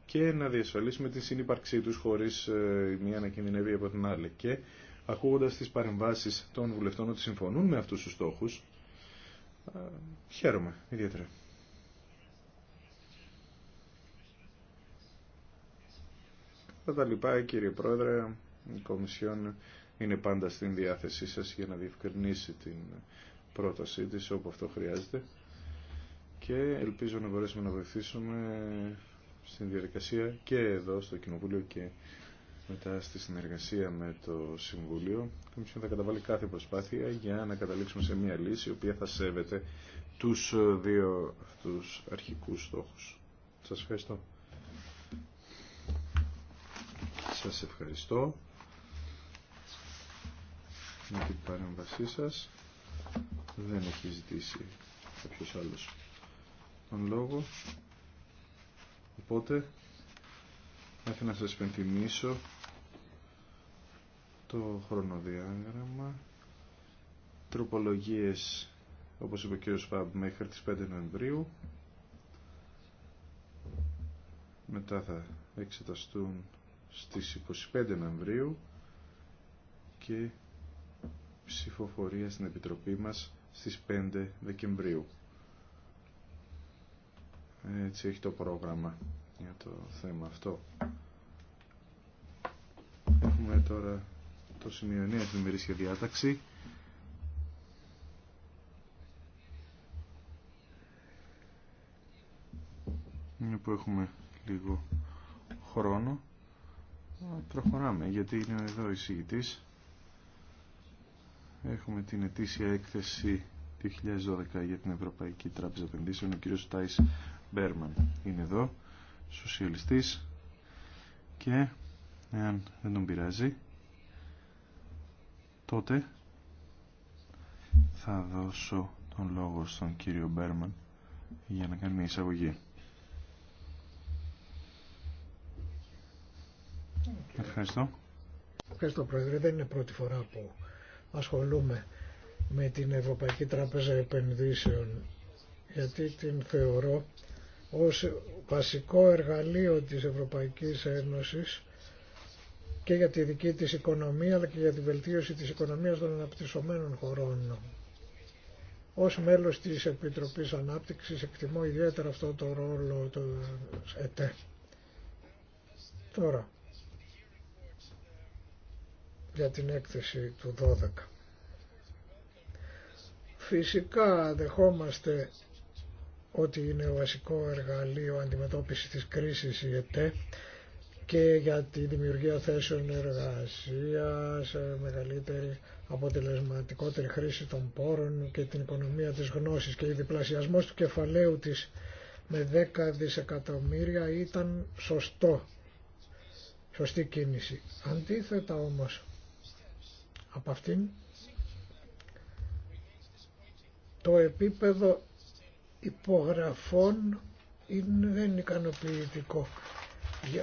[SPEAKER 1] και να διασφαλίσουμε τη συνύπαρξή τους χωρίς ε, μία να κινδυνεύει από την άλλη. Και ακούγοντας τις παρεμβάσεις των βουλευτών ότι συμφωνούν με αυτούς τους στόχους, ε, χαίρομαι ιδιαίτερα. Θα τα λοιπά, κύριε Πρόεδρε, η Κομισιόν είναι πάντα στην διάθεσή σας για να διευκρινίσει την πρότασή της όπου αυτό χρειάζεται και ελπίζω να μπορέσουμε να βοηθήσουμε στην διαδικασία και εδώ στο Κοινοβούλιο και μετά στη συνεργασία με το Συμβούλιο. Η Κομισιόν θα καταβάλει κάθε προσπάθεια για να καταλήξουμε σε μια λύση η οποία θα σέβεται τους δύο αυτούς αρχικούς στόχους. Σας ευχαριστώ. Σας ευχαριστώ για την παρέμβασή σας. Δεν έχει ζητήσει κάποιος άλλος τον λόγο. Οπότε, θα να σας υπενθυμίσω το χρονοδιάγραμμα. Τροπολογίες, όπως είπε ο κ. Φαμπ, μέχρι τις 5 Νοεμβρίου. Μετά θα εξεταστούν στις 25 Νοεμβρίου και ψηφοφορία στην Επιτροπή μας στις 5 Δεκεμβρίου. Έτσι έχει το πρόγραμμα για το θέμα αυτό. Έχουμε τώρα το σημείο 9 στην διάταξη. Είναι που έχουμε λίγο χρόνο. Προχωράμε γιατί είναι εδώ η συγητής. Έχουμε την ετήσια έκθεση 2012 για την Ευρωπαϊκή Τράπεζα Επενδύσεων. Ο κύριος Τάις Μπέρμαν είναι εδώ, σοσιαλιστής και εάν δεν τον πειράζει τότε θα δώσω τον λόγο στον κύριο Μπέρμαν για να κάνει μια εισαγωγή.
[SPEAKER 2] Ευχαριστώ. Ευχαριστώ Πρόεδρε. Δεν είναι πρώτη φορά που ασχολούμαι με την Ευρωπαϊκή Τράπεζα Επενδύσεων γιατί την θεωρώ ως βασικό εργαλείο της Ευρωπαϊκής Ένωσης και για τη δική της οικονομία αλλά και για τη βελτίωση της οικονομίας των αναπτυσσομένων χωρών. Ως μέλος της Επιτροπής Ανάπτυξης εκτιμώ ιδιαίτερα αυτό το ρόλο του ΕΤΕ. Τώρα, για την έκθεση του 12. Φυσικά δεχόμαστε ότι είναι βασικό εργαλείο αντιμετώπισης της κρίσης η ΕΤΕ και για τη δημιουργία θέσεων εργασίας, μεγαλύτερη αποτελεσματικότερη χρήση των πόρων και την οικονομία της γνώσης και η διπλασιασμός του κεφαλαίου της με 10 δισεκατομμύρια ήταν σωστό, σωστή κίνηση. Αντίθετα όμως από αυτήν. Το επίπεδο υπογραφών είναι, δεν είναι ικανοποιητικό.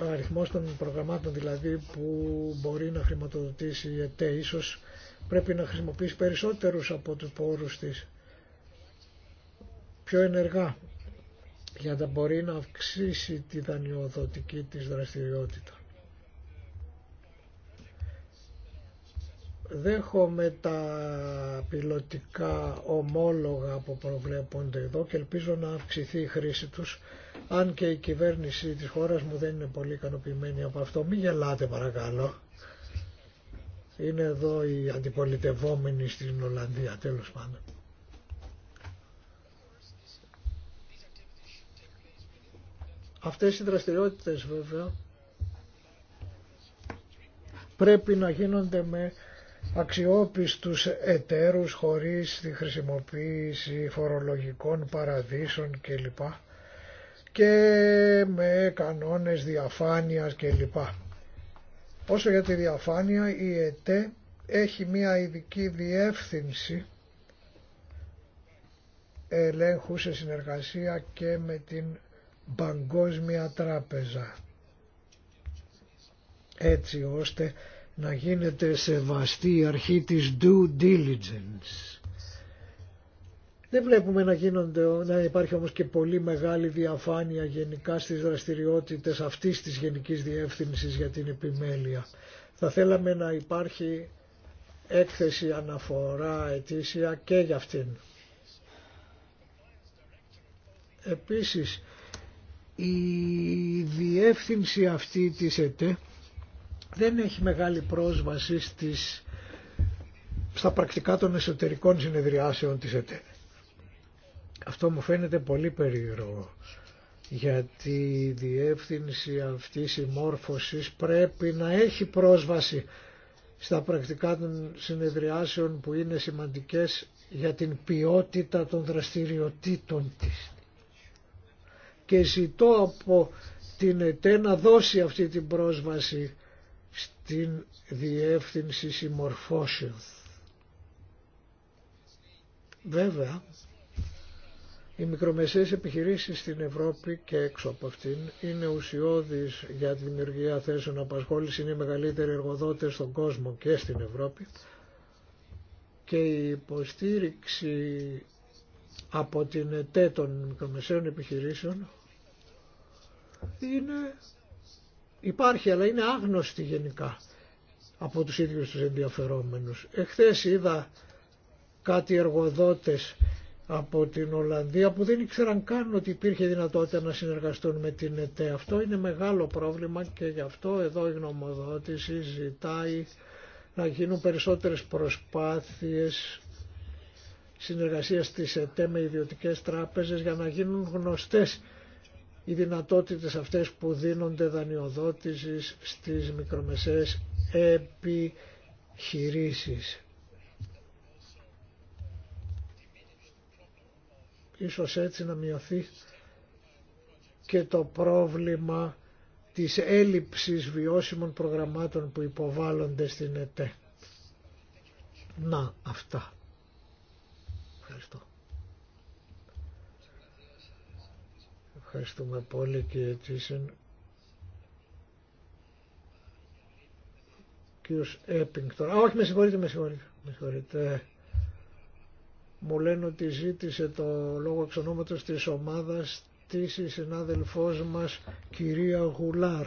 [SPEAKER 2] Ο αριθμός των προγραμμάτων δηλαδή που μπορεί να χρηματοδοτήσει η ΕΤΕ ίσως πρέπει να χρησιμοποιήσει περισσότερους από τους πόρους της πιο ενεργά για να μπορεί να αυξήσει τη δανειοδοτική της δραστηριότητα. δέχομαι τα πιλωτικά ομόλογα που προβλέπονται εδώ και ελπίζω να αυξηθεί η χρήση τους αν και η κυβέρνηση της χώρας μου δεν είναι πολύ ικανοποιημένη από αυτό. Μην γελάτε παρακαλώ. Είναι εδώ οι αντιπολιτευόμενοι στην Ολλανδία τέλος πάντων. Αυτές οι δραστηριότητες βέβαια πρέπει να γίνονται με αξιόπιστους εταίρους χωρίς τη χρησιμοποίηση φορολογικών παραδείσων κλπ. και με κανόνες διαφάνειας κλπ. Όσο για τη διαφάνεια η ΕΤΕ έχει μία ειδική διεύθυνση ελέγχου σε συνεργασία και με την Παγκόσμια Τράπεζα έτσι ώστε να γίνεται σεβαστή η αρχή της due diligence. Δεν βλέπουμε να, γίνονται, να υπάρχει όμως και πολύ μεγάλη διαφάνεια γενικά στις δραστηριότητες αυτής της Γενικής Διεύθυνσης για την επιμέλεια. Θα θέλαμε να υπάρχει έκθεση αναφορά ετήσια και για αυτήν. Επίσης, η διεύθυνση αυτή της ΕΤΕ δεν έχει μεγάλη πρόσβαση στις, στα πρακτικά των εσωτερικών συνεδριάσεων της ΕΤΕ. Αυτό μου φαίνεται πολύ περίεργο γιατί η διεύθυνση αυτή η μόρφωσης πρέπει να έχει πρόσβαση στα πρακτικά των συνεδριάσεων που είναι σημαντικές για την ποιότητα των δραστηριοτήτων της. Και ζητώ από την ΕΤΕ να δώσει αυτή την πρόσβαση στην διεύθυνση συμμορφώσεων. Βέβαια, οι μικρομεσαίες επιχειρήσεις στην Ευρώπη και έξω από αυτήν είναι ουσιώδεις για τη δημιουργία θέσεων απασχόληση, είναι οι μεγαλύτεροι εργοδότες στον κόσμο και στην Ευρώπη και η υποστήριξη από την ΕΤΕ των μικρομεσαίων επιχειρήσεων είναι Υπάρχει αλλά είναι άγνωστη γενικά από τους ίδιους τους ενδιαφερόμενους. Εχθές είδα κάτι εργοδότες από την Ολλανδία που δεν ήξεραν καν ότι υπήρχε δυνατότητα να συνεργαστούν με την ΕΤΕ. Αυτό είναι μεγάλο πρόβλημα και γι' αυτό εδώ η γνωμοδότηση ζητάει να γίνουν περισσότερες προσπάθειες συνεργασίας της ΕΤΕ με ιδιωτικές τράπεζες για να γίνουν γνωστές οι δυνατότητες αυτές που δίνονται δανειοδότησης στις μικρομεσαίες επιχειρήσεις. Ίσως έτσι να μειωθεί και το πρόβλημα της έλλειψης βιώσιμων προγραμμάτων που υποβάλλονται στην ΕΤΕ. Να, αυτά. Ευχαριστώ. Ευχαριστούμε πολύ κύριε Κύριο Κύριος τώρα. Α, όχι, με συγχωρείτε, με συγχωρείτε. Με συγχωρείτε. Μου λένε ότι ζήτησε το λόγο εξονόματος της ομάδας της η συνάδελφός μας κυρία Γουλάρ.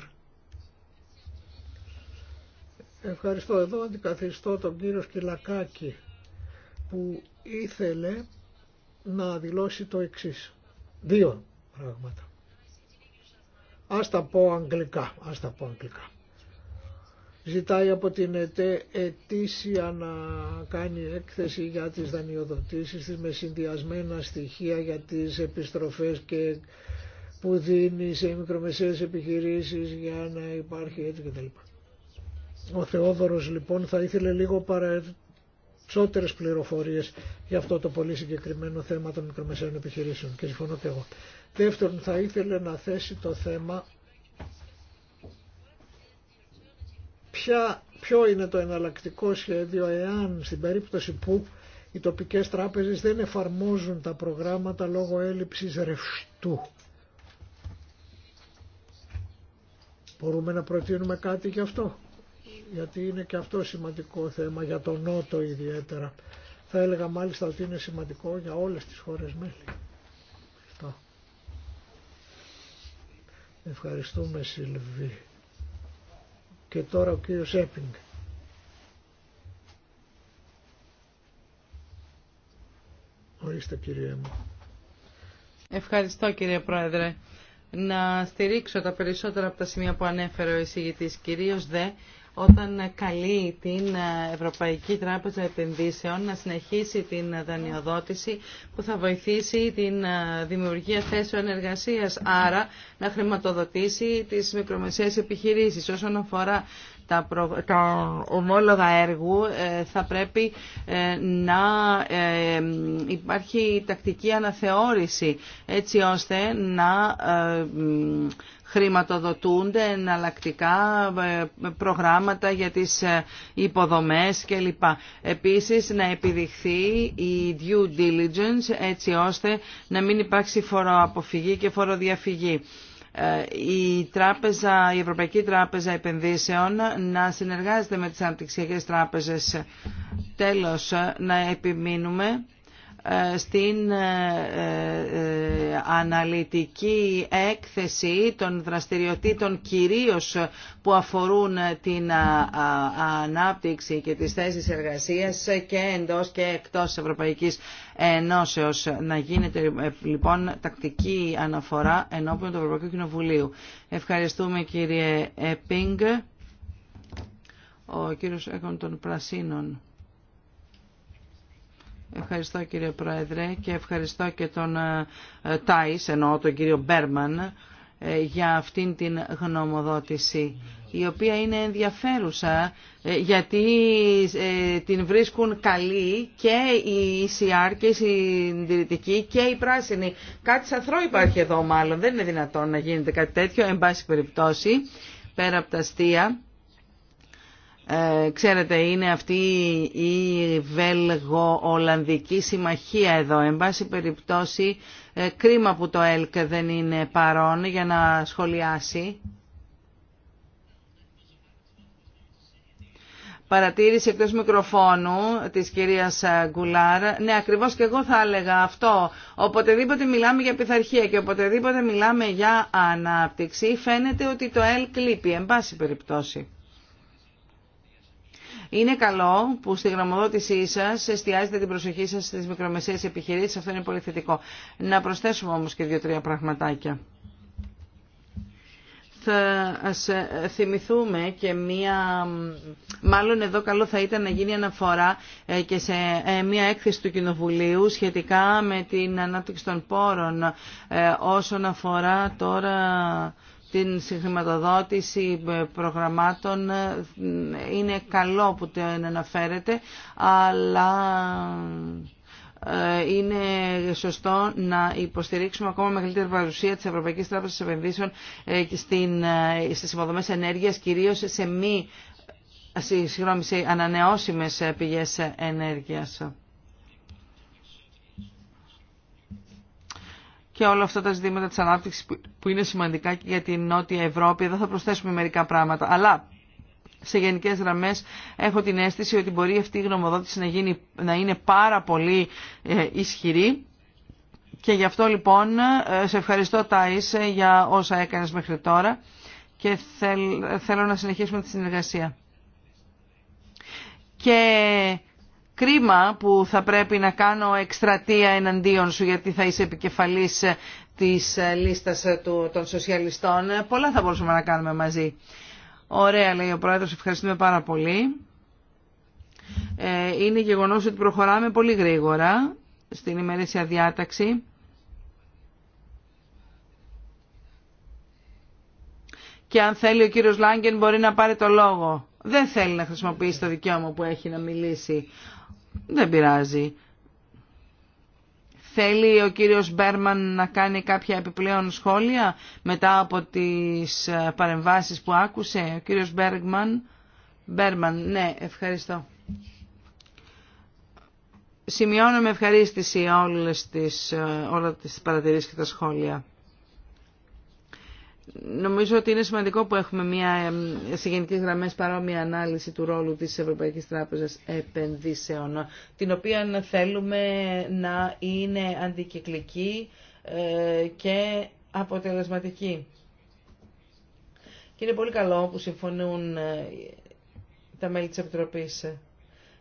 [SPEAKER 2] Ευχαριστώ. Εδώ αντικαθιστώ τον κύριο Σκυλακάκη που ήθελε να δηλώσει το εξής. Δύο πράγματα. Ας τα πω αγγλικά, ας πω αγγλικά. Ζητάει από την ΕΤΕ ετήσια να κάνει έκθεση για τις δανειοδοτήσεις της με συνδυασμένα στοιχεία για τις επιστροφές και που δίνει σε μικρομεσαίες επιχειρήσεις για να υπάρχει έτσι κτλ. Ο Θεόδωρος λοιπόν θα ήθελε λίγο παρα περισσότερες πληροφορίες για αυτό το πολύ συγκεκριμένο θέμα των μικρομεσαίων επιχειρήσεων και συμφωνώ και εγώ. Δεύτερον, θα ήθελε να θέσει το θέμα ποια, ποιο είναι το εναλλακτικό σχέδιο εάν στην περίπτωση που οι τοπικές τράπεζες δεν εφαρμόζουν τα προγράμματα λόγω έλλειψης ρευστού. Μπορούμε να προτείνουμε κάτι γι' αυτό γιατί είναι και αυτό σημαντικό θέμα για τον Νότο ιδιαίτερα. Θα έλεγα μάλιστα ότι είναι σημαντικό για όλες τις χώρες μέλη. Ευχαριστούμε Σιλβί. Και τώρα ο κύριος Έπινγκ. Ορίστε κύριε μου.
[SPEAKER 3] Ευχαριστώ κύριε Πρόεδρε. Να στηρίξω τα περισσότερα από τα σημεία που ανέφερε ο εισηγητής, κυρίως δε όταν καλεί την Ευρωπαϊκή Τράπεζα Επενδύσεων να συνεχίσει την δανειοδότηση που θα βοηθήσει την δημιουργία θέσεων εργασίας, άρα να χρηματοδοτήσει τις μικρομεσαίες επιχειρήσεις. Όσον αφορά τα, τα ομόλογα έργου ε, θα πρέπει ε, να ε, υπάρχει τακτική αναθεώρηση έτσι ώστε να χρηματοδοτούνται εναλλακτικά ε, προγράμματα για τις ε, υποδομές κλπ. Επίσης να επιδειχθεί η due diligence έτσι ώστε να μην υπάρξει φοροαποφυγή και φοροδιαφυγή ε, η, τράπεζα, η Ευρωπαϊκή Τράπεζα Επενδύσεων να συνεργάζεται με τις αναπτυξιακές τράπεζες. Τέλος, να επιμείνουμε ε, στην ε, ε, αναλυτική έκθεση των δραστηριοτήτων κυρίως που αφορούν την ανάπτυξη και τις θέσεις εργασίας και εντός και εκτός Ευρωπαϊκής Ενώσεως. Να γίνεται λοιπόν τακτική αναφορά ενώπιον του Ευρωπαϊκού Κοινοβουλίου. Ευχαριστούμε κύριε Επίνγκ. Ο κύριος έκων των Πρασίνων. Ευχαριστώ κύριε Πρόεδρε και ευχαριστώ και τον ε, ε, Τάις, εννοώ τον κύριο Μπέρμαν, ε, για αυτήν την γνωμοδότηση η οποία είναι ενδιαφέρουσα γιατί την βρίσκουν καλή και η ECR και η συντηρητική και η πράσινη. Κάτι σαθρό υπάρχει εδώ μάλλον, δεν είναι δυνατόν να γίνεται κάτι τέτοιο, εν πάση περιπτώσει, πέρα από τα αστεία. Ε, ξέρετε, είναι αυτή η Βέλγο-Ολλανδική συμμαχία εδώ. Εν πάση περιπτώσει, ε, κρίμα που το ΕΛΚ δεν είναι παρόν για να σχολιάσει. Παρατήρηση εκτός μικροφώνου της κυρίας Γκουλάρ. Ναι, ακριβώς και εγώ θα έλεγα αυτό. Οποτεδήποτε μιλάμε για πειθαρχία και οποτεδήποτε μιλάμε για ανάπτυξη, φαίνεται ότι το ΕΛΚ λείπει, εν πάση περιπτώσει. Είναι καλό που στη γραμμοδότησή σας εστιάζετε την προσοχή σα στις μικρομεσαίες επιχειρήσεις. Αυτό είναι πολύ θετικό. Να προσθέσουμε όμως και δύο-τρία πραγματάκια θα ε, θυμηθούμε και μία, μάλλον εδώ καλό θα ήταν να γίνει αναφορά ε, και σε ε, μία έκθεση του Κοινοβουλίου σχετικά με την ανάπτυξη των πόρων όσον αφορά τώρα την συγχρηματοδότηση προγραμμάτων είναι καλό που το αναφέρετε αλλά ε, είναι σωστό να υποστηρίξουμε ακόμα μεγαλύτερη παρουσία της Ευρωπαϊκής Τράπεζας Επενδύσεων ε, ε, στις υποδομές ενέργειας, κυρίως σε μη συγγνώμη, σε ανανεώσιμες πηγές ενέργειας. και όλα αυτά τα ζητήματα της ανάπτυξης που είναι σημαντικά και για την Νότια Ευρώπη. Εδώ θα προσθέσουμε μερικά πράγματα. Αλλά σε γενικές γραμμές έχω την αίσθηση ότι μπορεί αυτή η γνωμοδότηση να, γίνει, να είναι πάρα πολύ ε, ισχυρή. Και γι' αυτό λοιπόν ε, σε ευχαριστώ Τάις ε, για όσα έκανες μέχρι τώρα και θέλω να συνεχίσουμε τη συνεργασία. Και Κρίμα που θα πρέπει να κάνω εκστρατεία εναντίον σου γιατί θα είσαι επικεφαλής της λίστας των σοσιαλιστών. Πολλά θα μπορούσαμε να κάνουμε μαζί. Ωραία λέει ο Πρόεδρος, ευχαριστούμε πάρα πολύ. Ε, είναι γεγονός ότι προχωράμε πολύ γρήγορα στην ημερήσια διάταξη. Και αν θέλει ο κύριος Λάγκεν μπορεί να πάρει το λόγο. Δεν θέλει να χρησιμοποιήσει το δικαίωμα που έχει να μιλήσει. Δεν πειράζει. Θέλει ο κύριος Μπέρμαν να κάνει κάποια επιπλέον σχόλια μετά από τις ε, παρεμβάσεις που άκουσε ο κύριος Μπέργμαν. Μπέρμαν, ναι, ευχαριστώ. Σημειώνω με ευχαρίστηση όλες τις, ε, όλα τις παρατηρήσεις και τα σχόλια νομίζω ότι είναι σημαντικό που έχουμε μια σε γενικές γραμμές παρόμοια ανάλυση του ρόλου της Ευρωπαϊκής Τράπεζας Επενδύσεων, την οποία θέλουμε να είναι αντικυκλική ε, και αποτελεσματική. Και είναι πολύ καλό που συμφωνούν ε, τα μέλη της Επιτροπής.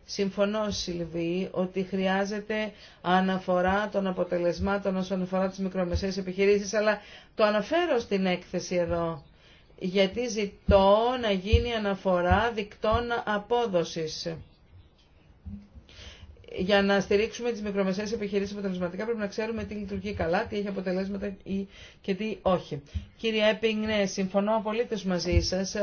[SPEAKER 3] Συμφωνώ, Σιλβί, ότι χρειάζεται αναφορά των αποτελεσμάτων όσον αφορά τις μικρομεσαίες επιχειρήσεις, αλλά το αναφέρω στην έκθεση εδώ, γιατί ζητώ να γίνει αναφορά δικτών απόδοσης. Για να στηρίξουμε τις μικρομεσαίες επιχειρήσεις αποτελεσματικά πρέπει να ξέρουμε τι λειτουργεί καλά, τι έχει αποτελέσματα και τι όχι. Κύριε Έπινγκ, ναι, συμφωνώ απολύτως μαζί σας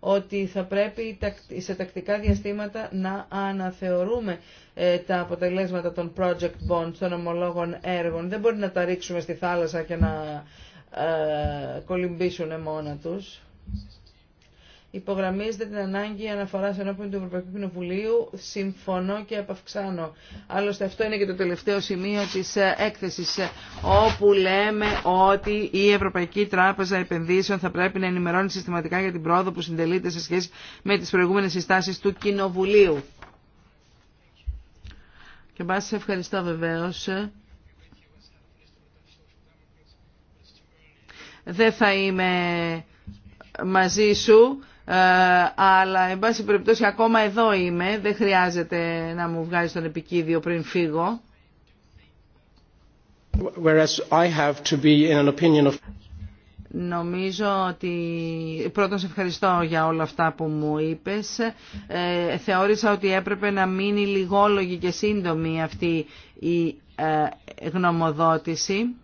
[SPEAKER 3] ότι θα πρέπει σε τακτικά διαστήματα να αναθεωρούμε ε, τα αποτελέσματα των project bonds, των ομολόγων έργων. Δεν μπορεί να τα ρίξουμε στη θάλασσα και να ε, κολυμπήσουν μόνα τους υπογραμμίζεται την ανάγκη αναφορά ενώπιον του Ευρωπαϊκού Κοινοβουλίου. Συμφωνώ και επαυξάνω. Άλλωστε, αυτό είναι και το τελευταίο σημείο τη ε, έκθεση, ε, όπου λέμε ότι η Ευρωπαϊκή Τράπεζα Επενδύσεων θα πρέπει να ενημερώνει συστηματικά για την πρόοδο που συντελείται σε σχέση με τι προηγούμενε συστάσει του Κοινοβουλίου. Και μπα σε ευχαριστώ βεβαίω. Δεν θα είμαι μαζί σου ε, αλλά εν πάση περιπτώσει ακόμα εδώ είμαι, δεν χρειάζεται να μου βγάζει τον επικίδιο πριν φύγω.
[SPEAKER 4] I have to
[SPEAKER 3] Νομίζω ότι πρώτον σε ευχαριστώ για όλα αυτά που μου είπες. Ε, θεώρησα ότι έπρεπε να μείνει λιγόλογη και σύντομη αυτή η ε, γνωμοδότηση.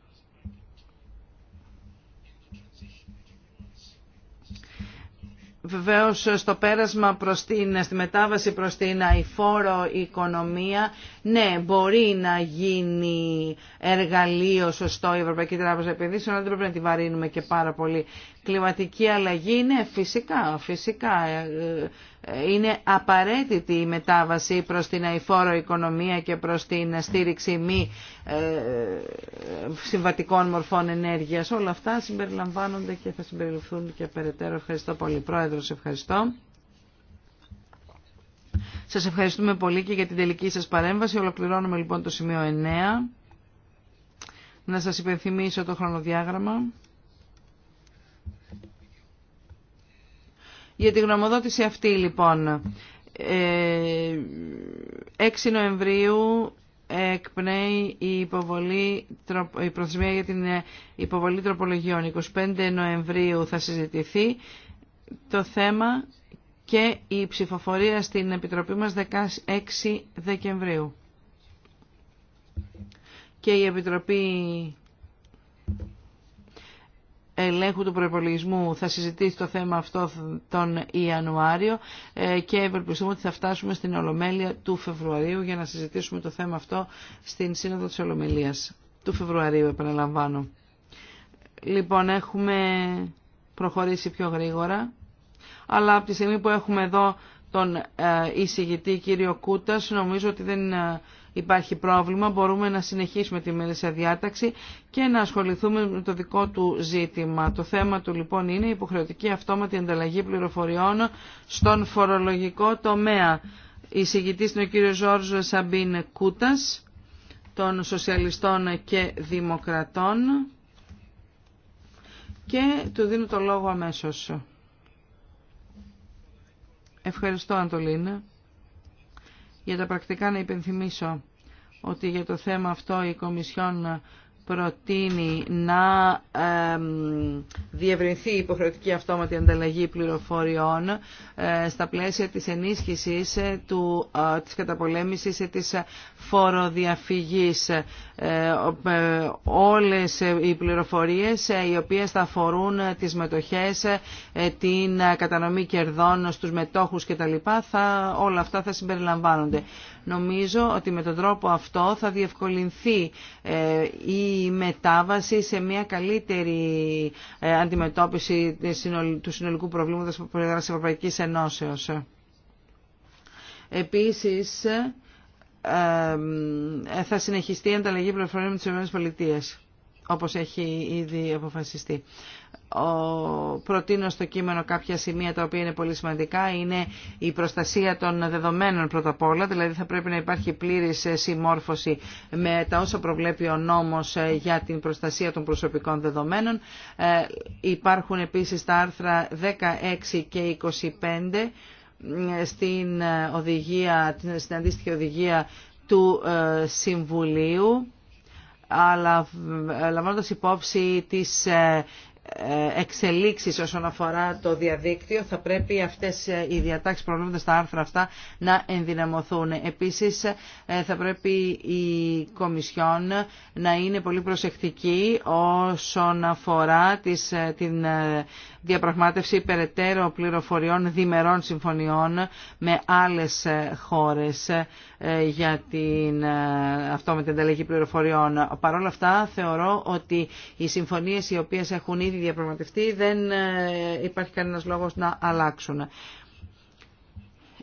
[SPEAKER 3] βεβαίως στο πέρασμα προς την, στη μετάβαση προς την αηφόρο οικονομία, ναι, μπορεί να γίνει εργαλείο σωστό η Ευρωπαϊκή Τράπεζα Επενδύσεων, αλλά δεν πρέπει να τη βαρύνουμε και πάρα πολύ. Κλιματική αλλαγή, ναι, φυσικά, φυσικά. Ε, ε, είναι απαραίτητη η μετάβαση προς την αηφόρο οικονομία και προς την στήριξη μη ε, συμβατικών μορφών ενέργειας. Όλα αυτά συμπεριλαμβάνονται και θα συμπεριληφθούν και περαιτέρω. Ευχαριστώ πολύ. Πρόεδρος, ευχαριστώ. Σας ευχαριστούμε πολύ και για την τελική σας παρέμβαση. Ολοκληρώνουμε λοιπόν το σημείο 9. Να σας υπενθυμίσω το χρονοδιάγραμμα. Για την γνωμοδότηση αυτή λοιπόν, 6 ε, Νοεμβρίου εκπνέει η, υποβολή, η προθεσμία για την ε, υποβολή τροπολογιών. 25 Νοεμβρίου θα συζητηθεί το θέμα και η ψηφοφορία στην Επιτροπή μας 16 Δεκεμβρίου. Και η Επιτροπή ελέγχου του προπολογισμού θα συζητήσει το θέμα αυτό τον Ιανουάριο ε, και ευελπιστούμε ότι θα φτάσουμε στην Ολομέλεια του Φεβρουαρίου για να συζητήσουμε το θέμα αυτό στην Σύνοδο της Ολομελίας του Φεβρουαρίου επαναλαμβάνω. Λοιπόν, έχουμε προχωρήσει πιο γρήγορα, αλλά από τη στιγμή που έχουμε εδώ τον ε, εισηγητή κύριο Κούτας, νομίζω ότι δεν ε, υπάρχει πρόβλημα, μπορούμε να συνεχίσουμε τη σε διάταξη και να ασχοληθούμε με το δικό του ζήτημα. Το θέμα του λοιπόν είναι η υποχρεωτική αυτόματη ανταλλαγή πληροφοριών στον φορολογικό τομέα. Η είναι ο κύριο Ζόρζο Σαμπίν Κούτας των Σοσιαλιστών και Δημοκρατών και του δίνω το λόγο αμέσως. Ευχαριστώ Αντολίνα. Για τα πρακτικά να υπενθυμίσω ότι για το θέμα αυτό η Κομισιόν προτείνει να διευρυνθεί η υποχρεωτική αυτόματη ανταλλαγή πληροφοριών ε, στα πλαίσια της ενίσχυσης ε, του, ε, της καταπολέμησης της φοροδιαφυγής. Όλες οι πληροφορίες οι οποίες θα αφορούν τις μετοχές, την κατανομή κερδών στους μετόχους κτλ. όλα αυτά θα συμπεριλαμβάνονται. Νομίζω ότι με τον τρόπο αυτό θα διευκολυνθεί η μετάβαση σε μια καλύτερη ε, αντιμετώπιση του συνολικού προβλήματος που προέδρασε Ευρωπαϊκή Ενώσεως. Επίσης, ε, ε, θα συνεχιστεί η ανταλλαγή πληροφοριών με τις ΗΠΑ, όπως έχει ήδη αποφασιστεί προτείνω στο κείμενο κάποια σημεία τα οποία είναι πολύ σημαντικά. Είναι η προστασία των δεδομένων πρώτα απ' όλα, δηλαδή θα πρέπει να υπάρχει πλήρης ε, συμμόρφωση με τα όσα προβλέπει ο νόμος ε, για την προστασία των προσωπικών δεδομένων. Ε, υπάρχουν επίσης τα άρθρα 16 και 25 στην, οδηγία, στην αντίστοιχη οδηγία του Συμβουλίου αλλά λαμβάνοντας υπόψη τις ε, εξελίξεις όσον αφορά το διαδίκτυο θα πρέπει αυτές ε, οι διατάξεις τα στα άρθρα αυτά να ενδυναμωθούν. Επίσης ε, θα πρέπει η Κομισιόν να είναι πολύ προσεκτική όσον αφορά τις, την διαπραγμάτευση περαιτέρω πληροφοριών διμερών συμφωνιών με άλλες χώρες ε, για την ε, αυτό με την ανταλλαγή πληροφοριών. Παρ' όλα αυτά θεωρώ ότι οι συμφωνίες οι οποίες έχουν ήδη διαπραγματευτεί δεν ε, υπάρχει κανένας λόγος να αλλάξουν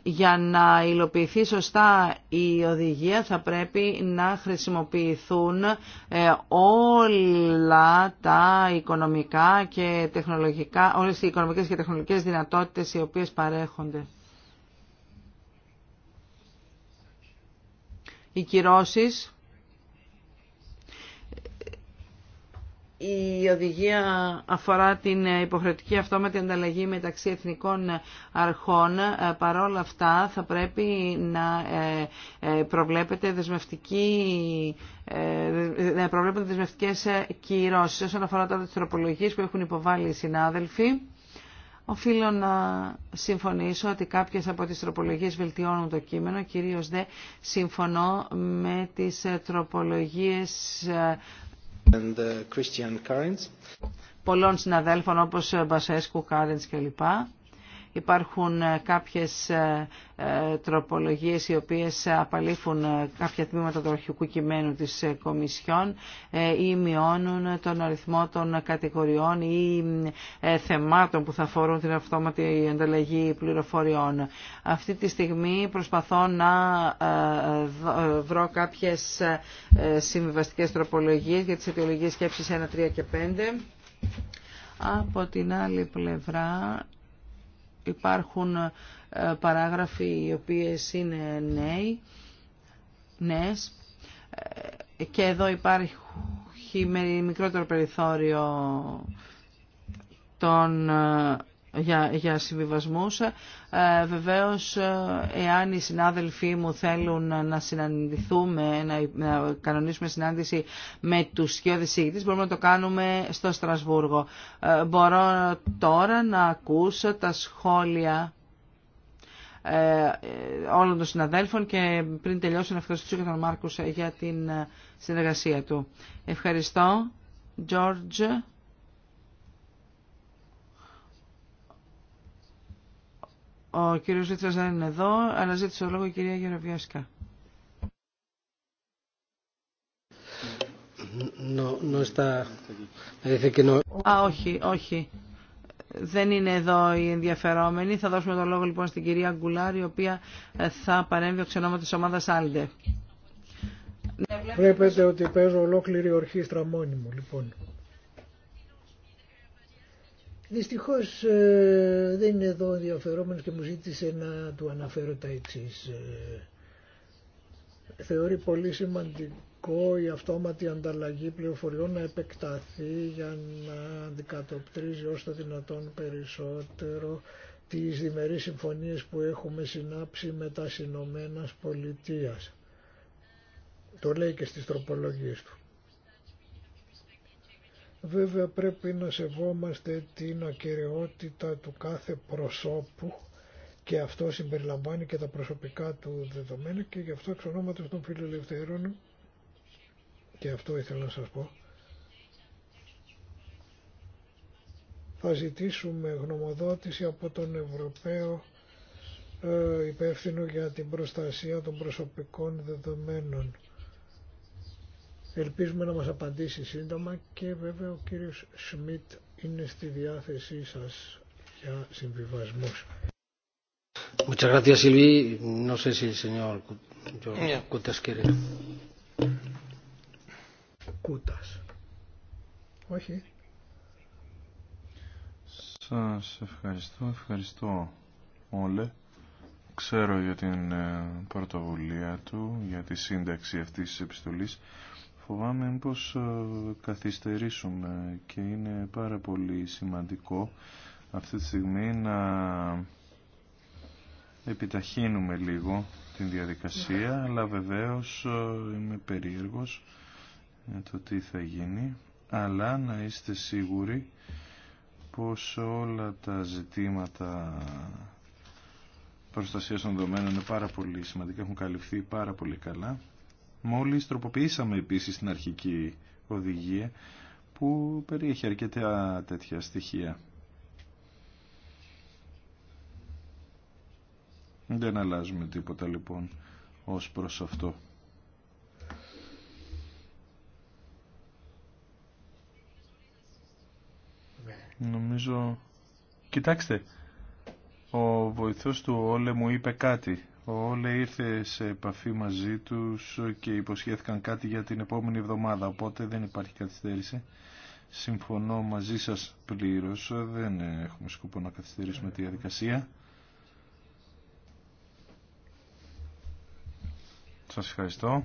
[SPEAKER 3] για να υλοποιηθεί σωστά η οδηγία θα πρέπει να χρησιμοποιηθούν ε, όλα τα οικονομικά και τεχνολογικά, όλες οι οικονομικές και τεχνολογικές δυνατότητες οι οποίες παρέχονται. Οι κυρώσεις Η οδηγία αφορά την υποχρεωτική αυτόματη ανταλλαγή μεταξύ εθνικών αρχών. Ε, παρόλα αυτά θα πρέπει να ε, ε, προβλέπεται δεσμευτική να προβλέπονται δεσμευτικές κυρώσεις όσον αφορά τώρα τις τροπολογίες που έχουν υποβάλει οι συνάδελφοι. Οφείλω να συμφωνήσω ότι κάποιες από τις τροπολογίες βελτιώνουν το κείμενο, κυρίως δε συμφωνώ με τις τροπολογίες Uh, Πολλών συναδέλφων όπως ε, Μπασέσκου, Κάρεντς κλπ. Υπάρχουν ε, κάποιες ε, ε, τροπολογίες οι οποίες απαλήφουν κάποια τμήματα του αρχικού κειμένου της Κομισιόν ή μειώνουν τον αριθμό των κατηγοριών ή θεμάτων που θα αφορούν την αυτόματη ανταλλαγή πληροφοριών. Αυτή τη στιγμή προσπαθώ να βρω κάποιες συμβιβαστικές τροπολογίες για τις αιτιολογίες σκέψης 1, 3 και 5. Από την άλλη πλευρά υπάρχουν ε, παράγραφοι οι οποίες είναι νέοι, νέες ε, και εδώ υπάρχει με μικρότερο περιθώριο των ε, για, για συμβιβασμούς. Ε, βεβαίως, ε, εάν οι συνάδελφοί μου θέλουν να συναντηθούμε, να, να κανονίσουμε συνάντηση με τους σχεδόν μπορούμε να το κάνουμε στο Στρασβούργο. Ε, μπορώ τώρα να ακούσω τα σχόλια ε, όλων των συναδέλφων και πριν τελειώσω να ευχαριστήσω και τον Μάρκο για την συνεργασία του. Ευχαριστώ. George. Ο κύριος Ζήτρας δεν είναι εδώ, αλλά ζήτησε ο λόγο η κυρία Γεροβιάσκα. Α, όχι, όχι. Δεν είναι εδώ οι ενδιαφερόμενοι. Θα δώσουμε το λόγο λοιπόν στην κυρία Γκουλάρη, η οποία ε, θα παρέμβει ο ξενόματος της ομάδας Άλντε.
[SPEAKER 2] Ναι, βλέπετε ότι παίζω ολόκληρη ορχήστρα μόνη μου, λοιπόν. Δυστυχώς ε, δεν είναι εδώ ενδιαφερόμενος και μου ζήτησε να του αναφέρω τα Ε, Θεωρεί πολύ σημαντικό η αυτόματη ανταλλαγή πληροφοριών να επεκταθεί για να αντικατοπτρίζει όσο το δυνατόν περισσότερο τις διμερείς συμφωνίες που έχουμε συνάψει με τα Συνωμένα Πολιτείας. Το λέει και στις τροπολογίες του. Βέβαια πρέπει να σεβόμαστε την ακαιρεότητα του κάθε προσώπου και αυτό συμπεριλαμβάνει και τα προσωπικά του δεδομένα και γι' αυτό εξ ονόματος των φιλελευθερών και αυτό ήθελα να σας πω θα ζητήσουμε γνωμοδότηση από τον Ευρωπαίο ε, υπεύθυνο για την προστασία των προσωπικών δεδομένων. Ελπίζουμε να μας απαντήσει σύντομα και βέβαια ο κύριος Σμιτ είναι στη διάθεσή σας για συμβιβασμούς.
[SPEAKER 4] Muchas gracias, Silvi.
[SPEAKER 2] Κούτας Όχι.
[SPEAKER 1] Σας ευχαριστώ, ευχαριστώ όλε. Ξέρω για την ε, πρωτοβουλία του, για τη σύνταξη αυτής της επιστολής φοβάμαι πως ε, καθυστερήσουμε και είναι πάρα πολύ σημαντικό αυτή τη στιγμή να επιταχύνουμε λίγο την διαδικασία αλλά βεβαίως ε, είμαι περίεργος για το τι θα γίνει αλλά να είστε σίγουροι πως όλα τα ζητήματα προστασίας των δεδομένων είναι πάρα πολύ σημαντικά έχουν καλυφθεί πάρα πολύ καλά Μόλις τροποποιήσαμε επίσης την αρχική οδηγία που περιέχει αρκετά τέτοια στοιχεία. Δεν αλλάζουμε τίποτα λοιπόν ως προς αυτό. Νομίζω... Κοιτάξτε, ο βοηθός του Όλε μου είπε κάτι Όλοι ήρθε σε επαφή μαζί τους και υποσχέθηκαν κάτι για την επόμενη εβδομάδα, οπότε δεν υπάρχει καθυστέρηση. Συμφωνώ μαζί σας πλήρως, δεν έχουμε σκοπό να καθυστερήσουμε τη διαδικασία. Σας ευχαριστώ.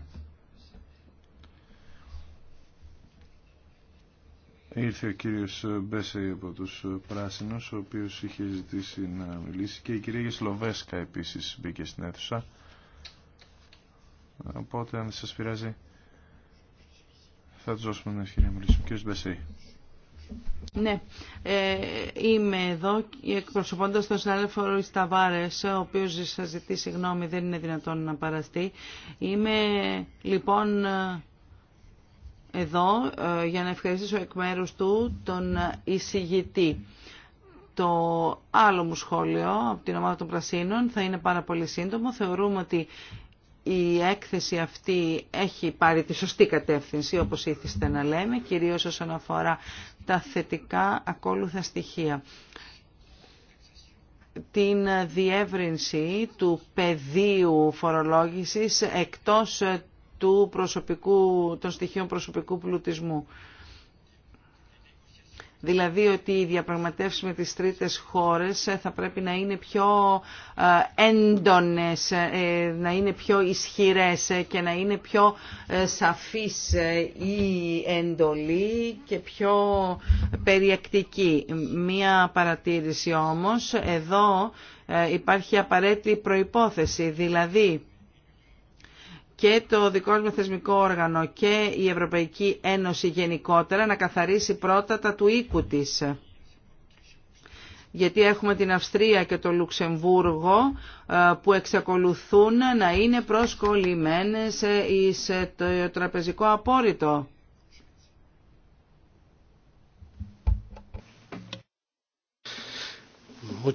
[SPEAKER 1] Ήρθε ο κύριος Μπέσε από τους Πράσινους, ο οποίος είχε ζητήσει να μιλήσει και η κυρία Γεσλοβέσκα επίσης μπήκε στην αίθουσα. Οπότε αν σας πειράζει θα τους δώσουμε την ευκαιρία να μιλήσουμε. Κύριος Μπέσε.
[SPEAKER 3] Ναι, ε, είμαι εδώ εκπροσωπώντας τον συνάδελφο Ρουίς ο οποίος σας ζητεί συγγνώμη, δεν είναι δυνατόν να παραστεί. Είμαι λοιπόν εδώ ε, για να ευχαριστήσω εκ μέρους του τον εισηγητή. Το άλλο μου σχόλιο από την ομάδα των Πρασίνων θα είναι πάρα πολύ σύντομο. Θεωρούμε ότι η έκθεση αυτή έχει πάρει τη σωστή κατεύθυνση, όπως ήθιστε να λέμε, κυρίως όσον αφορά τα θετικά ακόλουθα στοιχεία. Την διεύρυνση του πεδίου φορολόγησης εκτός προσωπικού, των στοιχείων προσωπικού πλουτισμού. Δηλαδή ότι οι διαπραγματεύσει με τις τρίτες χώρες θα πρέπει να είναι πιο ε, έντονες, ε, να είναι πιο ισχυρές και να είναι πιο ε, σαφής η εντολή και πιο περιεκτική. Μία παρατήρηση όμως, εδώ υπάρχει απαραίτητη προϋπόθεση, δηλαδή και το δικό θεσμικό όργανο και η Ευρωπαϊκή Ένωση γενικότερα να καθαρίσει πρώτα τα του οίκου της γιατί έχουμε την Αυστρία και το Λουξεμβούργο ε, που εξακολουθούν να είναι προσκολλημένες ε, ε, το τραπεζικό απόρριτο. Eh,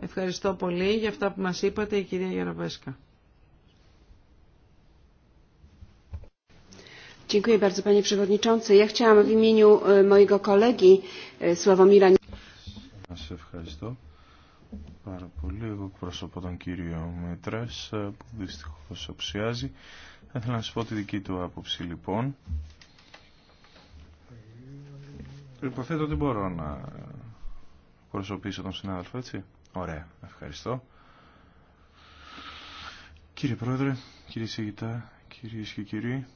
[SPEAKER 3] ευχαριστώ πολύ για αυτά που μας είπατε, η κυρία Γιαραβέσκα. Dziękuję
[SPEAKER 1] Σας ευχαριστώ πάρα πολύ. Εγώ εκπροσωπώ τον κύριο Μέτρας ε, που δυστυχώς οψιάζει. Θα ήθελα να σας πω τη δική του άποψη λοιπόν Υποθέτω ότι μπορώ να προσωπήσω τον συνάδελφο, έτσι. Ωραία, ευχαριστώ. Κύριε Πρόεδρε, κύριε Σιγητά, κύριε και κύριοι,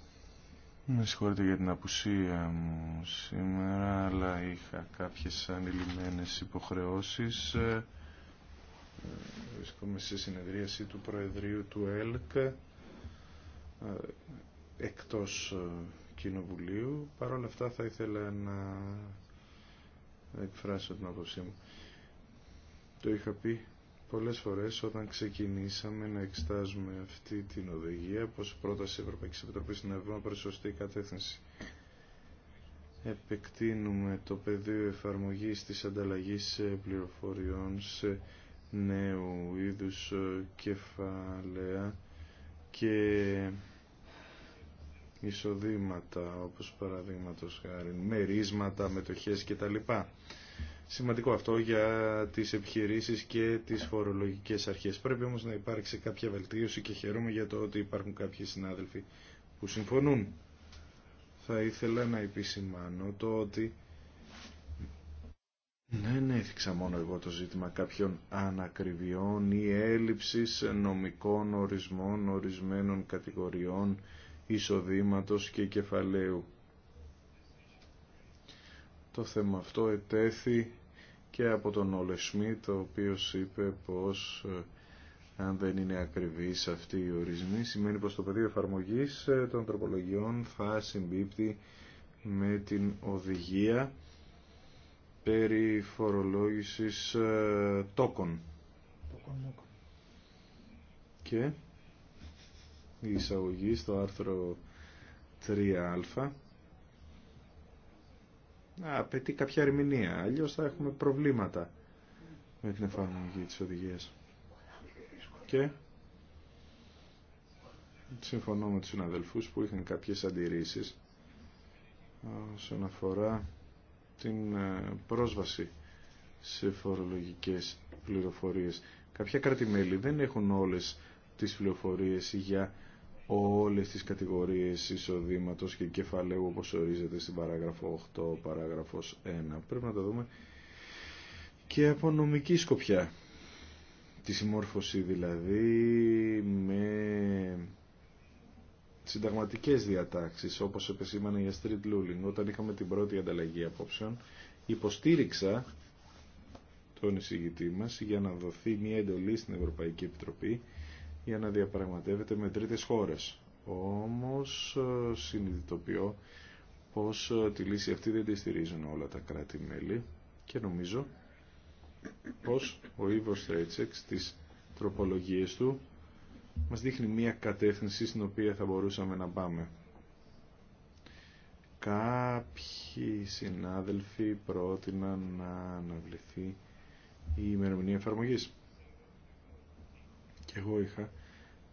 [SPEAKER 1] με συγχωρείτε για την απουσία μου σήμερα, αλλά είχα κάποιες ανηλυμένες υποχρεώσεις. Ε, Βρίσκομαι σε συνεδρίαση του προεδρίου του ΕΛΚ, ε, εκτός ε, Κοινοβουλίου. Παρ' όλα αυτά θα ήθελα να εκφράσω την άποψή μου. Το είχα πει πολλές φορές όταν ξεκινήσαμε να εξετάζουμε αυτή την οδηγία πως πρόταση Ευρωπαϊκής Επιτροπής στην Ευρώπη προς σωστή κατεύθυνση. Επεκτείνουμε το πεδίο εφαρμογής της ανταλλαγής πληροφοριών σε νέου είδους κεφαλαία και εισοδήματα, όπως παραδείγματο χάρη μερίσματα, μετοχές κτλ. Σημαντικό αυτό για τις επιχειρήσεις και τις φορολογικές αρχές. Πρέπει όμως να υπάρξει κάποια βελτίωση και χαιρούμε για το ότι υπάρχουν κάποιοι συνάδελφοι που συμφωνούν. Θα ήθελα να επισημάνω το ότι δεν ναι, ναι, έθιξα μόνο εγώ το ζήτημα κάποιων ανακριβιών ή έλλειψης νομικών ορισμών, ορισμένων κατηγοριών εισοδήματος και κεφαλαίου. Το θέμα αυτό ετέθη και από τον Όλε Σμιτ, ο οποίος είπε πως ε, αν δεν είναι ακριβής αυτή η ορισμή, σημαίνει πως το πεδίο εφαρμογής ε, των τροπολογιών θα συμπίπτει με την οδηγία περί φορολόγησης ε, τόκων. Και η εισαγωγή στο άρθρο 3α απαιτεί κάποια ερμηνεία, αλλιώς θα έχουμε προβλήματα με την εφαρμογή της οδηγίας. Και συμφωνώ με τους συναδελφούς που είχαν κάποιες αντιρρήσεις όσον αφορά την ε, πρόσβαση σε φορολογικές πληροφορίες. Κάποια κράτη-μέλη δεν έχουν όλες τις πληροφορίες για όλες τις κατηγορίες εισοδήματος και κεφαλαίου όπως ορίζεται στην παράγραφο 8, παράγραφος 1. Πρέπει να τα δούμε και από νομική σκοπιά. Τη συμμόρφωση δηλαδή με συνταγματικές διατάξεις όπως επεσήμανε η street Λούλινγκ όταν είχαμε την πρώτη ανταλλαγή απόψεων υποστήριξα τον εισηγητή μας για να δοθεί μια εντολή στην Ευρωπαϊκή Επιτροπή για να διαπραγματεύεται με τρίτες χώρες. Όμως ε, συνειδητοποιώ πως ε, τη λύση αυτή δεν τη στηρίζουν όλα τα κράτη-μέλη και νομίζω πως ο Ιβο Στρέτσεκ στις τροπολογίες του μας δείχνει μία κατεύθυνση στην οποία θα μπορούσαμε να πάμε. Κάποιοι συνάδελφοι πρότειναν να αναβληθεί η ημερομηνία εφαρμογής. Εγώ είχα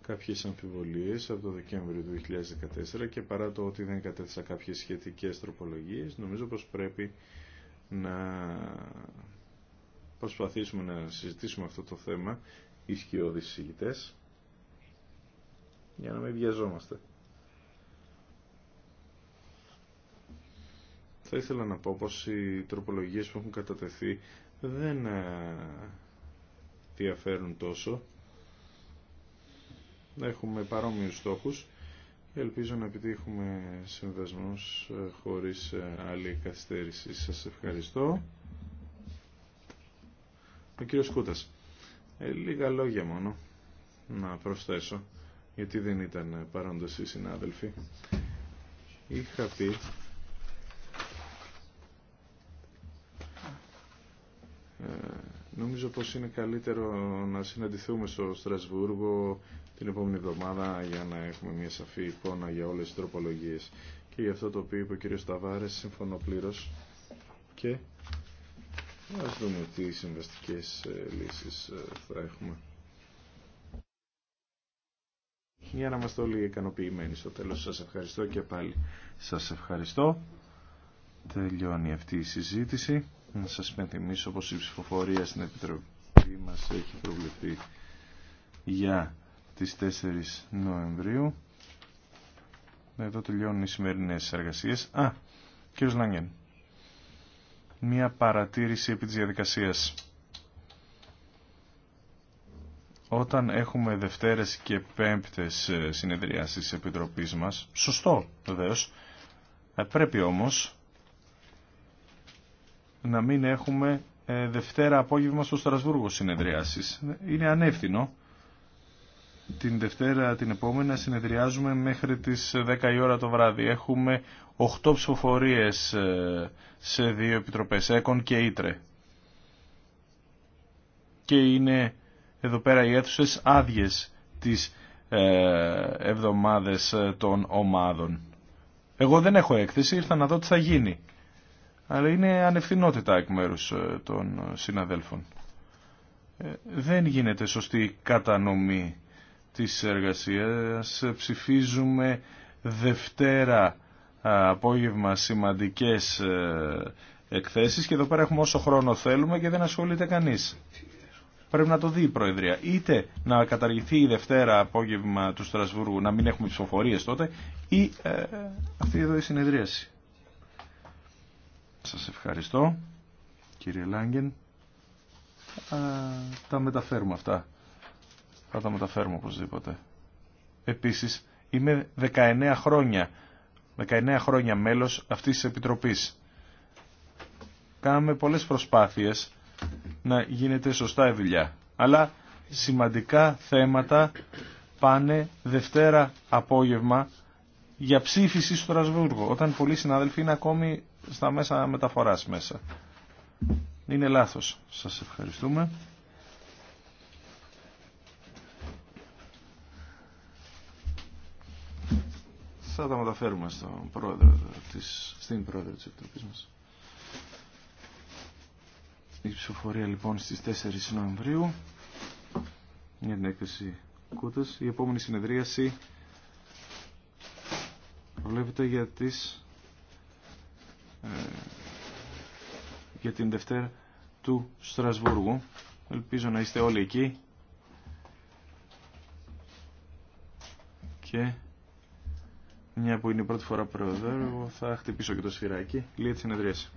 [SPEAKER 1] κάποιες αμφιβολίες από το Δεκέμβριο του 2014 και παρά το ότι δεν κατέθεσα κάποιες σχετικές τροπολογίες, νομίζω πως πρέπει να προσπαθήσουμε να συζητήσουμε αυτό το θέμα οι σκιώδεις για να μην βιαζόμαστε. Θα ήθελα να πω πως οι τροπολογίες που έχουν κατατεθεί δεν ε, διαφέρουν τόσο Έχουμε παρόμοιους στόχους ελπίζω να επιτύχουμε συμβασμούς ε, χωρίς ε, άλλη καθυστέρηση. Σας ευχαριστώ. Ο κύριος Κούτας. Ε, λίγα λόγια μόνο να προσθέσω, γιατί δεν ήταν παρόντος οι συνάδελφοι. Είχα πει νομίζω πως είναι καλύτερο να συναντηθούμε στο Στρασβούργο την επόμενη εβδομάδα για να έχουμε μια σαφή εικόνα για όλες τις τροπολογίες. Και για αυτό το οποίο είπε ο κύριος Σταβάρες συμφωνώ πλήρω Και να δούμε τι συμβαστικές ε, λύσεις ε, θα έχουμε. Για να είμαστε όλοι ικανοποιημένοι στο τέλος. Σας ευχαριστώ και πάλι. Σας ευχαριστώ. Τελειώνει αυτή η συζήτηση. Να σας πενθυμίσω πως η ψηφοφορία στην Επιτροπή μας έχει προβληθεί για τις 4 Νοεμβρίου. Εδώ τελειώνουν οι σημερινές εργασίες. Α, κύριος Λάγκεν. Μία παρατήρηση επί της διαδικασίας. Όταν έχουμε Δευτέρες και Πέμπτες ε, συνεδριάσεις τη Επιτροπής μας, σωστό βεβαίω, ε, πρέπει όμως να μην έχουμε ε, Δευτέρα απόγευμα στο Στρασβούργο συνεδριάσεις. Είναι ανεύθυνο την Δευτέρα την επόμενα συνεδριάζουμε μέχρι τις 10 η ώρα το βράδυ. Έχουμε 8 ψηφοφορίες ε, σε δύο επιτροπές, ΕΚΟΝ και Ήτρε. Και είναι εδώ πέρα οι αίθουσε άδειε τις ε, εβδομάδες ε, των ομάδων. Εγώ δεν έχω έκθεση, ήρθα να δω τι θα γίνει. Αλλά είναι ανευθυνότητα εκ μέρου των συναδέλφων. Δεν γίνεται σωστή κατανομή της εργασίας. Ψηφίζουμε Δευτέρα απόγευμα σημαντικές ε, εκθέσεις και εδώ πέρα έχουμε όσο χρόνο θέλουμε και δεν ασχολείται κανείς. Πρέπει να το δει η Προεδρία. Είτε να καταργηθεί η Δευτέρα απόγευμα του Στρασβούργου, να μην έχουμε ψηφοφορίε τότε, ή ε, αυτή εδώ η αυτη εδω η συνεδριαση Σας ευχαριστώ, κύριε Λάγκεν. Α, τα μεταφέρουμε αυτά θα τα μεταφέρουμε οπωσδήποτε. Επίσης, είμαι 19 χρόνια, 19 χρόνια μέλος αυτής της Επιτροπής. Κάναμε πολλές προσπάθειες να γίνεται σωστά η δουλειά. Αλλά σημαντικά θέματα πάνε Δευτέρα απόγευμα για ψήφιση στο Ρασβούργο, όταν πολλοί συνάδελφοι είναι ακόμη στα μέσα μεταφοράς μέσα. Είναι λάθος. Σας ευχαριστούμε. θα τα μεταφέρουμε στον πρόεδρο της, στην πρόεδρο της Επιτροπής μας. Η ψηφοφορία λοιπόν στις 4 Νοεμβρίου για την έκθεση Κούτας. Η επόμενη συνεδρίαση βλέπετε για, τις, ε, για την Δευτέρα του Στρασβούργου. Ελπίζω να είστε όλοι εκεί. Και μια που είναι η πρώτη φορά εγώ θα χτυπήσω και το σφυράκι. Λίγη τη συνεδρίαση.